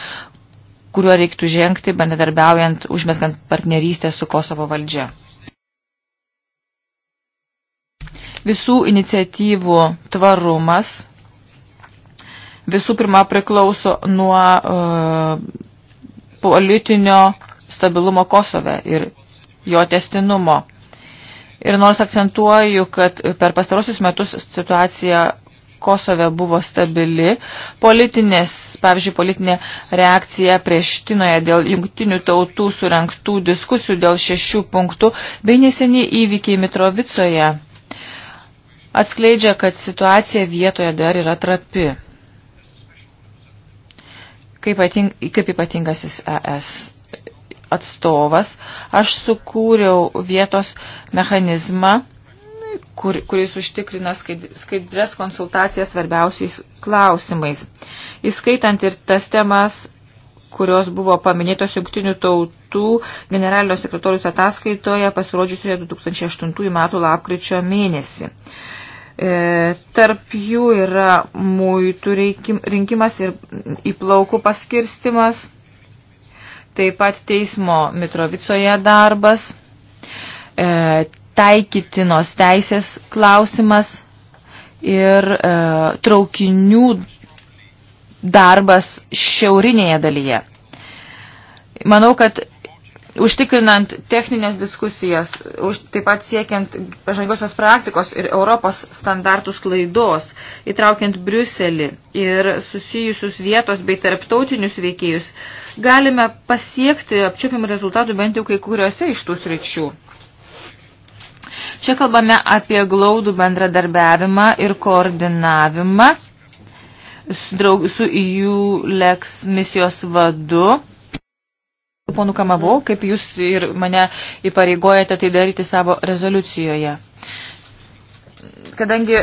kuriuo reiktų žengti, bendradarbiaujant, užmesgant partnerystę su Kosovo valdžia. Visų iniciatyvų tvarumas visų pirma priklauso nuo uh, politinio stabilumo Kosove ir jo testinumo. Ir nors akcentuoju, kad per pastarosius metus situacija Kosove buvo stabili. Politinės, pavyzdžiui, politinė reakcija prieštinoje dėl jungtinių tautų surenktų diskusijų dėl šešių punktų bei neseniai įvykiai Mitrovicoje atskleidžia, kad situacija vietoje dar yra trapi. Kaip, ating, kaip ypatingasis ES atstovas, aš sukūriau vietos mechanizmą kur, kuris užtikrina skaidrės konsultacijas svarbiausiais klausimais, įskaitant ir tas temas, kurios buvo paminėtos jungtinių tautų generalinio sekretorius ataskaitoje pasirodžiusioje 2008 metų lapkričio mėnesį. E, tarp jų yra muitų rinkimas ir įplaukų paskirstimas, taip pat teismo Mitrovicoje darbas, e, taikytinos teisės klausimas ir e, traukinių darbas šiaurinėje dalyje. Manau, kad užtikrinant techninės diskusijas, už, taip pat siekiant pažangiosios praktikos ir Europos standartų sklaidos, įtraukiant Briuselį ir susijusius vietos bei tarptautinius veikėjus, galime pasiekti apčiopimų rezultatų bent jau kai kuriuose iš tų sričių. Čia kalbame apie glaudų bendradarbiavimą ir koordinavimą su jų leks misijos vadu. Ponu Kamavau, kaip jūs ir mane įpareigojate tai daryti savo rezoliucijoje. Kadangi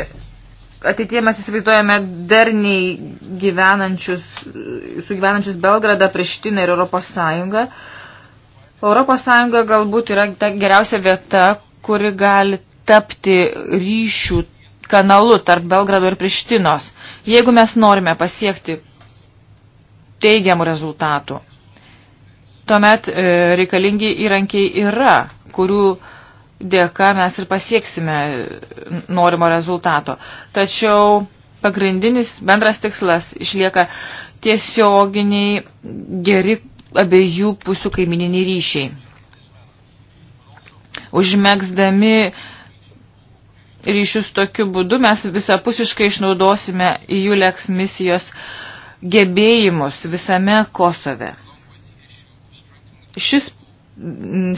ateitie mes įsivaizduojame darniai gyvenančius, sugyvenančius Belgradą, Prištiną ir Europos Sąjungą. Europos Sąjunga galbūt yra ta geriausia vieta, kuri gali tapti ryšių kanalu tarp Belgrado ir Prištinos, jeigu mes norime pasiekti teigiamų rezultatų. Tuomet e, reikalingi įrankiai yra, kurių dėka mes ir pasieksime norimo rezultato. Tačiau pagrindinis bendras tikslas išlieka tiesioginiai geri abiejų pusių kaimininiai ryšiai. Užmėgsdami ryšius tokiu būdu mes visapusiškai išnaudosime JULEX misijos gebėjimus visame Kosove. Šis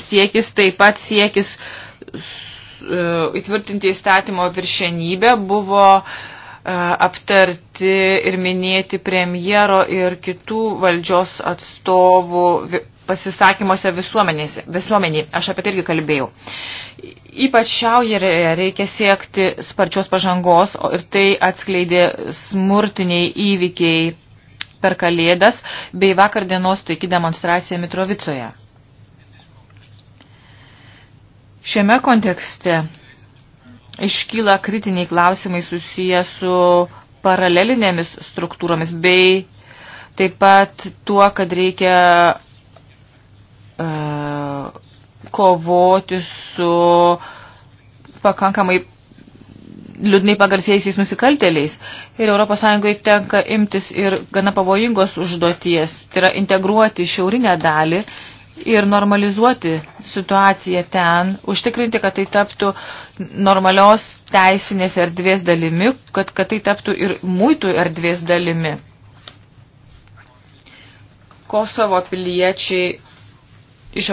siekis taip pat siekis e, įtvirtinti įstatymo viršenybę buvo e, aptarti ir minėti premjero ir kitų valdžios atstovų pasisakymuose visuomenį. Aš apie tai irgi kalbėjau. Ypač šiaurėje reikia siekti sparčios pažangos ir tai atskleidė smurtiniai įvykiai per kalėdas bei vakar dienos taiki demonstracija Mitrovicoje. Šiame kontekste iškyla kritiniai klausimai susiję su paralelinėmis struktūromis bei taip pat tuo, kad reikia E, kovoti su pakankamai liūdnai pagarsėjusiais nusikaltėliais. Ir ES tenka imtis ir gana pavojingos užduoties, tai yra integruoti šiaurinę dalį ir normalizuoti situaciją ten, užtikrinti, kad tai taptų normalios teisinės erdvės dalimi, kad, kad tai taptų ir mūtų erdvės dalimi. Kosovo piliečiai iš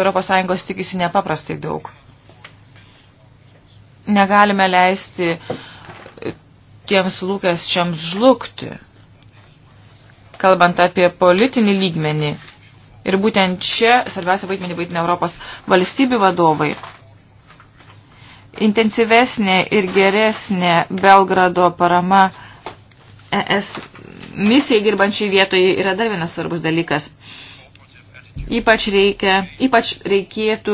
ES tikisi nepaprastai daug. Negalime leisti tiems lūkesčiams žlugti, kalbant apie politinį lygmenį. Ir būtent čia svarbiausia vaidmenį vaidina Europos valstybių vadovai. Intensyvesnė ir geresnė Belgrado parama ES misijai dirbančiai vietoje yra dar vienas svarbus dalykas. Ypač, reikia, ypač reikėtų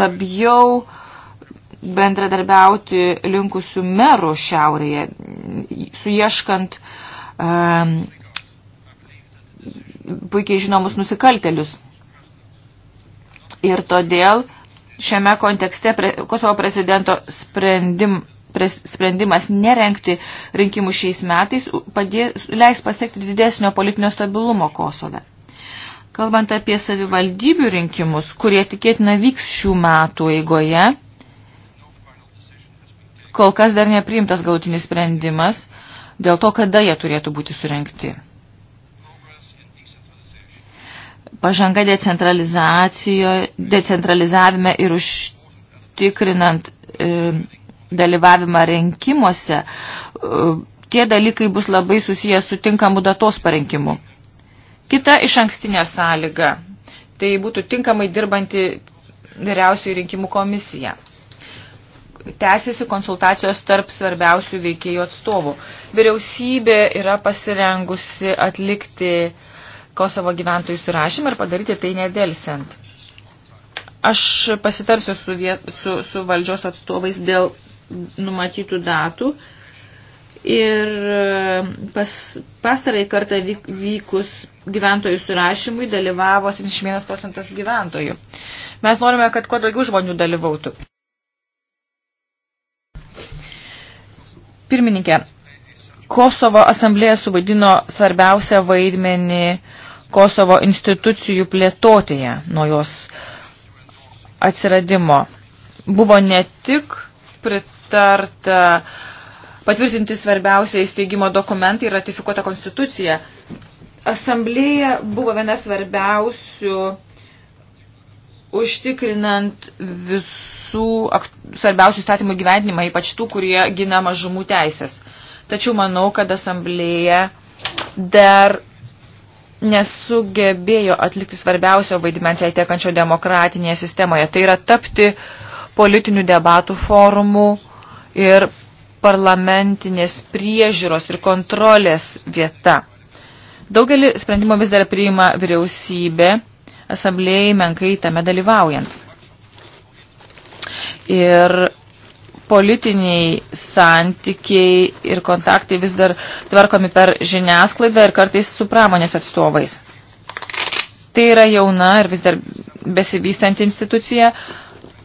labiau bendradarbiauti linkusių merų šiaurėje, suieškant um, puikiai žinomus nusikaltelius. Ir todėl šiame kontekste pre, Kosovo prezidento sprendim, pres, sprendimas nerenkti rinkimų šiais metais padė, leis pasiekti didesnio politinio stabilumo Kosove. Kalbant apie savivaldybių rinkimus, kurie tikėtina vyks šių metų eigoje, kol kas dar nepriimtas gautinis sprendimas dėl to, kada jie turėtų būti surenkti. Pažanga decentralizavime ir užtikrinant e, dalyvavimą rinkimuose, e, tie dalykai bus labai susijęs su tinkamu datos parinkimu. Kita iš ankstinė sąlyga. Tai būtų tinkamai dirbanti vyriausiųjų rinkimų komisija. Tęsiasi konsultacijos tarp svarbiausių veikėjų atstovų. Vyriausybė yra pasirengusi atlikti Kosovo gyventojų surašymą ir padaryti tai nedelsiant. Aš pasitarsiu su, viet, su, su valdžios atstovais dėl numatytų datų. Uh, Ir e, pas, pastarai kartą vyk, vykus gyventojų surašymui dalyvavo 71 procentas gyventojų. Mes norime, kad kuo daugiau žmonių dalyvautų. Pirmininkė, Kosovo asamblėje suvaidino svarbiausią vaidmenį Kosovo institucijų plėtotėje nuo jos atsiradimo. Buvo ne tik pritarta uh, patvirtinti svarbiausia įsteigimo dokumentai ir ratifikuota konstitucija. Asamblėja buvo viena svarbiausių užtikrinant visų svarbiausių statymų gyvenimą, ypač tų, kurie gina mažumų teisės. Tačiau manau, kad asamblėja dar nesugebėjo atlikti svarbiausio vaidmens jai tekančio demokratinėje sistemoje. Tai yra tapti politinių debatų forumų ir parlamentinės priežiūros ir kontrolės vieta. Daugelį sprendimo vis dar priima vyriausybė, asamblėjai menkai tame dalyvaujant. Ir politiniai santykiai ir kontaktai vis dar tvarkomi per žiniasklaidą ir kartais su pramonės atstovais. Tai yra jauna ir vis dar besivystanti institucija,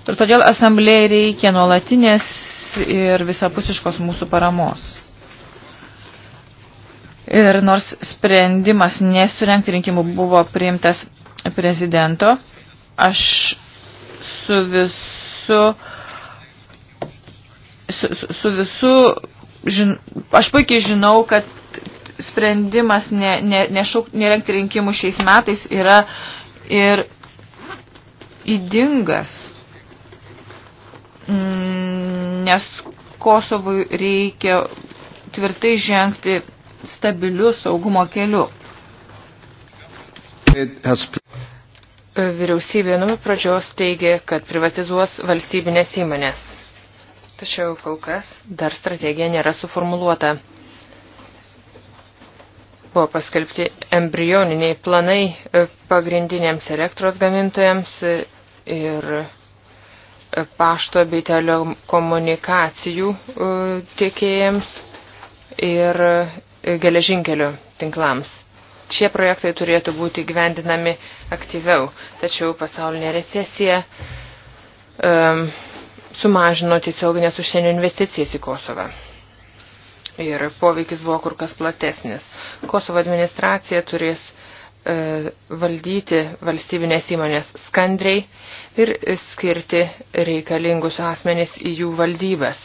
Ir todėl asamblėjai reikia nuolatinės ir visapusiškos mūsų paramos. Ir nors sprendimas nesurenkti rinkimų buvo priimtas prezidento, aš su visu, su, su visu žin, aš puikiai žinau, kad sprendimas ne, ne, nešauk, nerenkti rinkimų šiais metais yra ir įdingas. Mm, nes Kosovui reikia tvirtai žengti stabiliu saugumo keliu. Vyriausybė nuo pradžios teigė, kad privatizuos valstybinės įmonės. Tačiau kol kas dar strategija nėra suformuluota. Buvo paskelbti embrioniniai planai e, pagrindiniams elektros gamintojams e, ir pašto bei telekomunikacijų e, tiekėjams ir e, geležinkelių tinklams. Šie projektai turėtų būti gyvendinami aktyviau, tačiau pasaulinė recesija um, sumažino tiesioginės užsienio investicijas į Kosovą. Ir poveikis buvo kur kas platesnis. Kosovo administracija turės uh, valdyti valstybinės įmonės skandriai, uh, ir skirti reikalingus asmenys į jų valdybas,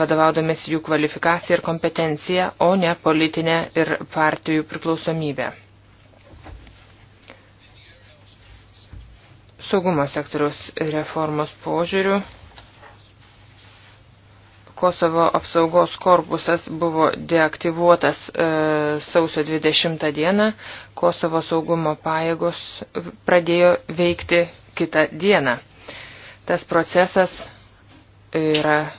vadovaudomis jų kvalifikaciją ir kompetenciją, o ne politinę ir partijų priklausomybę. Saugumo sektoriaus reformos požiūrių Kosovo apsaugos korpusas buvo deaktyvuotas e, sausio 20 dieną. Kosovo saugumo pajėgos pradėjo veikti kitą dieną. Tas procesas yra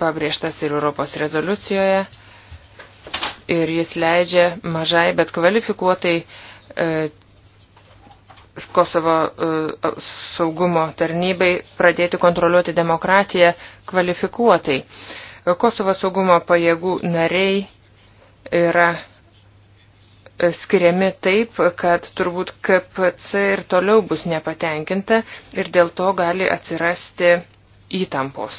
pabrėžtas ir Europos rezoliucijoje ir jis leidžia mažai, bet kvalifikuotai e, Kosovo e, saugumo tarnybai pradėti kontroliuoti demokratiją kvalifikuotai. Kosovo saugumo pajėgų nariai yra skiriami taip, kad turbūt KPC ir toliau bus nepatenkinta ir dėl to gali atsirasti įtampos.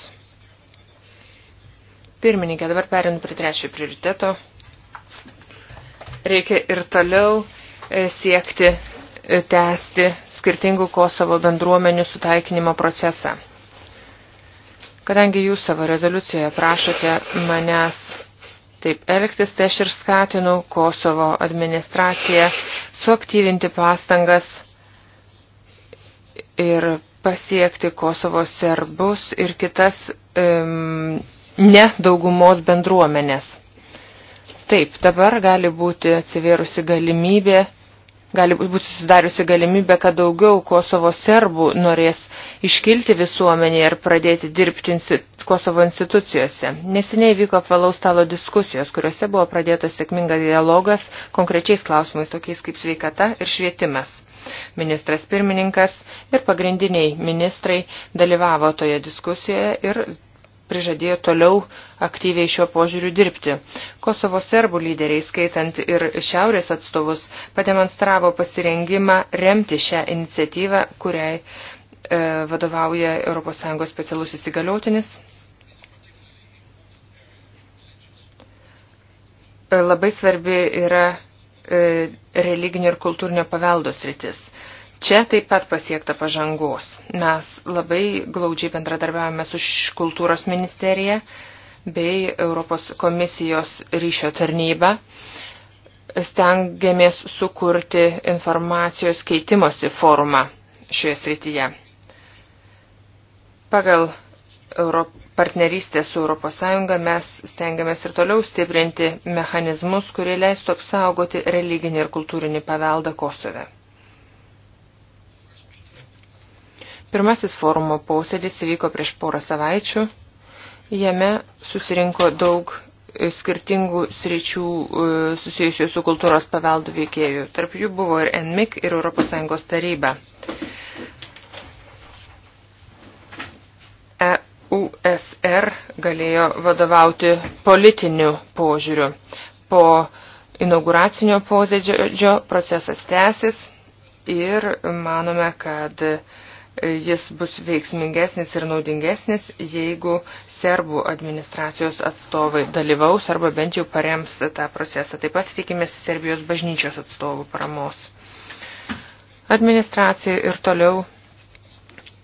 Pirmininkė, dabar perinu prie trečiojo prioriteto. Reikia ir toliau e, siekti e, tęsti skirtingų Kosovo bendruomenių sutaikinimo procesą. Kadangi jūs savo rezoliucijoje prašote manęs taip elgtis, tai aš ir skatinu Kosovo administraciją suaktyvinti pastangas ir pasiekti Kosovo serbus ir kitas um, ne daugumos bendruomenės. Taip, dabar gali būti atsivėrusi galimybė Gali būti susidariusi galimybė, kad daugiau Kosovo serbų norės iškilti visuomenėje ir pradėti dirbti Kosovo institucijose. Neseniai vyko apvalaus stalo diskusijos, kuriuose buvo pradėtas sėkmingas dialogas konkrečiais klausimais, tokiais kaip sveikata ir švietimas. Ministras pirmininkas ir pagrindiniai ministrai dalyvavo toje diskusijoje ir prižadėjo toliau aktyviai šiuo požiūriu dirbti. Kosovo serbų lyderiai, skaitant ir šiaurės atstovus, pademonstravo pasirengimą remti šią iniciatyvą, kuriai e, vadovauja ES specialus įsigaliotinis. E, labai svarbi yra e, religinio ir kultūrinio paveldos rytis. Čia taip pat pasiekta pažangos. Mes labai glaudžiai bendradarbiavame su kultūros ministerija bei Europos komisijos ryšio tarnyba. Stengiamės sukurti informacijos keitimosi forumą šioje srityje. Pagal Europos partnerystė su ES mes stengiamės ir toliau stiprinti mechanizmus, kurie leistų apsaugoti religinį ir kultūrinį paveldą Kosove. Pirmasis forumo posėdis įvyko prieš porą savaičių. Jame susirinko daug e, skirtingų sričių e, susijusių su kultūros paveldų veikėjų. Tarp jų buvo ir NMIC, ir ES taryba. EUSR galėjo vadovauti politiniu požiūriu. Po inauguracinio posėdžio procesas tęsis ir manome, kad jis bus veiksmingesnis ir naudingesnis, jeigu serbų administracijos atstovai dalyvaus arba bent jau parems tą procesą. Taip pat tikimės Serbijos bažnyčios atstovų paramos. Administracija ir toliau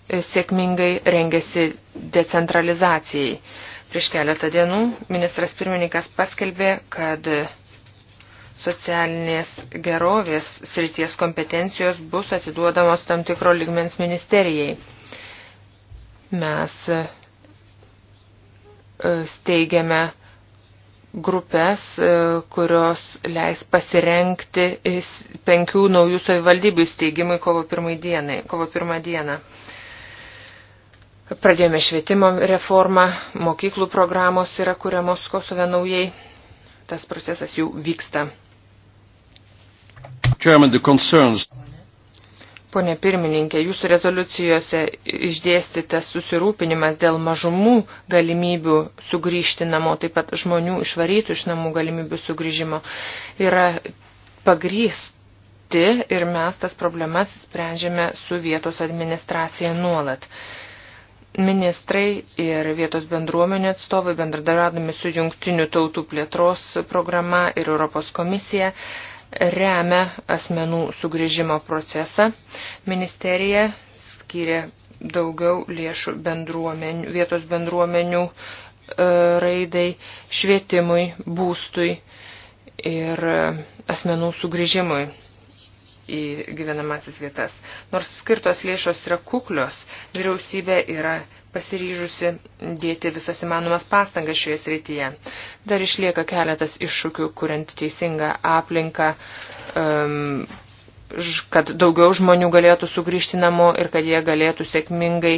e, sėkmingai rengiasi decentralizacijai. Prieš keletą dienų ministras pirmininkas paskelbė, kad socialinės gerovės srities kompetencijos bus atiduodamos tam tikro ligmens ministerijai. Mes e, steigiame grupės, e, kurios leis pasirenkti penkių naujų savivaldybių steigimui kovo, dienai, kovo pirmą dieną. Pradėjome švietimo reformą, mokyklų programos yra kuriamos Kosove naujai, tas procesas jau vyksta. Chairman, the concerns. Pone pirmininkė, jūsų rezoliucijose išdėstytas susirūpinimas dėl mažumų galimybių sugrįžti namo, taip pat žmonių išvarytų iš namų galimybių sugrįžimo yra pagrysti ir mes tas problemas sprendžiame su vietos administracija nuolat. Ministrai ir vietos bendruomenė atstovai bendradarbiaudami su jungtinių tautų plėtros programa ir Europos komisija remia asmenų sugrįžimo procesą. Ministerija skiria daugiau lėšų bendruomenių, vietos bendruomenių e, raidai, švietimui, būstui ir e, asmenų sugrįžimui į gyvenamasis vietas. Nors skirtos lėšos yra kuklios, vyriausybė yra pasiryžusi dėti visas įmanomas pastangas šioje srityje. Dar išlieka keletas iššūkių, kuriant teisingą aplinką, um, kad daugiau žmonių galėtų sugrįžti namo ir kad jie galėtų sėkmingai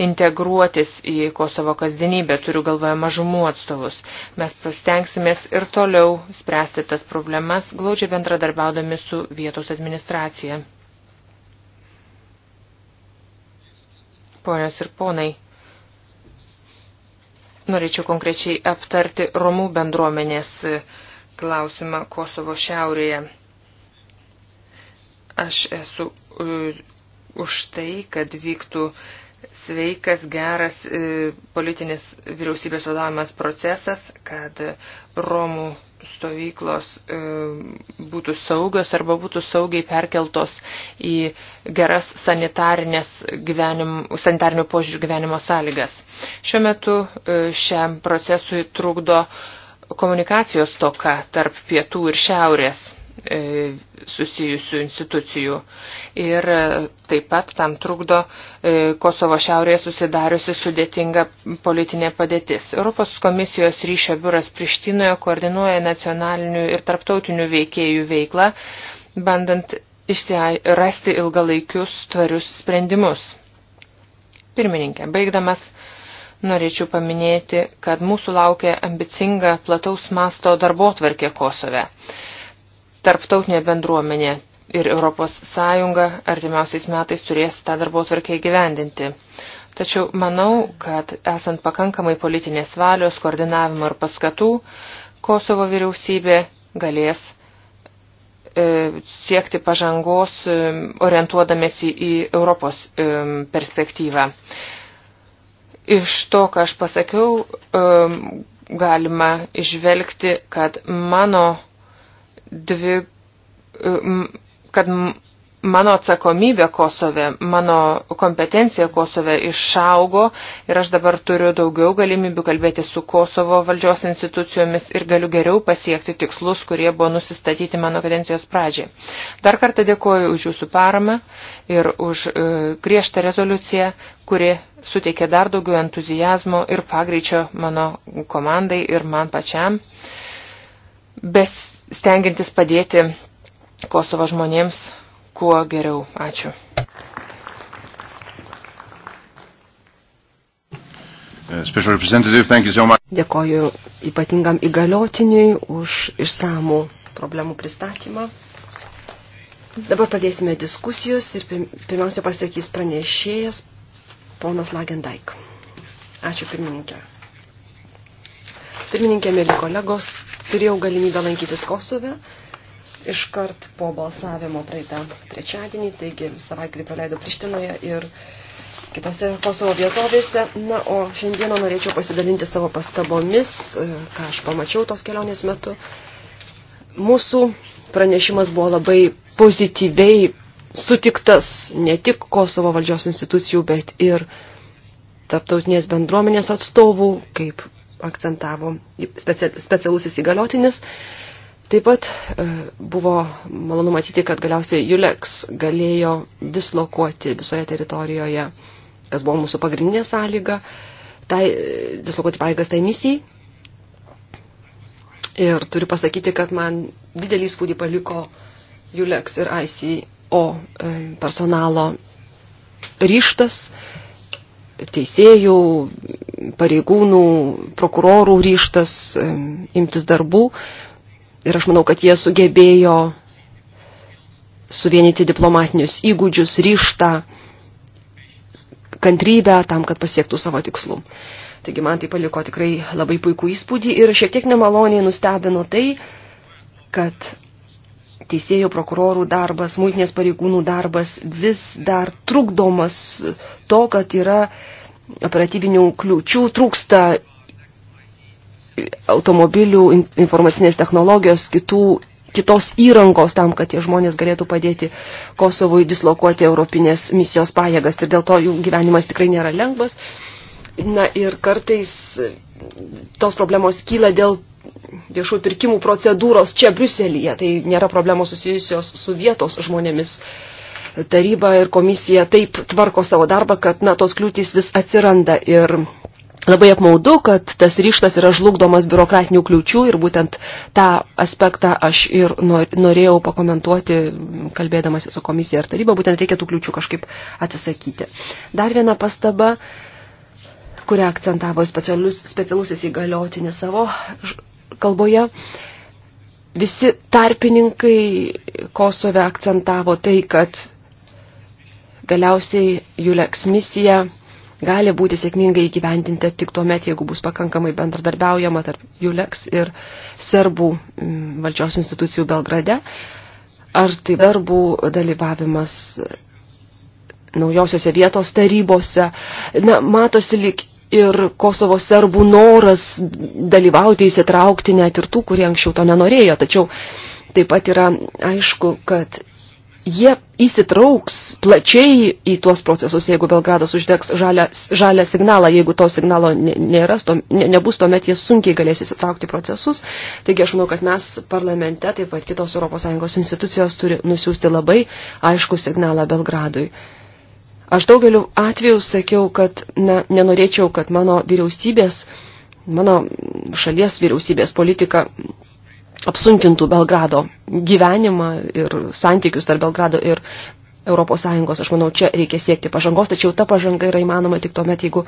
integruotis į Kosovo kasdienybę, turiu galvoje mažumų atstovus. Mes pastengsimės ir toliau spręsti tas problemas, glaudžiai bendradarbiaudami su vietos administracija. ponios ir ponai. Norėčiau konkrečiai aptarti Romų bendruomenės klausimą Kosovo šiaurėje. Aš esu e, už tai, kad vyktų uh, sveikas, geras e, politinis vyriausybės vadovavimas procesas, kad Romų stovyklos e, būtų saugios arba būtų saugiai perkeltos į geras sanitarinės gyvenim, sanitarinių požiūrių gyvenimo sąlygas. Šiuo metu e, šiam procesui trukdo komunikacijos toka tarp pietų ir šiaurės E, susijusių institucijų. Ir e, taip pat tam trukdo e, Kosovo šiaurėje susidariusi sudėtinga politinė padėtis. Europos komisijos ryšio biuras Prištinoje koordinuoja nacionalinių ir tarptautinių veikėjų veiklą, bandant rasti ilgalaikius tvarius sprendimus. Pirmininkė, baigdamas, norėčiau paminėti, kad mūsų laukia ambicinga plataus masto darbo tvarkė Kosove tarptautinė bendruomenė ir Europos Sąjunga artimiausiais metais turės tą darbo tvarkę įgyvendinti. Tačiau manau, kad esant pakankamai politinės valios, koordinavimo ir paskatų, Kosovo vyriausybė galės e, siekti pažangos e, orientuodamėsi į Europos e, perspektyvą. Iš to, ką aš pasakiau, e, galima išvelgti, kad mano dvi, e, kad mano atsakomybė Kosove, mano kompetencija Kosove išaugo ir aš dabar turiu daugiau galimybių kalbėti su Kosovo valdžios institucijomis ir galiu geriau pasiekti tikslus, kurie buvo nusistatyti mano kadencijos pradžiai. Dar kartą dėkoju už jūsų paramą ir už e, griežtą rezoliuciją, kuri suteikė dar daugiau entuzijazmo ir pagreičio mano komandai ir man pačiam. Bes stengiantis padėti Kosovo žmonėms kuo geriau. Ačiū. Uh, so Dėkoju ypatingam įgaliotiniui už išsamų problemų pristatymą. Dabar pradėsime diskusijos ir pirmiausia pasakys pranešėjas ponas Lagendaik. Ačiū pirmininkė. Pirmininkė, mėly kolegos, turėjau galimybę lankytis Kosove iškart po balsavimo praeitą trečiadienį, taigi savaitgalį praleidau Prištinoje ir kitose Kosovo vietovėse. Na, o šiandieną norėčiau pasidalinti savo pastabomis, e, ką aš pamačiau tos kelionės metu. Mūsų pranešimas buvo labai pozityviai sutiktas ne tik Kosovo valdžios institucijų, bet ir tarptautinės bendruomenės atstovų, kaip akcentavo specialusis įgaliotinis. Taip pat e, buvo malonu matyti, kad galiausiai Juleks galėjo dislokuoti visoje teritorijoje, kas buvo mūsų pagrindinė sąlyga, tai, e, dislokuoti pareigas tai misijai. Ir turiu pasakyti, kad man didelį įspūdį paliko Juleks ir ICO e, personalo ryštas teisėjų, pareigūnų, prokurorų ryštas e, imtis darbų. Ir aš manau, kad jie sugebėjo suvienyti diplomatinius įgūdžius, ryštą, kantrybę tam, kad pasiektų savo tikslų. Taigi man tai paliko tikrai labai puikų įspūdį ir šiek tiek nemaloniai nustebino tai, kad teisėjų, prokurorų darbas, muitinės pareigūnų darbas vis dar trukdomas to, kad yra operatyvinių kliūčių, trūksta automobilių, informacinės technologijos, kitų, kitos įrangos tam, kad tie žmonės galėtų padėti Kosovui dislokuoti europinės misijos pajėgas ir dėl to jų gyvenimas tikrai nėra lengvas. Na ir kartais tos problemos kyla dėl viešų pirkimų procedūros čia Briuselyje. Tai nėra problemos susijusios su vietos žmonėmis. Taryba ir komisija taip tvarko savo darbą, kad na, tos kliūtys vis atsiranda ir labai apmaudu, kad tas ryštas yra žlugdomas biurokratinių kliūčių ir būtent tą aspektą aš ir norėjau pakomentuoti, kalbėdamas su komisija ir taryba, būtent reikia tų kliūčių kažkaip atsisakyti. Dar viena pastaba kurią akcentavo specialus, specialusis įgaliotinis savo kalboje. Visi tarpininkai Kosove akcentavo tai, kad galiausiai Juleks misija gali būti sėkmingai įgyvendinta tik tuo met, jeigu bus pakankamai bendradarbiaujama tarp Juleks ir serbų mm, valdžios institucijų Belgrade. Ar tai darbų dalyvavimas naujosiose vietos tarybose. Na, matosi lyg ir Kosovo serbų noras dalyvauti, įsitraukti net ir tų, kurie anksčiau to nenorėjo. Tačiau taip pat yra aišku, kad jie įsitrauks plačiai į tuos procesus, jeigu Belgradas uždegs žalę, žalę signalą, jeigu to signalo nėra, to, ne, nebus, tuomet jie sunkiai galės įsitraukti procesus. Taigi aš manau, kad mes parlamente, taip pat kitos ES institucijos turi nusiųsti labai aišku signalą Belgradui. Aš daugeliu atveju sakiau, kad na, nenorėčiau, kad mano vyriausybės, mano šalies vyriausybės politika apsunkintų Belgrado gyvenimą ir santykius tarp Belgrado ir Europos Sąjungos. Aš manau, čia reikia siekti pažangos, tačiau ta pažanga yra įmanoma tik tuomet, jeigu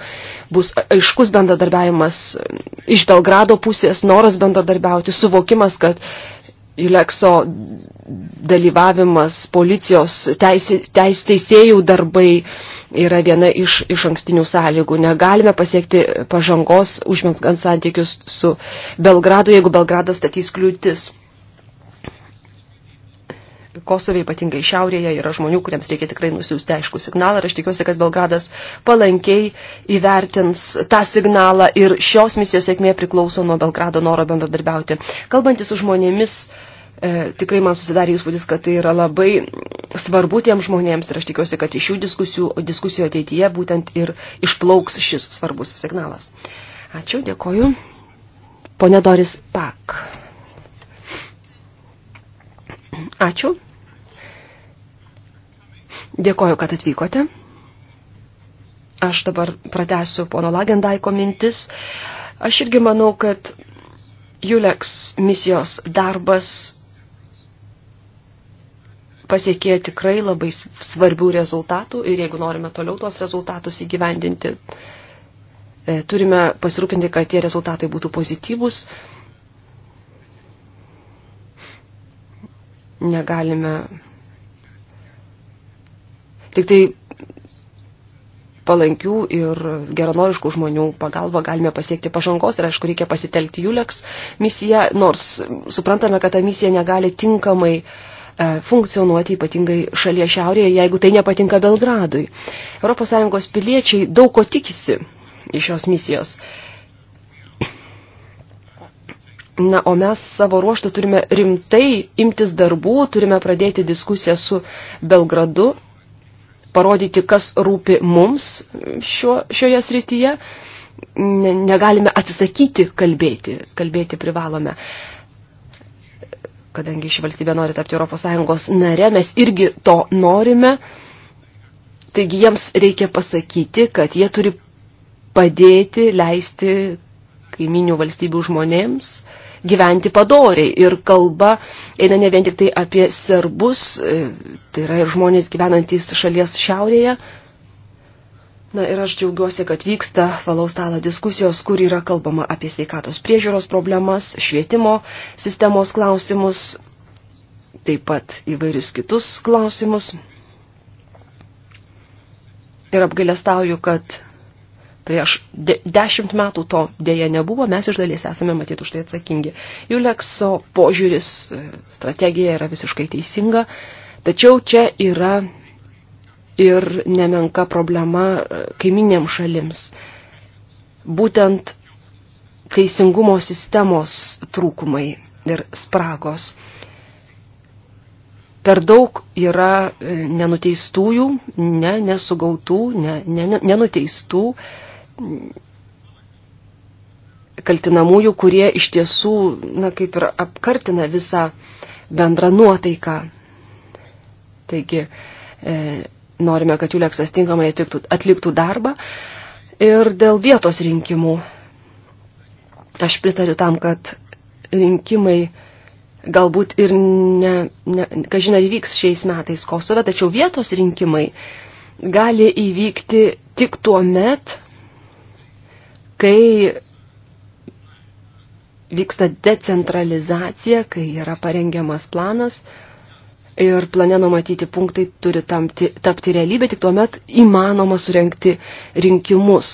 bus aiškus bendradarbiavimas iš Belgrado pusės, noras bendradarbiauti, suvokimas, kad Julekso dalyvavimas, policijos teis, teis, teisėjų darbai yra viena iš, iš ankstinių sąlygų. Negalime pasiekti pažangos užmengant santykius su Belgradu, jeigu Belgradas statys kliūtis. Kosovė ypatingai šiaurėje yra žmonių, kuriems reikia tikrai nusiųsti aišku signalą ir aš tikiuosi, kad Belgradas palankiai įvertins tą signalą ir šios misijos sėkmė priklauso nuo Belgrado noro bendradarbiauti. Kalbantis su žmonėmis, uh, E, tikrai man susidarė įspūdis, kad tai yra labai svarbu tiems žmonėms ir aš tikiuosi, kad iš jų diskusijų, diskusijų ateityje būtent ir išplauks šis svarbus signalas. Ačiū, dėkoju. Pone Doris Pak. Ačiū. Dėkoju, kad atvykote. Aš dabar pratęsiu pono Lagendaiko mintis. Aš irgi manau, kad Juleks misijos darbas pasiekė tikrai labai svarbių rezultatų ir jeigu norime toliau tuos rezultatus įgyvendinti, e, turime pasirūpinti, kad tie rezultatai būtų pozityvūs. Negalime tik tai palankių ir geranoriškų žmonių pagalba galime pasiekti pažangos ir aišku reikia pasitelkti Juleks misiją, nors suprantame, kad ta misija negali tinkamai uh, E, funkcionuoti ypatingai šalia šiaurėje, jeigu tai nepatinka Belgradui. ES piliečiai daug ko tikisi iš šios misijos. Na, o mes savo ruoštų turime rimtai imtis darbų, turime pradėti diskusiją su Belgradu, parodyti, kas rūpi mums šio, šioje srityje. Ne, negalime atsisakyti kalbėti, kalbėti privalome kadangi ši valstybė nori tapti ES nare, mes irgi to norime. Taigi jiems reikia pasakyti, kad jie turi padėti, leisti kaiminių valstybių žmonėms gyventi padoriai. Ir kalba eina ne vien tik tai apie serbus, e, tai yra ir žmonės gyvenantys šalies šiaurėje, Na ir aš džiaugiuosi, kad vyksta valaus stalo diskusijos, kur yra kalbama apie sveikatos priežiūros problemas, švietimo sistemos klausimus, taip pat įvairius kitus klausimus. Ir apgailestauju, kad prieš de dešimt metų to dėja nebuvo, mes iš dalies esame matyti už tai atsakingi. Julekso požiūris, e, strategija yra visiškai teisinga, tačiau čia yra ir nemenka problema e, kaiminėm šalims. Būtent teisingumo sistemos trūkumai ir spragos. Per daug yra e, nenuteistųjų, ne, nesugautų, ne, ne, nenuteistų mm, kaltinamųjų, kurie iš tiesų, na, kaip ir apkartina visą bendrą nuotaiką. Taigi, e, norime, kad Juleksas tinkamai atiktų, atliktų darbą. Ir dėl vietos rinkimų aš pritariu tam, kad rinkimai galbūt ir ne, ne kažina įvyks šiais metais Kosove, tačiau vietos rinkimai gali įvykti tik tuo met, kai vyksta decentralizacija, kai yra parengiamas planas, ir plane numatyti punktai turi tamti, tapti realybė, tik tuomet įmanoma surenkti rinkimus.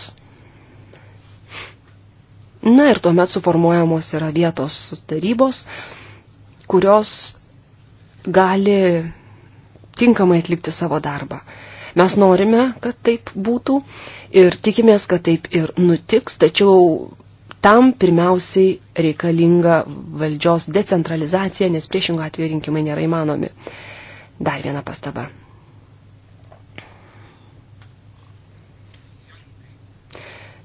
Na ir tuomet suformuojamos yra vietos tarybos, kurios gali tinkamai atlikti savo darbą. Mes norime, kad taip būtų ir tikimės, kad taip ir nutiks, tačiau Tam pirmiausiai reikalinga valdžios decentralizacija, nes priešingų atveju rinkimai nėra įmanomi. Dar viena pastaba.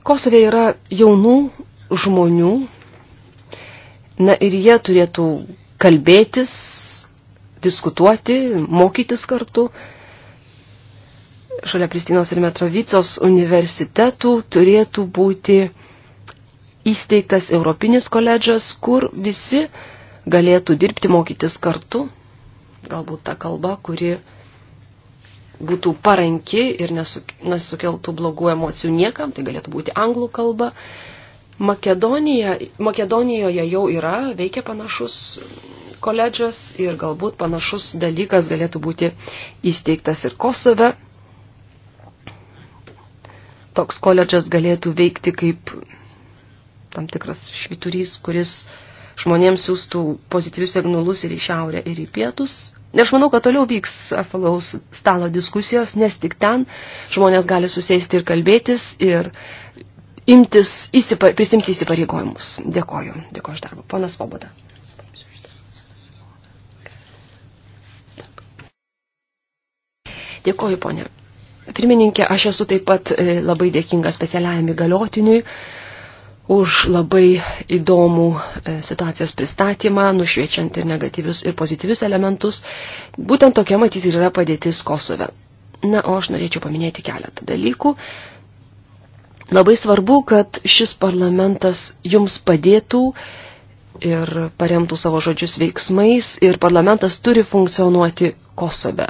Kosove yra jaunų žmonių, na ir jie turėtų kalbėtis, diskutuoti, mokytis kartu. Šalia Pristinos ir Metrovicos universitetų turėtų būti įsteigtas Europinis koledžas, kur visi galėtų dirbti, mokytis kartu, galbūt ta kalba, kuri būtų paranki ir nesukeltų blogų emocijų niekam, tai galėtų būti anglų kalba. Makedonija, Makedonijoje jau yra, veikia panašus koledžas ir galbūt panašus dalykas galėtų būti įsteigtas ir Kosove. Toks koledžas galėtų veikti kaip tam tikras švyturys, kuris žmonėms siūstų pozityvius signalus ir į šiaurę, ir į pietus. Ir aš manau, kad toliau vyks apvalaus stalo diskusijos, nes tik ten žmonės gali susėsti ir kalbėtis ir imtis, įsipa, prisimti įsipareigojimus. Dėkoju. Dėkoju už darbą. Ponas Svoboda. Dėkoju, ponė. Pirmininkė, aš esu taip pat e, labai dėkinga specialiajam įgaliotiniui už labai įdomų e, situacijos pristatymą, nušviečiant ir negatyvius, ir pozityvius elementus. Būtent tokia matyti ir yra padėtis Kosove. Na, o aš norėčiau paminėti keletą dalykų. Labai svarbu, kad šis parlamentas jums padėtų ir paremtų savo žodžius veiksmais ir parlamentas turi funkcionuoti Kosove.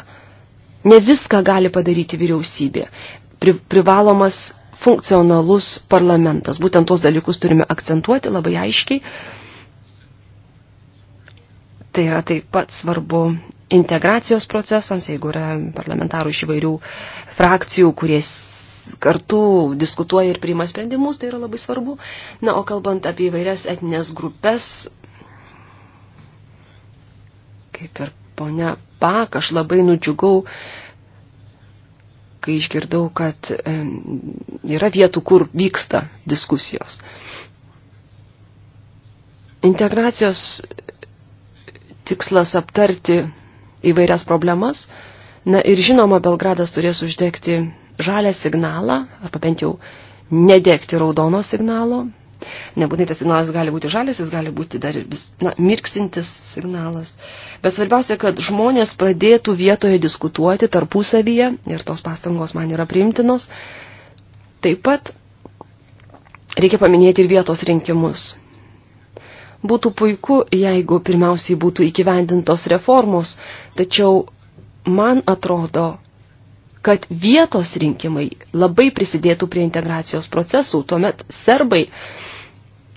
Ne viską gali padaryti vyriausybė. Pri, privalomas funkcionalus parlamentas. Būtent tuos dalykus turime akcentuoti labai aiškiai. Tai yra taip pat svarbu integracijos procesams, jeigu yra parlamentarų iš įvairių frakcijų, kurie kartu diskutuoja ir priima sprendimus, tai yra labai svarbu. Na, o kalbant apie įvairias etinės grupės, kaip ir ponia Pak, aš labai nudžiugau kai išgirdau, kad yra vietų, kur vyksta diskusijos. Integracijos tikslas aptarti įvairias problemas. Na ir žinoma, Belgradas turės uždegti žalę signalą, arba bent jau nedegti raudono signalo, Nebūtinai tas signalas gali būti žalis, jis gali būti dar vis, na, mirksintis signalas. Bet svarbiausia, kad žmonės pradėtų vietoje diskutuoti tarpusavyje ir tos pastangos man yra priimtinos. Taip pat reikia paminėti ir vietos rinkimus. Būtų puiku, jeigu pirmiausiai būtų įgyvendintos reformos, tačiau man atrodo, kad vietos rinkimai labai prisidėtų prie integracijos procesų. Tuomet serbai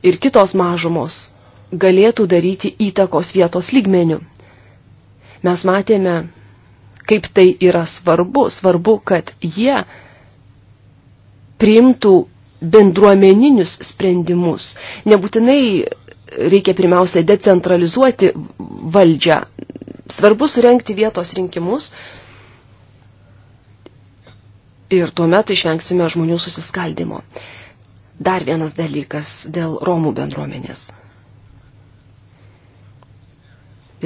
ir kitos mažumos galėtų daryti įtakos vietos lygmenių. Mes matėme, kaip tai yra svarbu. Svarbu, kad jie priimtų bendruomeninius sprendimus. Nebūtinai reikia pirmiausia decentralizuoti valdžią. Svarbu surenkti vietos rinkimus ir tuomet išvengsime žmonių susiskaldimo. Dar vienas dalykas dėl Romų bendruomenės.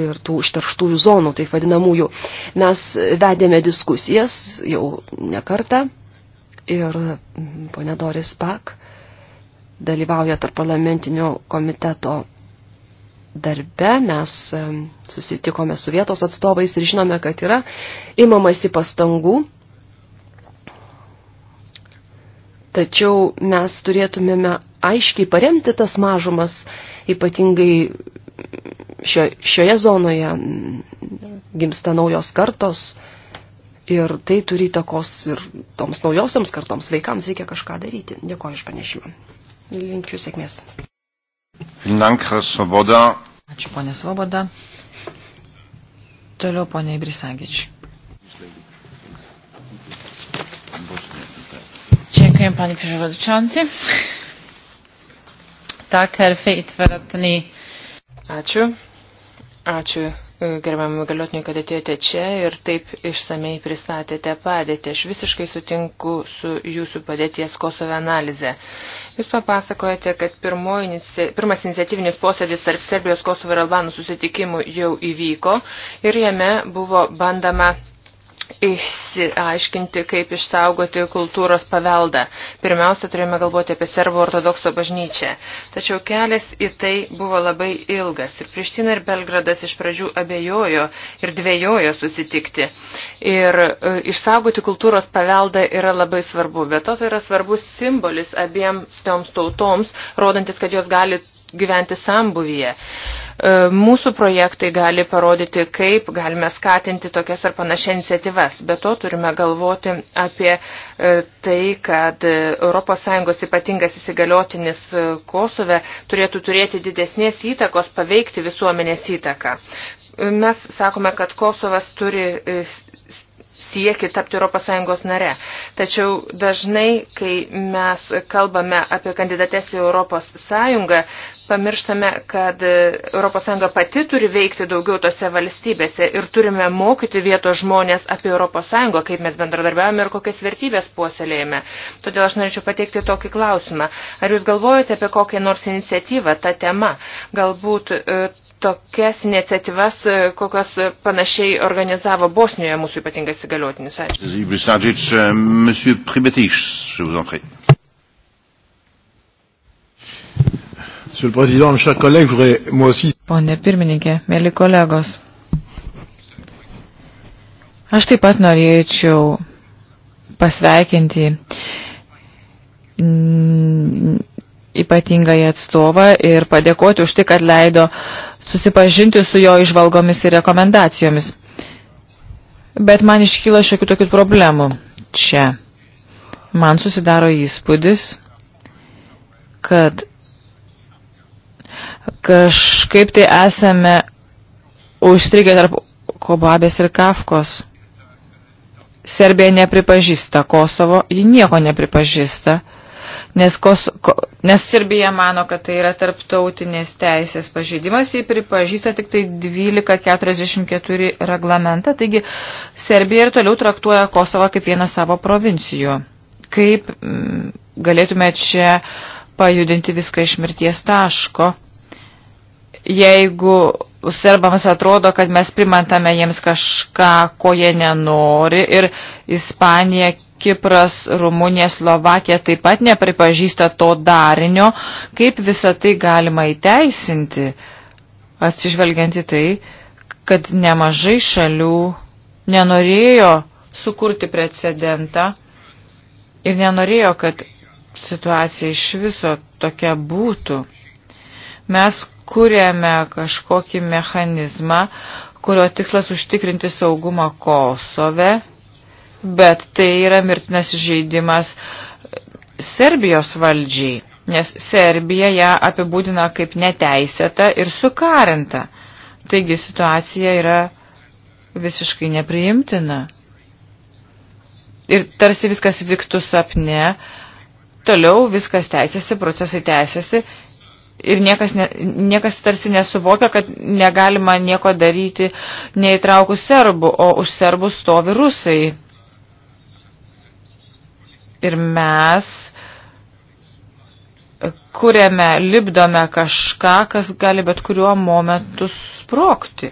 Ir tų užterštųjų zonų, taip vadinamųjų. Mes vedėme diskusijas jau nekartą ir ponė Doris Pak dalyvauja tarp parlamentinio komiteto darbe. Mes susitikome su vietos atstovais ir žinome, kad yra imamasi pastangų Tačiau mes turėtumėme aiškiai paremti tas mažumas, ypatingai šio, šioje zonoje gimsta naujos kartos ir tai turi įtakos ir toms naujosiams kartoms vaikams reikia kažką daryti. Dėkoju iš panešimą. Linkiu sėkmės. Ačiū, ponė Svoboda. Toliau, ponė Ibrisagičiai. Dziękuję panie przewodniczący. Tak, Elfeit, veratni. Ačiū. Ačiū e, gerbiam galiotiniu, kad atėjote čia ir taip išsamei pristatėte padėtį. Aš visiškai sutinku su jūsų padėties Kosove analize. Jūs papasakojate, kad pirmo, pirmas iniciatyvinis posėdis tarp Serbijos, Kosovo ir Albanų susitikimų jau įvyko ir jame buvo bandama išsiaiškinti, kaip išsaugoti kultūros paveldą. Pirmiausia, turėjome galvoti apie serbo ortodokso bažnyčią. Tačiau kelias į tai buvo labai ilgas. Ir Priština ir Belgradas iš pradžių abejojo ir dvėjojo susitikti. Ir e, išsaugoti kultūros paveldą yra labai svarbu. Bet to tai yra svarbus simbolis abiems toms tautoms, rodantis, kad jos gali gyventi sambuvyje. E, E, mūsų projektai gali parodyti, kaip galime skatinti tokias ar panašias iniciatyvas. Be to turime galvoti apie e, tai, kad ES ypatingas įsigaliotinis e, Kosove turėtų turėti didesnės įtakos paveikti visuomenės įtaką mes sakome, kad Kosovas turi sieki tapti ES nare. Tačiau dažnai, kai mes kalbame apie kandidates į ES, pamirštame, kad ES pati turi veikti daugiau tose valstybėse ir turime mokyti vietos žmonės apie ES, kaip mes bendradarbiavame ir kokias vertybės puoselėjame. Todėl aš norėčiau pateikti tokį klausimą. Ar jūs galvojate apie kokią nors iniciatyvą tą temą? Galbūt e, tokias iniciatyvas, e, kokias panašiai organizavo Bosnijoje mūsų ypatingas įgaliotinis. Ačiū. E, Monsieur le Président, mes chers collègues, je voudrais moi aussi. Pone pirmininkė, mėly kolegos, aš taip pat norėčiau pasveikinti ypatingąją atstovą ir padėkoti už tai, kad leido uh, susipažinti su jo išvalgomis ir rekomendacijomis. Bet man iškyla šiokių tokių problemų čia. Man susidaro įspūdis, kad kažkaip tai esame užstrigę tarp Kobabės ir Kafkos. Serbija nepripažįsta Kosovo, ji nieko nepripažįsta nes, kos, ko, nes Serbija mano, kad tai yra tarptautinės teisės pažeidimas, jį pripažįsta tik tai 1244 reglamentą, taigi Serbija ir toliau traktuoja Kosovą kaip vieną savo provincijų. Kaip m, mm, galėtume čia pajudinti viską iš mirties taško, jeigu serbams atrodo, kad mes primantame jiems kažką, ko jie nenori ir Ispanija Kipras, Rumunija, Slovakija taip pat nepripažįsta to darinio, kaip visą tai galima įteisinti, atsižvelgiant į tai, kad nemažai šalių nenorėjo sukurti precedentą ir nenorėjo, kad situacija iš viso tokia būtų. Mes kūrėme kažkokį mechanizmą, kurio tikslas užtikrinti saugumą Kosove bet tai yra mirtinas žaidimas Serbijos valdžiai, nes Serbija ją apibūdina kaip neteisėta ir sukarinta. Taigi situacija yra visiškai nepriimtina. Ir tarsi viskas vyktų sapne, toliau viskas tęsiasi, procesai tęsiasi ir niekas, ne, niekas tarsi nesuvokia, kad negalima nieko daryti neįtraukus serbų, o už serbų stovi rusai ir mes kuriame, libdome kažką, kas gali bet kuriuo momentu sprokti.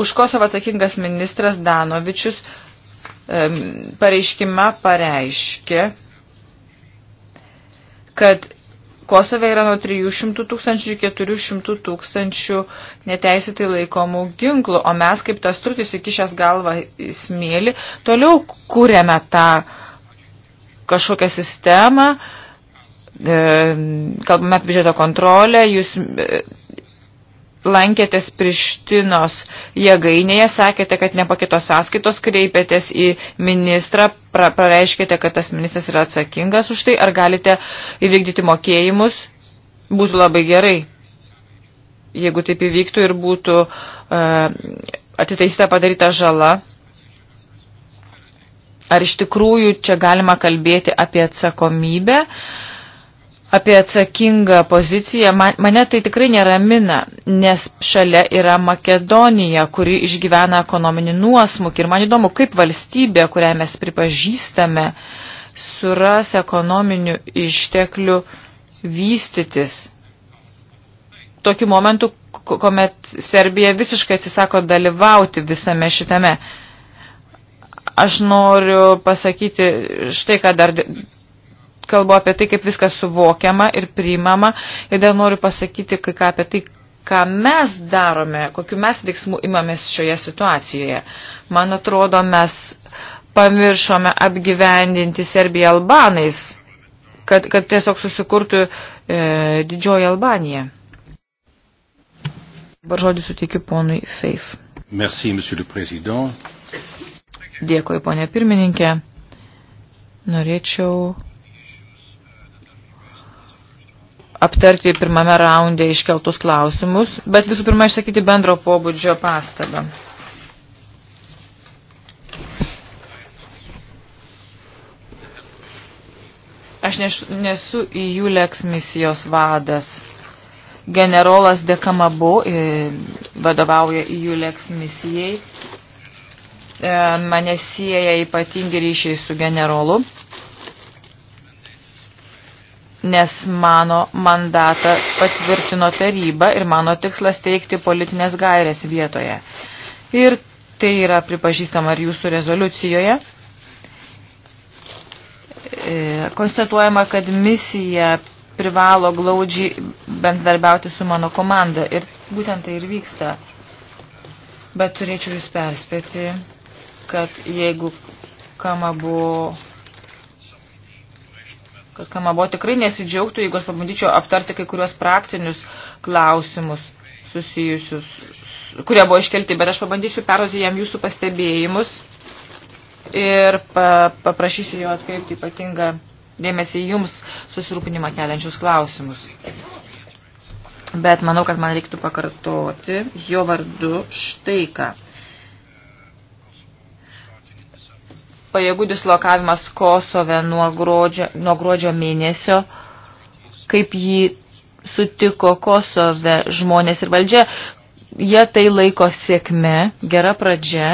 Už Kosovą atsakingas ministras Danovičius pareiškime pareiškė, kad Kosove yra nuo 300 tūkstančių iki 400 tūkstančių neteisėtai laikomų ginklų, o mes kaip tas trutis įkišęs galvą į smėlį, toliau kūrėme tą kažkokią sistemą, e, kalbame apie biudžeto kontrolę, jūs e, lankėtės Prištinos jėgainėje, sakėte, kad nepakito sąskaitos, kreipėtės į ministrą, pra, pareiškėte, kad tas ministras yra atsakingas už tai, ar galite įvykdyti mokėjimus, būtų labai gerai, jeigu taip įvyktų ir būtų uh, atitaisyta padaryta žala. Ar iš tikrųjų čia galima kalbėti apie atsakomybę? Uh, apie atsakingą poziciją, man, mane tai tikrai neramina, nes šalia yra Makedonija, kuri išgyvena ekonominį nuosmukį. Ir man įdomu, kaip valstybė, kurią mes pripažįstame, suras ekonominių išteklių vystytis. Tokiu momentu, kuomet Serbija visiškai atsisako dalyvauti visame šitame. Aš noriu pasakyti štai ką dar kalbu apie tai, kaip viskas suvokiama ir priimama. Ir dar noriu pasakyti kai ką apie tai, ką mes darome, kokiu mes veiksmų imamės šioje situacijoje. Man atrodo, mes pamiršome apgyvendinti Serbiją Albanais, kad, kad tiesiog susikurtų e, didžioji Albanija. Dabar žodį suteikiu ponui Feif. Merci, monsieur le président. Dėkui, ponė pirmininkė. Norėčiau aptarti pirmame raunde iškeltus klausimus, bet visų pirma išsakyti bendro pobūdžio pastabą. Aš neš, nesu į Juleks misijos vadas. Generolas Dekamabu e, vadovauja į Juleks misijai. E, mane sieja ypatingi ryšiai su generolu nes mano mandatą patvirtino taryba ir mano tikslas teikti politinės gairės vietoje. Ir tai yra pripažįstama ir jūsų rezoliucijoje. E, konstatuojama, kad misija privalo glaudžiai bendarbiauti su mano komanda ir būtent tai ir vyksta. Bet turėčiau jūs perspėti, kad jeigu kama buvo kad Kamabo tikrai nesidžiaugtų, jeigu aš pabandyčiau aptarti kai kuriuos praktinius klausimus susijusius, kurie buvo iškelti, bet aš pabandysiu perduoti jam jūsų pastebėjimus ir pa, paprašysiu jo atkreipti ypatingą dėmesį jums susirūpinimą keliančius klausimus. Bet manau, kad man reiktų pakartoti jo vardu štai ką. pajėgų dislokavimas Kosove nuo gruodžio, nuo gruodžio mėnesio, kaip jį sutiko Kosove žmonės ir valdžia, jie tai laiko sėkme, gera pradžia.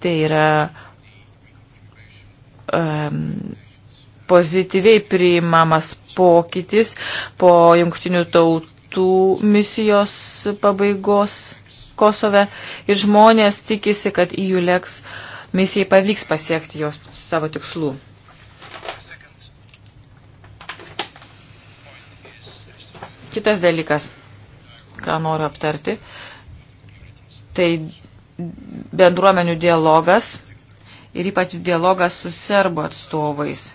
Tai yra um, pozityviai priimamas pokytis po jungtinių tautų misijos pabaigos Kosove ir žmonės tikisi, kad į jų leks uh, misijai pavyks pasiekti jos savo tikslų. Kitas dalykas, ką noriu aptarti, tai bendruomenių dialogas ir ypač dialogas su serbo atstovais.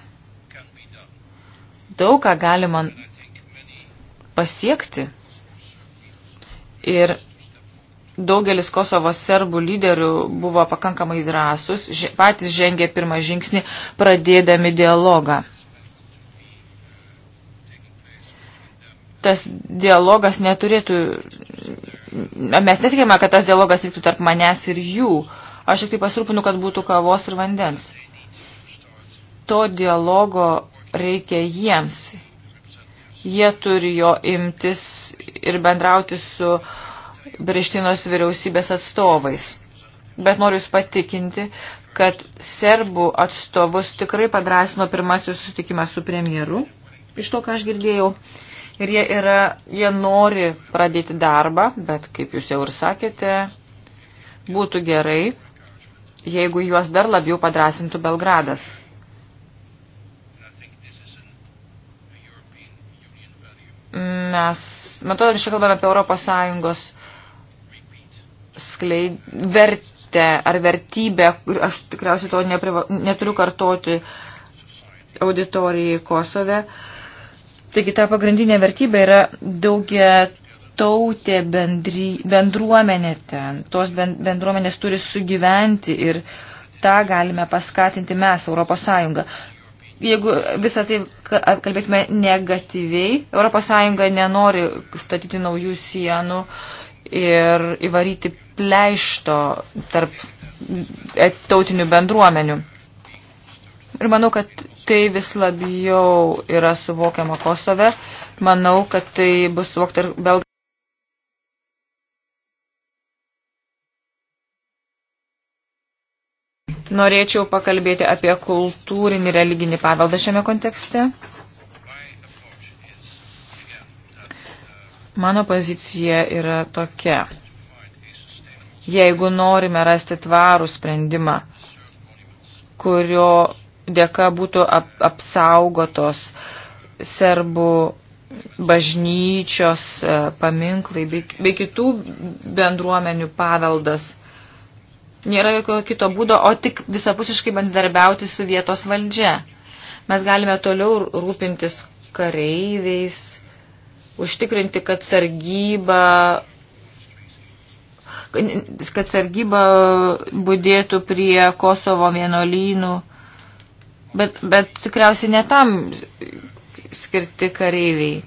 Daug ką galima pasiekti ir Daugelis Kosovo serbų lyderių buvo pakankamai drąsus, patys žengė pirmą žingsnį pradėdami dialogą. Tas dialogas neturėtų, mes nesikėme, kad tas dialogas vyktų tarp manęs ir jų. Aš tik tai pasirūpinu, kad būtų kavos ir vandens. To dialogo reikia jiems. Jie turi jo imtis ir bendrauti su uh, Brištinos vyriausybės atstovais. Bet noriu jūs patikinti, kad serbų atstovus tikrai padrasino pirmasis susitikimas su premjeru, iš to, ką aš girdėjau. Ir jie, yra, jie nori pradėti darbą, bet, kaip jūs jau ir sakėte, būtų gerai, jeigu juos dar labiau padrasintų Belgradas. Mes, man atrodo, čia kalbame apie Europos Sąjungos skleid, vertę ar vertybę, aš tikriausiai to nepriva, neturiu kartoti auditorijai Kosove. Taigi ta pagrindinė vertybė yra daugia tautė bendry, bendruomenė ten. Tos bendruomenės turi sugyventi ir tą galime paskatinti mes, Europos Sąjunga. Jeigu visą tai kalbėtume negatyviai, Europos Sąjunga nenori statyti naujų sienų uh, ir įvaryti pleišto tarp tautinių bendruomenių. Ir manau, kad tai vis labiau yra suvokiama Kosove. Manau, kad tai bus suvokta ir belgai. Norėčiau pakalbėti apie kultūrinį religinį paveldą šiame kontekste. Mano pozicija yra tokia. Jeigu norime rasti tvarų sprendimą, kurio dėka būtų ap apsaugotos serbų bažnyčios e, paminklai bei, bei kitų bendruomenių paveldas, nėra jokio kito būdo, o tik visapusiškai bendarbiauti su vietos valdžia. Mes galime toliau rūpintis kareiviais, užtikrinti, kad sargyba kad sargyba būdėtų prie Kosovo vienolynų, bet, bet tikriausiai netam skirti kareiviai.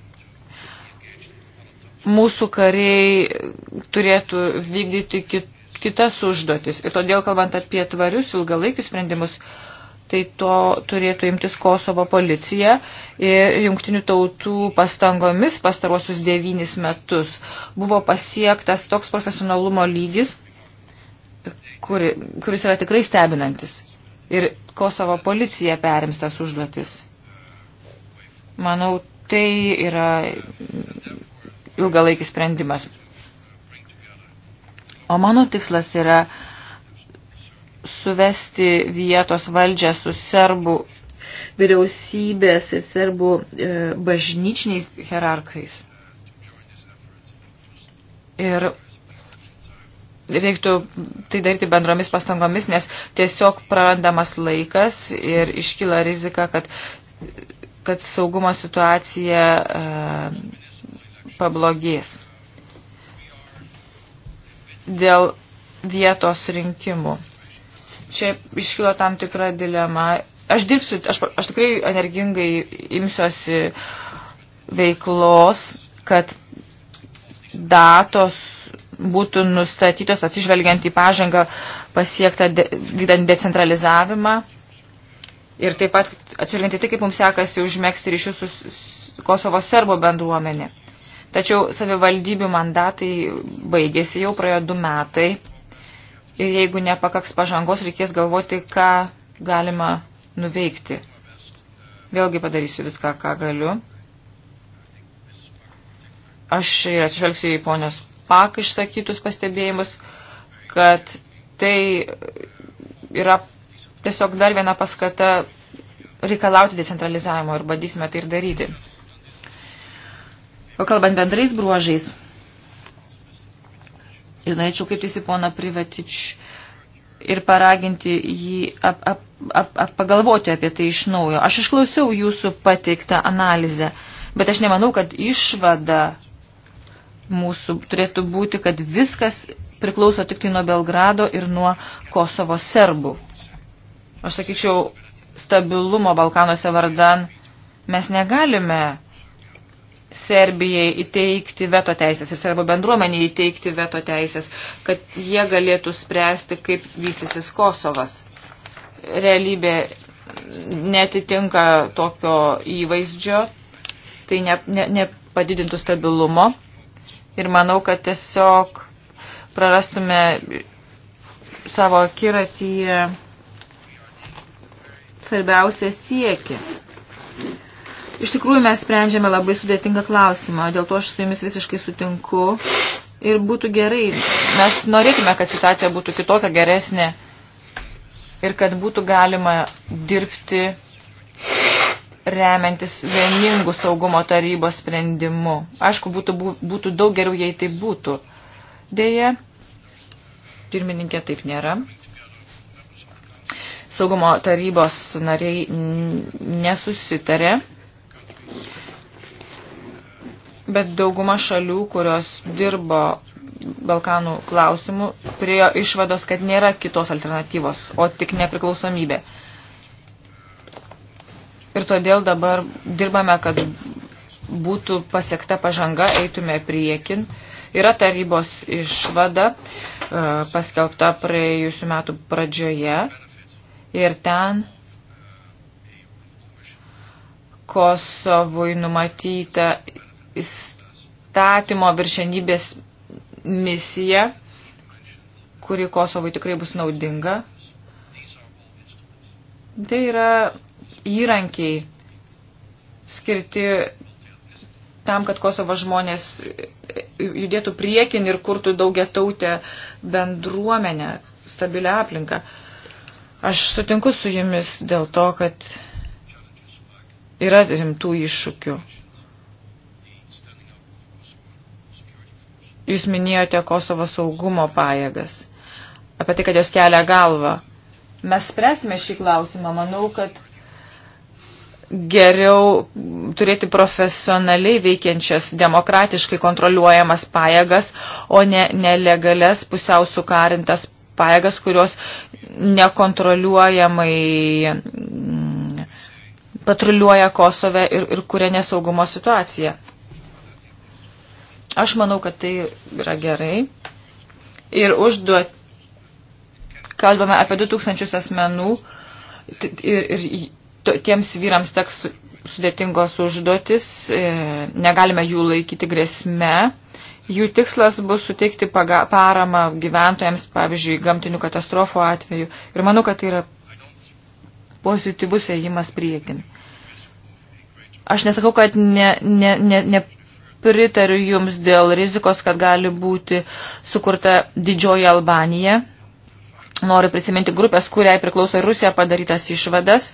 Mūsų kariai turėtų vykdyti kit, kitas užduotis. Ir todėl, kalbant apie tvarius ilgalaikius sprendimus, uh, tai to turėtų imtis Kosovo policija ir jungtinių tautų pastangomis pastaruosius devynis metus buvo pasiektas toks profesionalumo lygis, kuri, kuris yra tikrai stebinantis. Ir Kosovo policija perims tas užduotis. Manau, tai yra ilgalaikis sprendimas. O mano tikslas yra uh, suvesti vietos valdžią su serbų vyriausybės ir serbų e, bažnyčiniais hierarchais. Ir reiktų tai daryti bendromis pastangomis, nes tiesiog prarandamas laikas ir iškyla rizika, kad, kad saugumo situacija e, pablogės dėl vietos rinkimų. Čia iškilo tam tikra dilema. Aš dirbsiu, aš, aš tikrai energingai imsiuosi veiklos, kad datos būtų nustatytos atsižvelgiant į pažangą pasiektą de, vykdant decentralizavimą ir taip pat atsižvelgiant į tai, kaip mums sekasi užmėgsti ryšius su Kosovo serbo bendruomenė. Tačiau savivaldybių mandatai baigėsi, jau praėjo du metai ir jeigu nepakaks pažangos, reikės galvoti, ką galima nuveikti. Vėlgi padarysiu viską, ką galiu. Aš ir atšvelgsiu į ponios pak išsakytus pastebėjimus, kad tai yra tiesiog dar viena paskata reikalauti decentralizavimo ir bandysime tai ir daryti. O kalbant bendrais bruožais, Ir norėčiau kreiptis į poną Privatič ir paraginti jį ap, ap, ap, ap, pagalvoti apie tai iš naujo. Aš išklausiau jūsų pateiktą analizę, bet aš nemanau, kad išvada mūsų turėtų būti, kad viskas priklauso tik tai nuo Belgrado ir nuo Kosovo serbų. Aš sakyčiau, stabilumo Balkanuose vardan mes negalime Serbijai įteikti veto teisės ir serbo bendruomeniai įteikti veto teisės, kad jie galėtų spręsti, kaip vystysis Kosovas. Realybė netitinka tokio įvaizdžio, tai nepadidintų ne, ne, ne stabilumo ir manau, kad tiesiog prarastume savo akiratyje svarbiausią siekį Iš tikrųjų mes sprendžiame labai sudėtingą klausimą, dėl to aš su jumis visiškai sutinku. Ir būtų gerai, mes norėtume, kad situacija būtų kitokia, geresnė ir kad būtų galima dirbti remiantis vieningų saugumo tarybos sprendimu. Aišku, būtų, būtų daug geriau, jei tai būtų. Deja, pirmininkė taip nėra. Saugumo tarybos nariai nesusitarė Bet dauguma šalių, kurios dirbo Balkanų klausimų, priejo išvados, kad nėra kitos alternatyvos, o tik nepriklausomybė. Ir todėl dabar dirbame, kad būtų pasiekta pažanga, eitume priekin. Yra tarybos išvada e, paskelbta praėjusiu metu pradžioje ir ten Kosovui numatyta įstatymo viršenybės misija, kuri Kosovui tikrai bus naudinga. Tai yra įrankiai skirti tam, kad Kosovo žmonės judėtų priekin ir kurtų daugia tautę bendruomenę, stabilę aplinką. Aš sutinku su jumis dėl to, kad yra rimtų iššūkių. Jūs minėjote Kosovo saugumo pajėgas, apie tai, kad jos kelia galvą. Mes spręsime šį klausimą. Manau, kad geriau turėti profesionaliai veikiančias, demokratiškai kontroliuojamas pajėgas, o ne nelegales pusiau sukarintas pajėgas, kurios nekontroliuojamai patruliuoja Kosove ir, ir kuria nesaugumo situaciją. Aš manau, kad tai yra gerai. Ir užduot, kalbame apie 2000 asmenų ir, ir tiems vyrams teks sudėtingos užduotis, e, negalime jų laikyti grėsme. Jų tikslas bus suteikti paga, paramą gyventojams, pavyzdžiui, gamtinių katastrofų atveju. Ir manau, kad tai yra pozityvus ėjimas priekin. Aš nesakau, kad ne, ne, ne, ne pritariu jums dėl rizikos, kad gali būti sukurta didžioji Albanija. Noriu prisiminti grupės, kuriai priklauso ir Rusija padarytas išvadas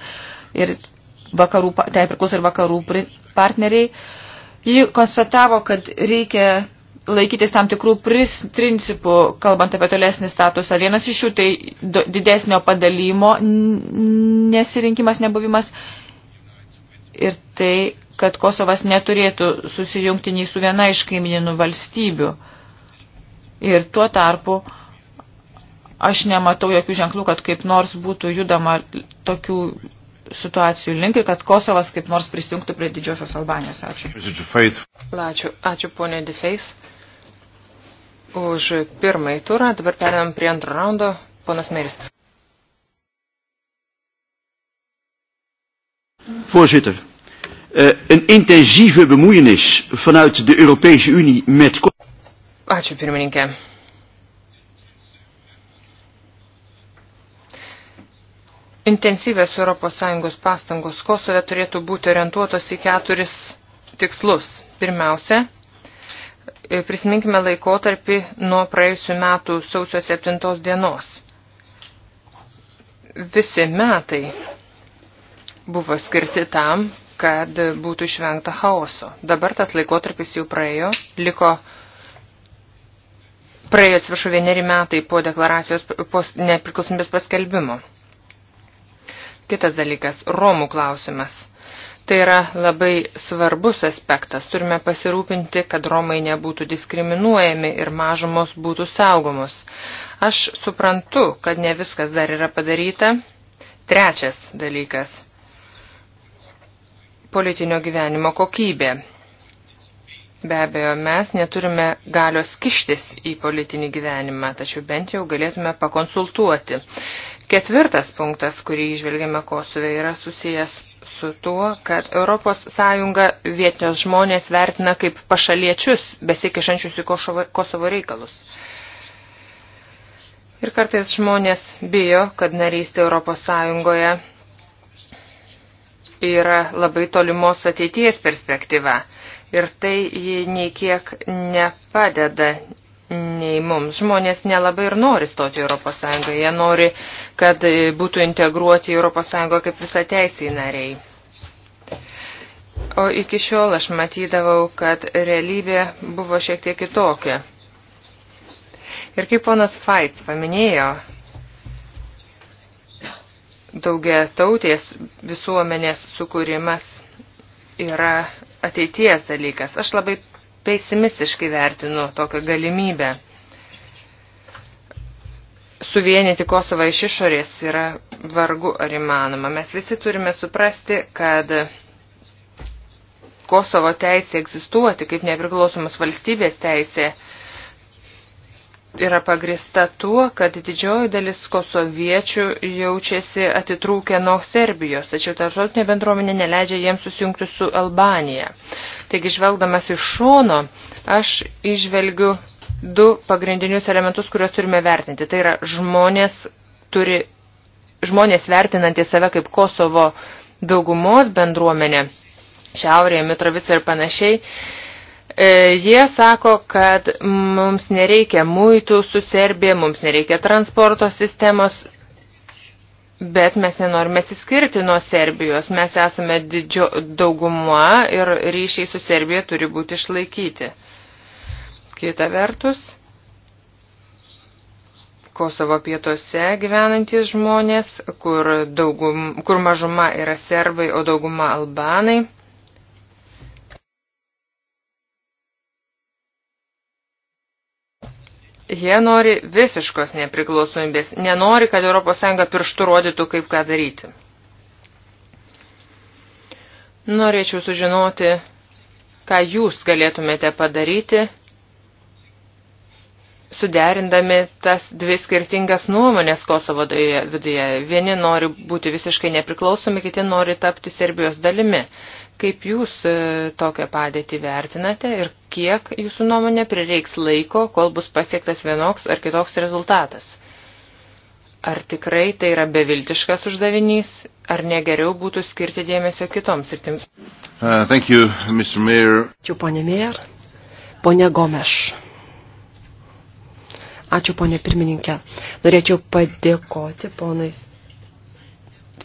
ir vakarų, tai priklauso ir vakarų partneriai. Ji konstatavo, kad reikia laikytis tam tikrų pris, principų, kalbant apie tolesnį statusą. Vienas iš jų tai didesnio padalymo nesirinkimas, nebuvimas ir tai, kad Kosovas neturėtų susijungti nei su viena iš kaimininų valstybių. Ir tuo tarpu aš nematau jokių ženklų, kad kaip nors būtų judama tokių situacijų link ir kad Kosovas kaip nors prisijungtų prie didžiosios Albanijos. Ačiū. Ačiū, ačiū ponė Defeis už pirmąjį turą. Dabar perėmėm prie antro raundo. Ponas Meris. Voorzitter, eh, een intensieve bemoeienis vanuit de Europese Unie met... Ačiū pirmininkė. Intensyvės ES pastangos Kosove turėtų būti orientuotos į keturis tikslus. Pirmiausia, e, prisiminkime laikotarpį nuo praėjusių metų sausio 7 dienos. Visi metai buvo skirti tam, kad būtų išvengta chaoso. Dabar tas laikotarpis jau praėjo, liko praėjo, atsiprašau, vieneri metai po deklaracijos po nepriklausomybės paskelbimo. Kitas dalykas – Romų klausimas. Tai yra labai svarbus aspektas. Turime pasirūpinti, kad Romai nebūtų diskriminuojami ir mažumos būtų saugomos. Aš suprantu, kad ne viskas dar yra padaryta. Trečias dalykas – politinio gyvenimo kokybė. Be abejo, mes neturime galios kištis į politinį gyvenimą, tačiau bent jau galėtume pakonsultuoti. Ketvirtas punktas, kurį išvelgiame Kosove, yra susijęs su tuo, kad ES vietinios žmonės vertina kaip pašaliečius, besikišančius į Kosovo reikalus. Ir kartais žmonės bijo, kad narystė ES yra labai tolimos ateities perspektyva. Ir tai jį nei kiek nepadeda nei mums. Žmonės nelabai ir nori stoti į Europos Sąjungą. Jie nori, kad būtų integruoti į Europos Sąjungą kaip visą teisį nariai. O iki šiol aš matydavau, kad realybė buvo šiek tiek kitokia. Ir kaip ponas Faits paminėjo, daugia tautės visuomenės sukūrimas yra ateities dalykas. Aš labai pesimistiškai vertinu tokią galimybę. Suvienyti Kosovą iš išorės yra vargu ar įmanoma. Mes visi turime suprasti, kad Kosovo teisė egzistuoti kaip nepriklausomos valstybės teisė yra pagrista tuo, kad didžioji dalis kosoviečių jaučiasi atitrūkę nuo Serbijos, tačiau tarptautinė bendruomenė neleidžia jiems susijungti su Albanija. Taigi, žvelgdamas iš šono, aš išvelgiu du pagrindinius elementus, kuriuos turime vertinti. Tai yra žmonės, turi, žmonės vertinantys save kaip Kosovo daugumos bendruomenė, Šiaurėje, Mitrovica ir panašiai E, jie sako, kad mums nereikia muitų su Serbija, mums nereikia transporto sistemos, bet mes nenorime atsiskirti nuo Serbijos. Mes esame didžio dauguma ir ryšiai su Serbija turi būti išlaikyti. Kita vertus, Kosovo pietuose gyvenantis žmonės, kur, daugum, kur mažuma yra serbai, o dauguma albanai Jie nori visiškos nepriklausomybės, nenori, kad ES pirštų rodytų, kaip ką daryti. Norėčiau sužinoti, ką jūs galėtumėte padaryti, suderindami tas dvi skirtingas nuomonės Kosovo viduje. Vieni nori būti visiškai nepriklausomi, kiti nori tapti Serbijos dalimi. Kaip jūs e, tokią padėtį vertinate ir kiek jūsų nuomonė prireiks laiko, kol bus pasiektas vienoks ar kitoks rezultatas? Ar tikrai tai yra beviltiškas uždavinys, ar negeriau būtų skirti dėmesio kitoms sritims? Uh, thank you, Mr. Mayor. Ačiū, ponė Mayor. Ponė Gomeš. Ačiū, ponė pirmininkė. Norėčiau padėkoti ponui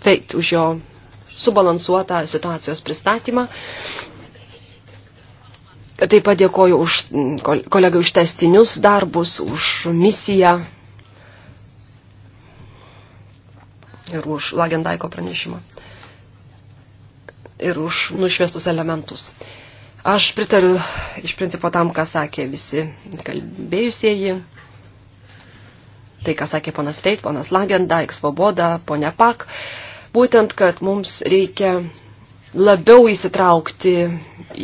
Feit už jo subalansuotą situacijos pristatymą. Taip pat dėkoju už kolegą už testinius darbus, už misiją ir už Lagendaiko pranešimą ir už nušviestus elementus. Aš pritariu iš principo tam, ką sakė visi kalbėjusieji, tai, ką sakė ponas Feit, ponas Lagendaik, Svoboda, ponia Pak. Uh, būtent, kad mums reikia labiau įsitraukti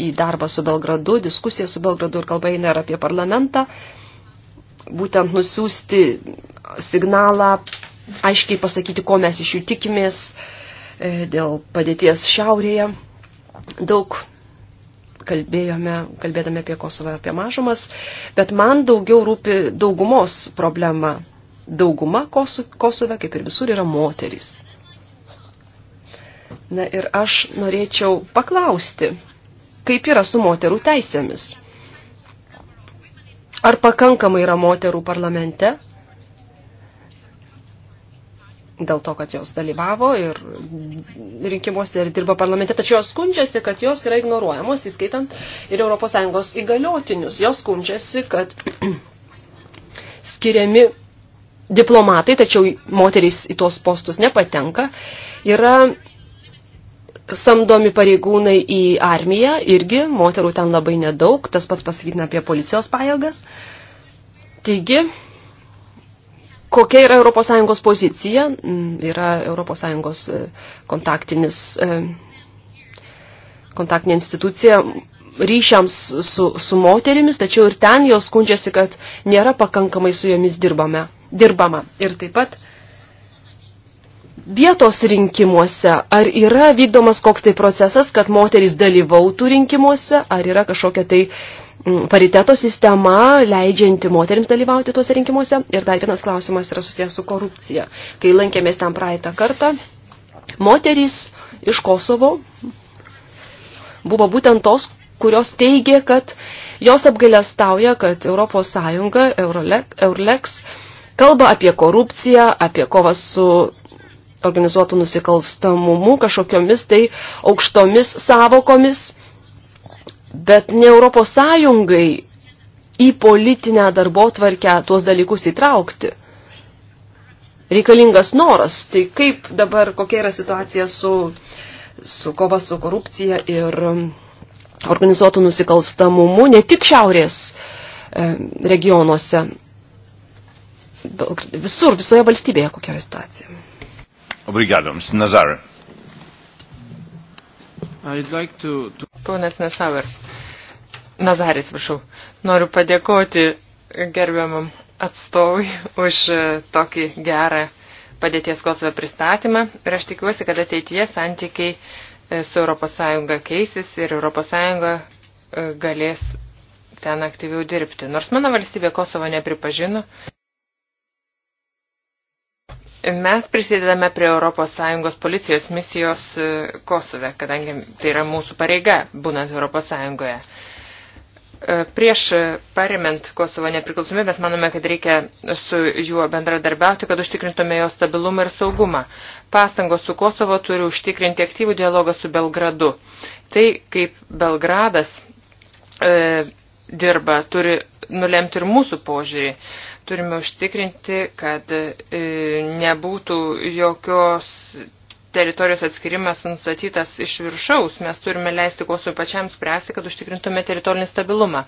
į darbą su Belgradu, diskusiją su Belgradu ir kalba eina ir apie parlamentą, būtent nusiųsti signalą, aiškiai pasakyti, ko mes iš jų tikimės e, dėl padėties šiaurėje. Daug kalbėjome, kalbėdami apie Kosovą, apie mažumas, bet man daugiau rūpi daugumos problema. Dauguma Kosove, kaip ir visur, yra moteris. Na ir aš norėčiau paklausti, kaip yra su moterų teisėmis. Ar pakankamai yra moterų parlamente? Dėl to, kad jos dalyvavo ir rinkimuose ir dirba parlamente, tačiau jos skundžiasi, kad jos yra ignoruojamos, įskaitant ir ES įgaliotinius. Jos skundžiasi, kad skiriami diplomatai, tačiau moterys į tuos postus nepatenka. Yra samdomi pareigūnai į armiją, irgi moterų ten labai nedaug, tas pats pasakytina apie policijos pajėgas. Taigi, kokia yra ES pozicija, mm, yra ES e, kontaktinis, e, kontaktinė institucija ryšiams su, su moterimis, tačiau ir ten jos skundžiasi, kad nėra pakankamai su jomis dirbame, dirbama. Ir taip pat vietos rinkimuose? Ar yra vykdomas koks tai procesas, kad moterys dalyvautų rinkimuose? Ar yra kažkokia tai mm, pariteto sistema, leidžianti moteriams dalyvauti tuose rinkimuose? Ir dar vienas klausimas yra susijęs su korupcija. Kai lankėmės ten praeitą kartą, moterys iš Kosovo buvo būtent tos, kurios teigė, kad jos apgailestauja, kad Europos Sąjunga, Eurolek, Eurlex, kalba apie korupciją, apie kovą su organizuotų nusikalstamumu, kažkokiomis tai aukštomis savokomis, bet ne Europos Sąjungai į politinę darbo tvarkę tuos dalykus įtraukti. Reikalingas noras. Tai kaip dabar, kokia yra situacija su, su kova su korupcija ir um, organizuotų nusikalstamumu, ne tik šiaurės regionuose, visur, visoje valstybėje kokia yra situacija. Obrigado, Mr. Nazar. I'd like to, to... Ponas Nasavar. Nazaris, prašau. Noriu padėkoti gerbiamam atstovui už e, tokį gerą padėties Kosovo pristatymą ir aš tikiuosi, kad ateityje santykiai e, su ES keisis ir ES e, galės ten aktyviau dirbti. Nors mano valstybė Kosovo nepripažino, Mes prisidedame prie ES policijos misijos e, Kosove, kadangi tai yra mūsų pareiga, būnant ES. E, prieš paremant Kosovo nepriklausomybę mes manome, kad reikia su juo bendradarbiauti, kad užtikrintume jo stabilumą ir saugumą. Pastangos su Kosovo turi užtikrinti aktyvų dialogą su Belgradu. Tai, kaip Belgradas e, dirba, turi nulemti ir mūsų požiūrį. E, Turime užtikrinti, kad e, nebūtų jokios teritorijos atskirimas nustatytas iš viršaus, mes turime leisti Kosovui pačiam spręsti, kad užtikrintume teritorinį stabilumą.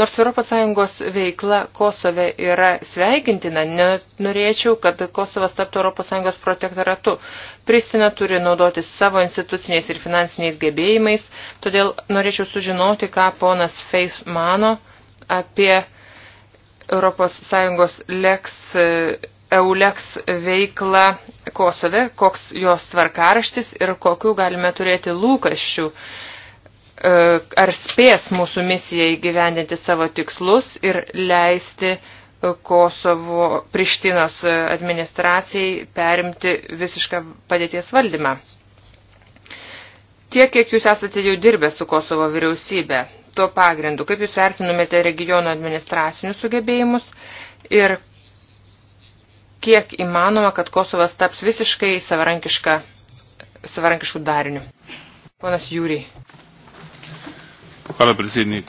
Nors ES veikla Kosove yra sveikintina, norėčiau, kad Kosovas taptų ES protektoratu. Pristina turi naudotis savo instituciniais ir finansiniais gebėjimais, todėl norėčiau sužinoti, ką ponas Feis mano apie ES leks, EULEX veiklą Kosove, koks jos tvarkaraštis ir kokiu galime turėti lūkesčių, e, ar spės mūsų misija įgyvendinti savo tikslus ir leisti Kosovo Prištinos administracijai perimti visišką padėties valdymą. Tiek, kiek jūs esate jau dirbę su Kosovo vyriausybė, to pagrindu? Kaip Jūs vertinumėte regiono administracinius sugebėjimus ir kiek įmanoma, kad Kosovas taps visiškai savarankiškų dariniu? Ponas Jūry. Hvala, predsjednik.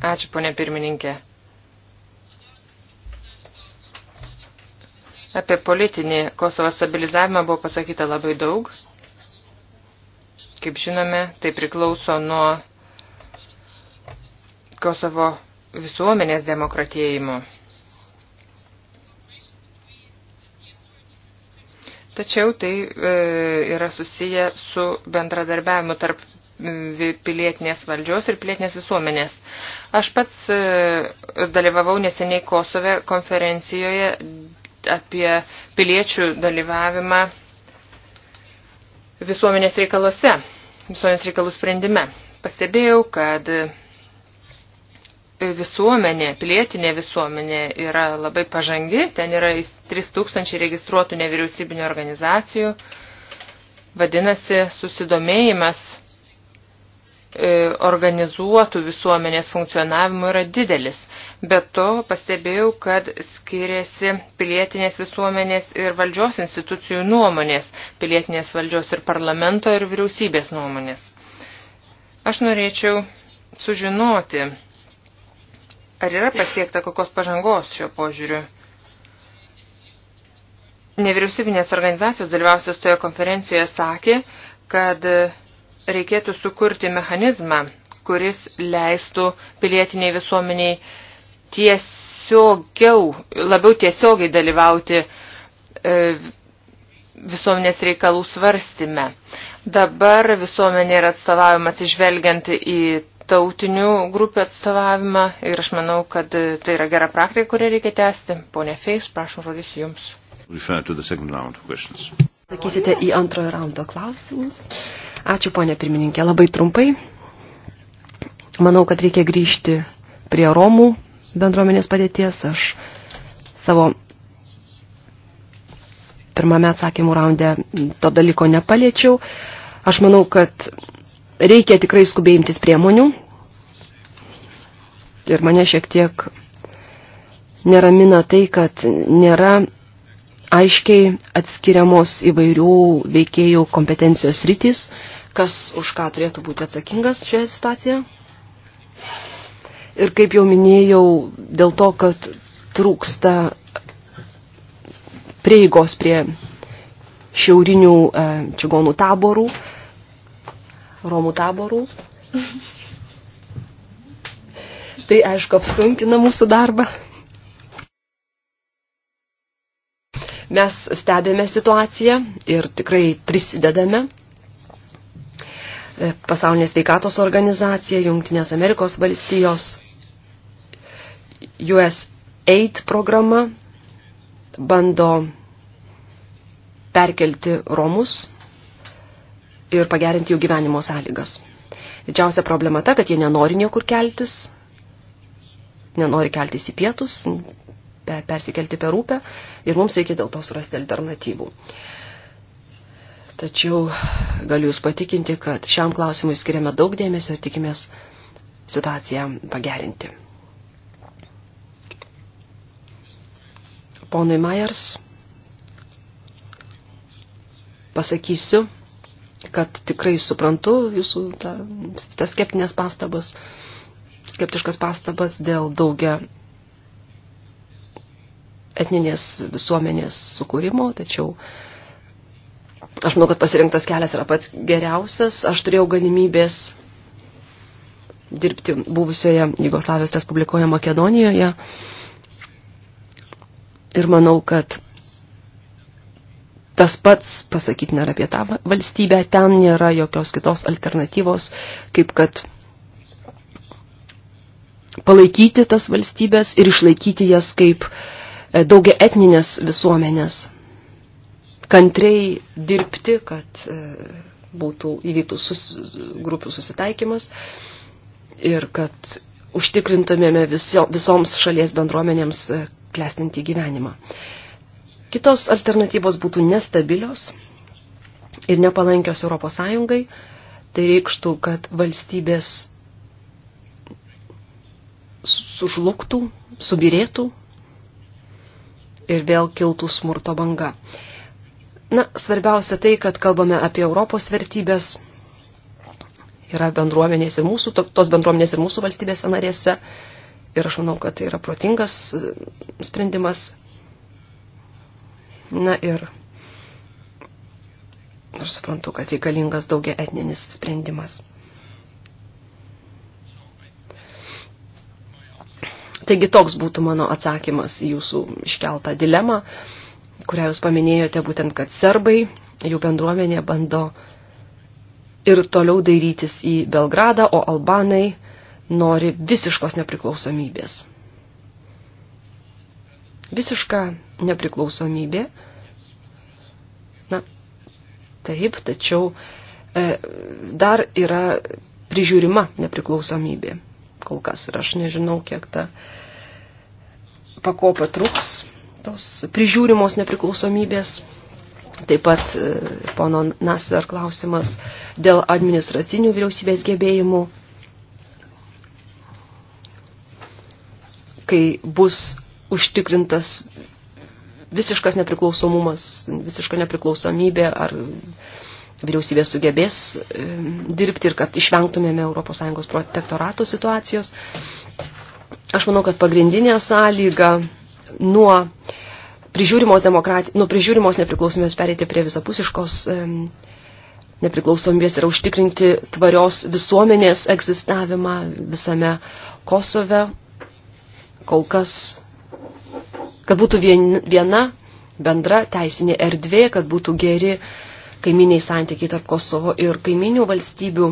Ačiū, ponė pirmininkė. Apie politinį Kosovo stabilizavimą buvo pasakyta labai daug. Kaip žinome, tai priklauso nuo Kosovo visuomenės demokratėjimo. Tačiau tai e, yra susiję su bendradarbiavimu tarp pilietinės valdžios ir pilietinės visuomenės. Aš pats e, dalyvavau neseniai Kosove konferencijoje apie piliečių dalyvavimą visuomenės reikalose, visuomenės reikalų sprendime. Pastebėjau, kad visuomenė, pilietinė visuomenė yra labai pažangi, ten yra 3000 registruotų nevyriausybinio organizacijų, vadinasi, susidomėjimas e, organizuotų visuomenės funkcionavimu yra didelis. Be to pastebėjau, kad skiriasi pilietinės visuomenės ir valdžios institucijų nuomonės, pilietinės valdžios ir parlamento ir vyriausybės nuomonės. Aš norėčiau sužinoti, ar yra pasiekta kokios pažangos šio požiūriu. Nevyriausybinės organizacijos dalyvausios toje konferencijoje sakė, kad reikėtų sukurti mechanizmą, kuris leistų pilietiniai visuomeniai tiesiogiau, labiau tiesiogiai dalyvauti e, visuomenės reikalų svarstime. Dabar visuomenė yra atstovavimas išvelgiant į tautinių grupių atstovavimą ir aš manau, kad tai yra gera praktika, kurią reikia tęsti. Pone Feis, prašom žodis Jums. Sakysite į antrojo raundo klausimus. Ačiū, ponė pirmininkė, labai trumpai. Manau, kad reikia grįžti prie Romų bendruomenės padėties. Aš savo pirmame atsakymų raunde to dalyko nepaliečiau. Aš manau, kad reikia tikrai skubėjimtis priemonių. Ir mane šiek tiek neramina tai, kad nėra aiškiai atskiriamos įvairių veikėjų kompetencijos rytis, kas už ką turėtų būti atsakingas šioje situacijoje. Ir kaip jau minėjau, dėl to, kad trūksta prieigos prie šiaurinių e, čigonų taborų, romų taborų. tai aišku apsunkina mūsų darbą. Mes stebėme situaciją ir tikrai prisidedame Pasaulinės sveikatos organizacija, Jungtinės Amerikos valstijos, US8 programa bando perkelti Romus ir pagerinti jų gyvenimo sąlygas. Didžiausia problema ta, kad jie nenori niekur keltis, nenori keltis į pietus, persikelti per upę ir mums reikia dėl to surasti alternatyvų. Uh, Tačiau galiu Jūs patikinti, kad šiam klausimui skiriame daug dėmesio ir tikimės situaciją pagerinti. Ponui Majers pasakysiu, kad tikrai suprantu Jūsų tas ta skeptinės pastabas, skeptiškas pastabas dėl daugia etninės visuomenės sukūrimo, tačiau uh, Aš manau, kad pasirinktas kelias yra pats geriausias. Aš turėjau galimybės dirbti buvusioje Jugoslavijos Respublikoje Makedonijoje. Ir manau, kad tas pats pasakyti nėra apie tą valstybę. Ten nėra jokios kitos alternatyvos, kaip kad palaikyti tas valstybės ir išlaikyti jas kaip e, daugia etninės visuomenės kantriai dirbti, kad e, būtų įvyktų sus, grupių susitaikymas ir kad užtikrintumėme viso, visoms šalies bendruomenėms e, klestinti gyvenimą. Kitos alternatyvos būtų nestabilios ir nepalankios Europos Sąjungai, tai reikštų, kad valstybės sužlugtų, subirėtų ir vėl kiltų smurto banga. Na, svarbiausia tai, kad kalbame apie Europos vertybės, yra bendruomenės ir mūsų, tos bendruomenės ir mūsų valstybėse narėse. Ir aš manau, kad tai yra protingas e, sprendimas. Na ir aš suprantu, kad reikalingas daugia etninis sprendimas. Taigi toks būtų mano atsakymas į jūsų iškeltą dilemą kurią jūs paminėjote, būtent, kad serbai, jų bendruomenė bando ir toliau dairytis į Belgradą, o albanai nori visiškos nepriklausomybės. Visiška nepriklausomybė. Na, taip, tačiau e, dar yra prižiūrima nepriklausomybė kol kas ir aš nežinau, kiek ta pakopa truks tos prižiūrimos nepriklausomybės. Taip pat e, pono Nasar klausimas dėl administracinių vyriausybės gebėjimų, kai bus užtikrintas visiškas nepriklausomumas, visiška nepriklausomybė, ar vyriausybė sugebės e, dirbti ir kad išvengtumėme ES protektorato situacijos. Aš manau, kad pagrindinė sąlyga nuo prižiūrimos, nuo prižiūrimos nepriklausomės perėti prie visapusiškos nepriklausomybės ir užtikrinti tvarios visuomenės egzistavimą visame Kosove. Kol kas, kad būtų viena bendra teisinė erdvė, kad būtų geri kaiminiai santykiai tarp Kosovo ir kaiminių valstybių,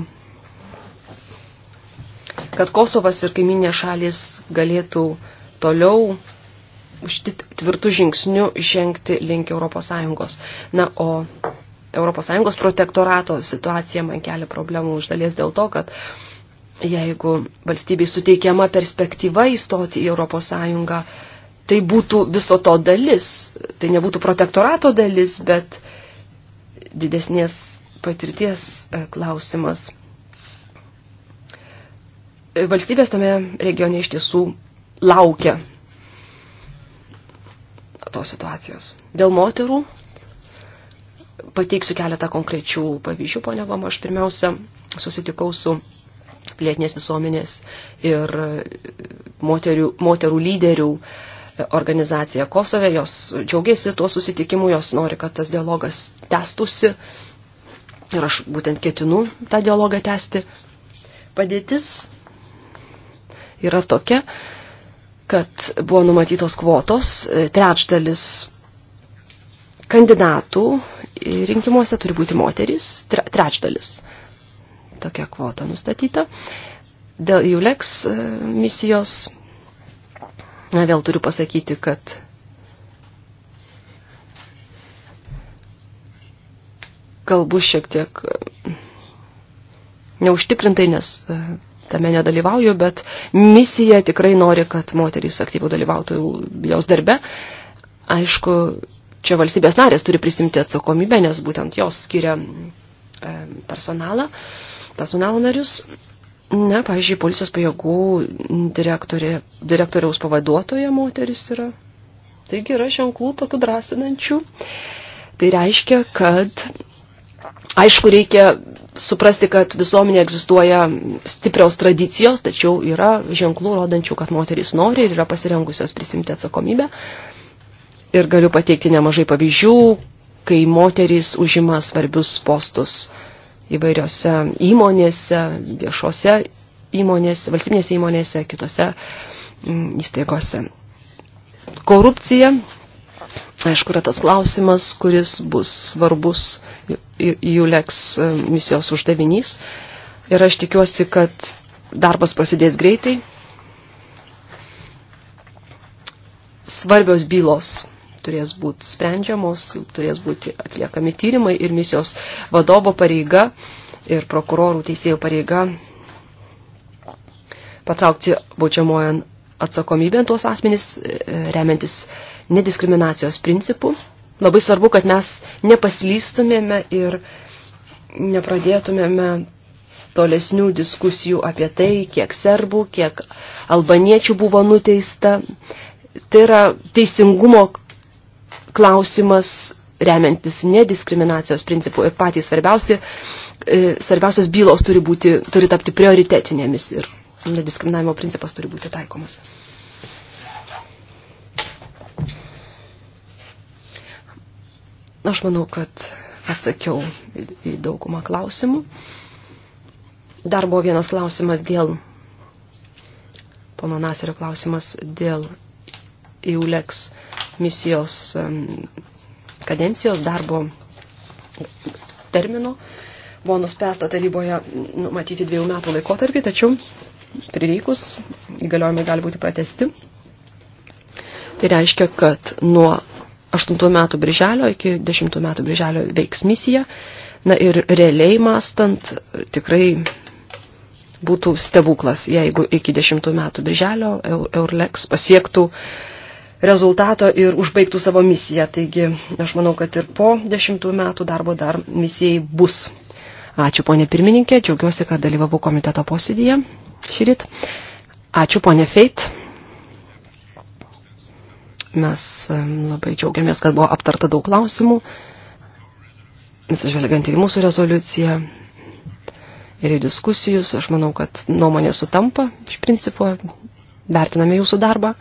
kad Kosovas ir kaiminė šalis galėtų toliau tvirtų žingsnių žengti link ES. Na, o ES protektorato situacija man kelia problemų už dalies dėl to, kad jeigu valstybei suteikiama perspektyva įstoti į ES, tai būtų viso to dalis. Tai nebūtų protektorato dalis, bet didesnės patirties e, klausimas. Valstybės tame regione iš tiesų laukia tos situacijos. Dėl moterų pateiksiu keletą konkrečių pavyzdžių, ponia Goma. Aš pirmiausia susitikau su plėtinės visuomenės ir moterių, moterų lyderių organizacija Kosove. Jos džiaugiasi tuo susitikimu, jos nori, kad tas dialogas testusi. Ir aš būtent ketinu tą dialogą tęsti. Padėtis yra tokia, kad buvo numatytos kvotos, e, trečdalis kandidatų rinkimuose turi būti moterys, trečdalis tokia kvota nustatyta. Dėl Juleks e, misijos, na, vėl turiu pasakyti, kad kalbu šiek tiek e, neužtikrintai, nes tame nedalyvauju, bet misija tikrai nori, kad moterys aktyviau dalyvautų jos darbe. Aišku, čia valstybės narės turi prisimti atsakomybę, nes būtent jos skiria e, personalą, personalo narius. Na, pavyzdžiui, policijos pajėgų direktoriaus pavaduotoja moteris yra. Taigi yra ženklų tokių drąsinančių. Tai reiškia, kad Aišku, reikia suprasti, kad visuomenė egzistuoja stiprios tradicijos, tačiau yra ženklų rodančių, kad moterys nori ir yra pasirengusios prisimti atsakomybę. Ir galiu pateikti nemažai pavyzdžių, kai moterys užima svarbius postus įvairiose įmonėse, viešose įmonėse, valstybinėse įmonėse, kitose mm, įstaigose. Korupcija Aišku, yra tas klausimas, kuris bus svarbus Juleks e, misijos uždavinys. Ir aš tikiuosi, kad darbas prasidės greitai. Svarbios bylos turės būti sprendžiamos, turės būti atliekami tyrimai ir misijos vadovo pareiga ir prokurorų teisėjų pareiga patraukti baudžiamojan atsakomybę tuos asmenys e, remiantis nediskriminacijos principų. Labai svarbu, kad mes nepaslystumėme ir nepradėtumėme tolesnių diskusijų apie tai, kiek serbų, kiek albaniečių buvo nuteista. Tai yra teisingumo klausimas remiantis nediskriminacijos principų ir patys svarbiausi, e, svarbiausios bylos turi, būti, turi tapti prioritetinėmis ir nediskriminavimo principas turi būti taikomas. Aš manau, kad atsakiau į daugumą klausimų. Dar buvo vienas klausimas dėl, pono Naserio klausimas dėl EULEX misijos kadencijos darbo termino. Buvo nuspręsta taryboje numatyti dviejų metų laikotarpį, tačiau prireikus įgaliojimai gali būti pratesti. Tai reiškia, kad nuo 8 metų birželio iki 10 metų birželio veiks misija. Na ir realiai mastant tikrai būtų stebuklas, jeigu iki 10 metų birželio Eurlex pasiektų rezultato ir užbaigtų savo misiją. Taigi aš manau, kad ir po 10 metų darbo dar misijai bus. Ačiū ponė pirmininkė, džiaugiuosi, kad dalyvavau komiteto posėdyje šįryt. Ačiū ponė Feit. Mes labai džiaugiamės, kad buvo aptarta daug klausimų, atsižvelgiant ir į mūsų rezoliuciją, ir į diskusijus. Aš manau, kad nuomonė sutampa, iš principo, vertiname jūsų darbą,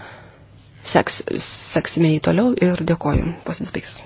seks, seksime jį toliau ir dėkoju. Pasisbaigs.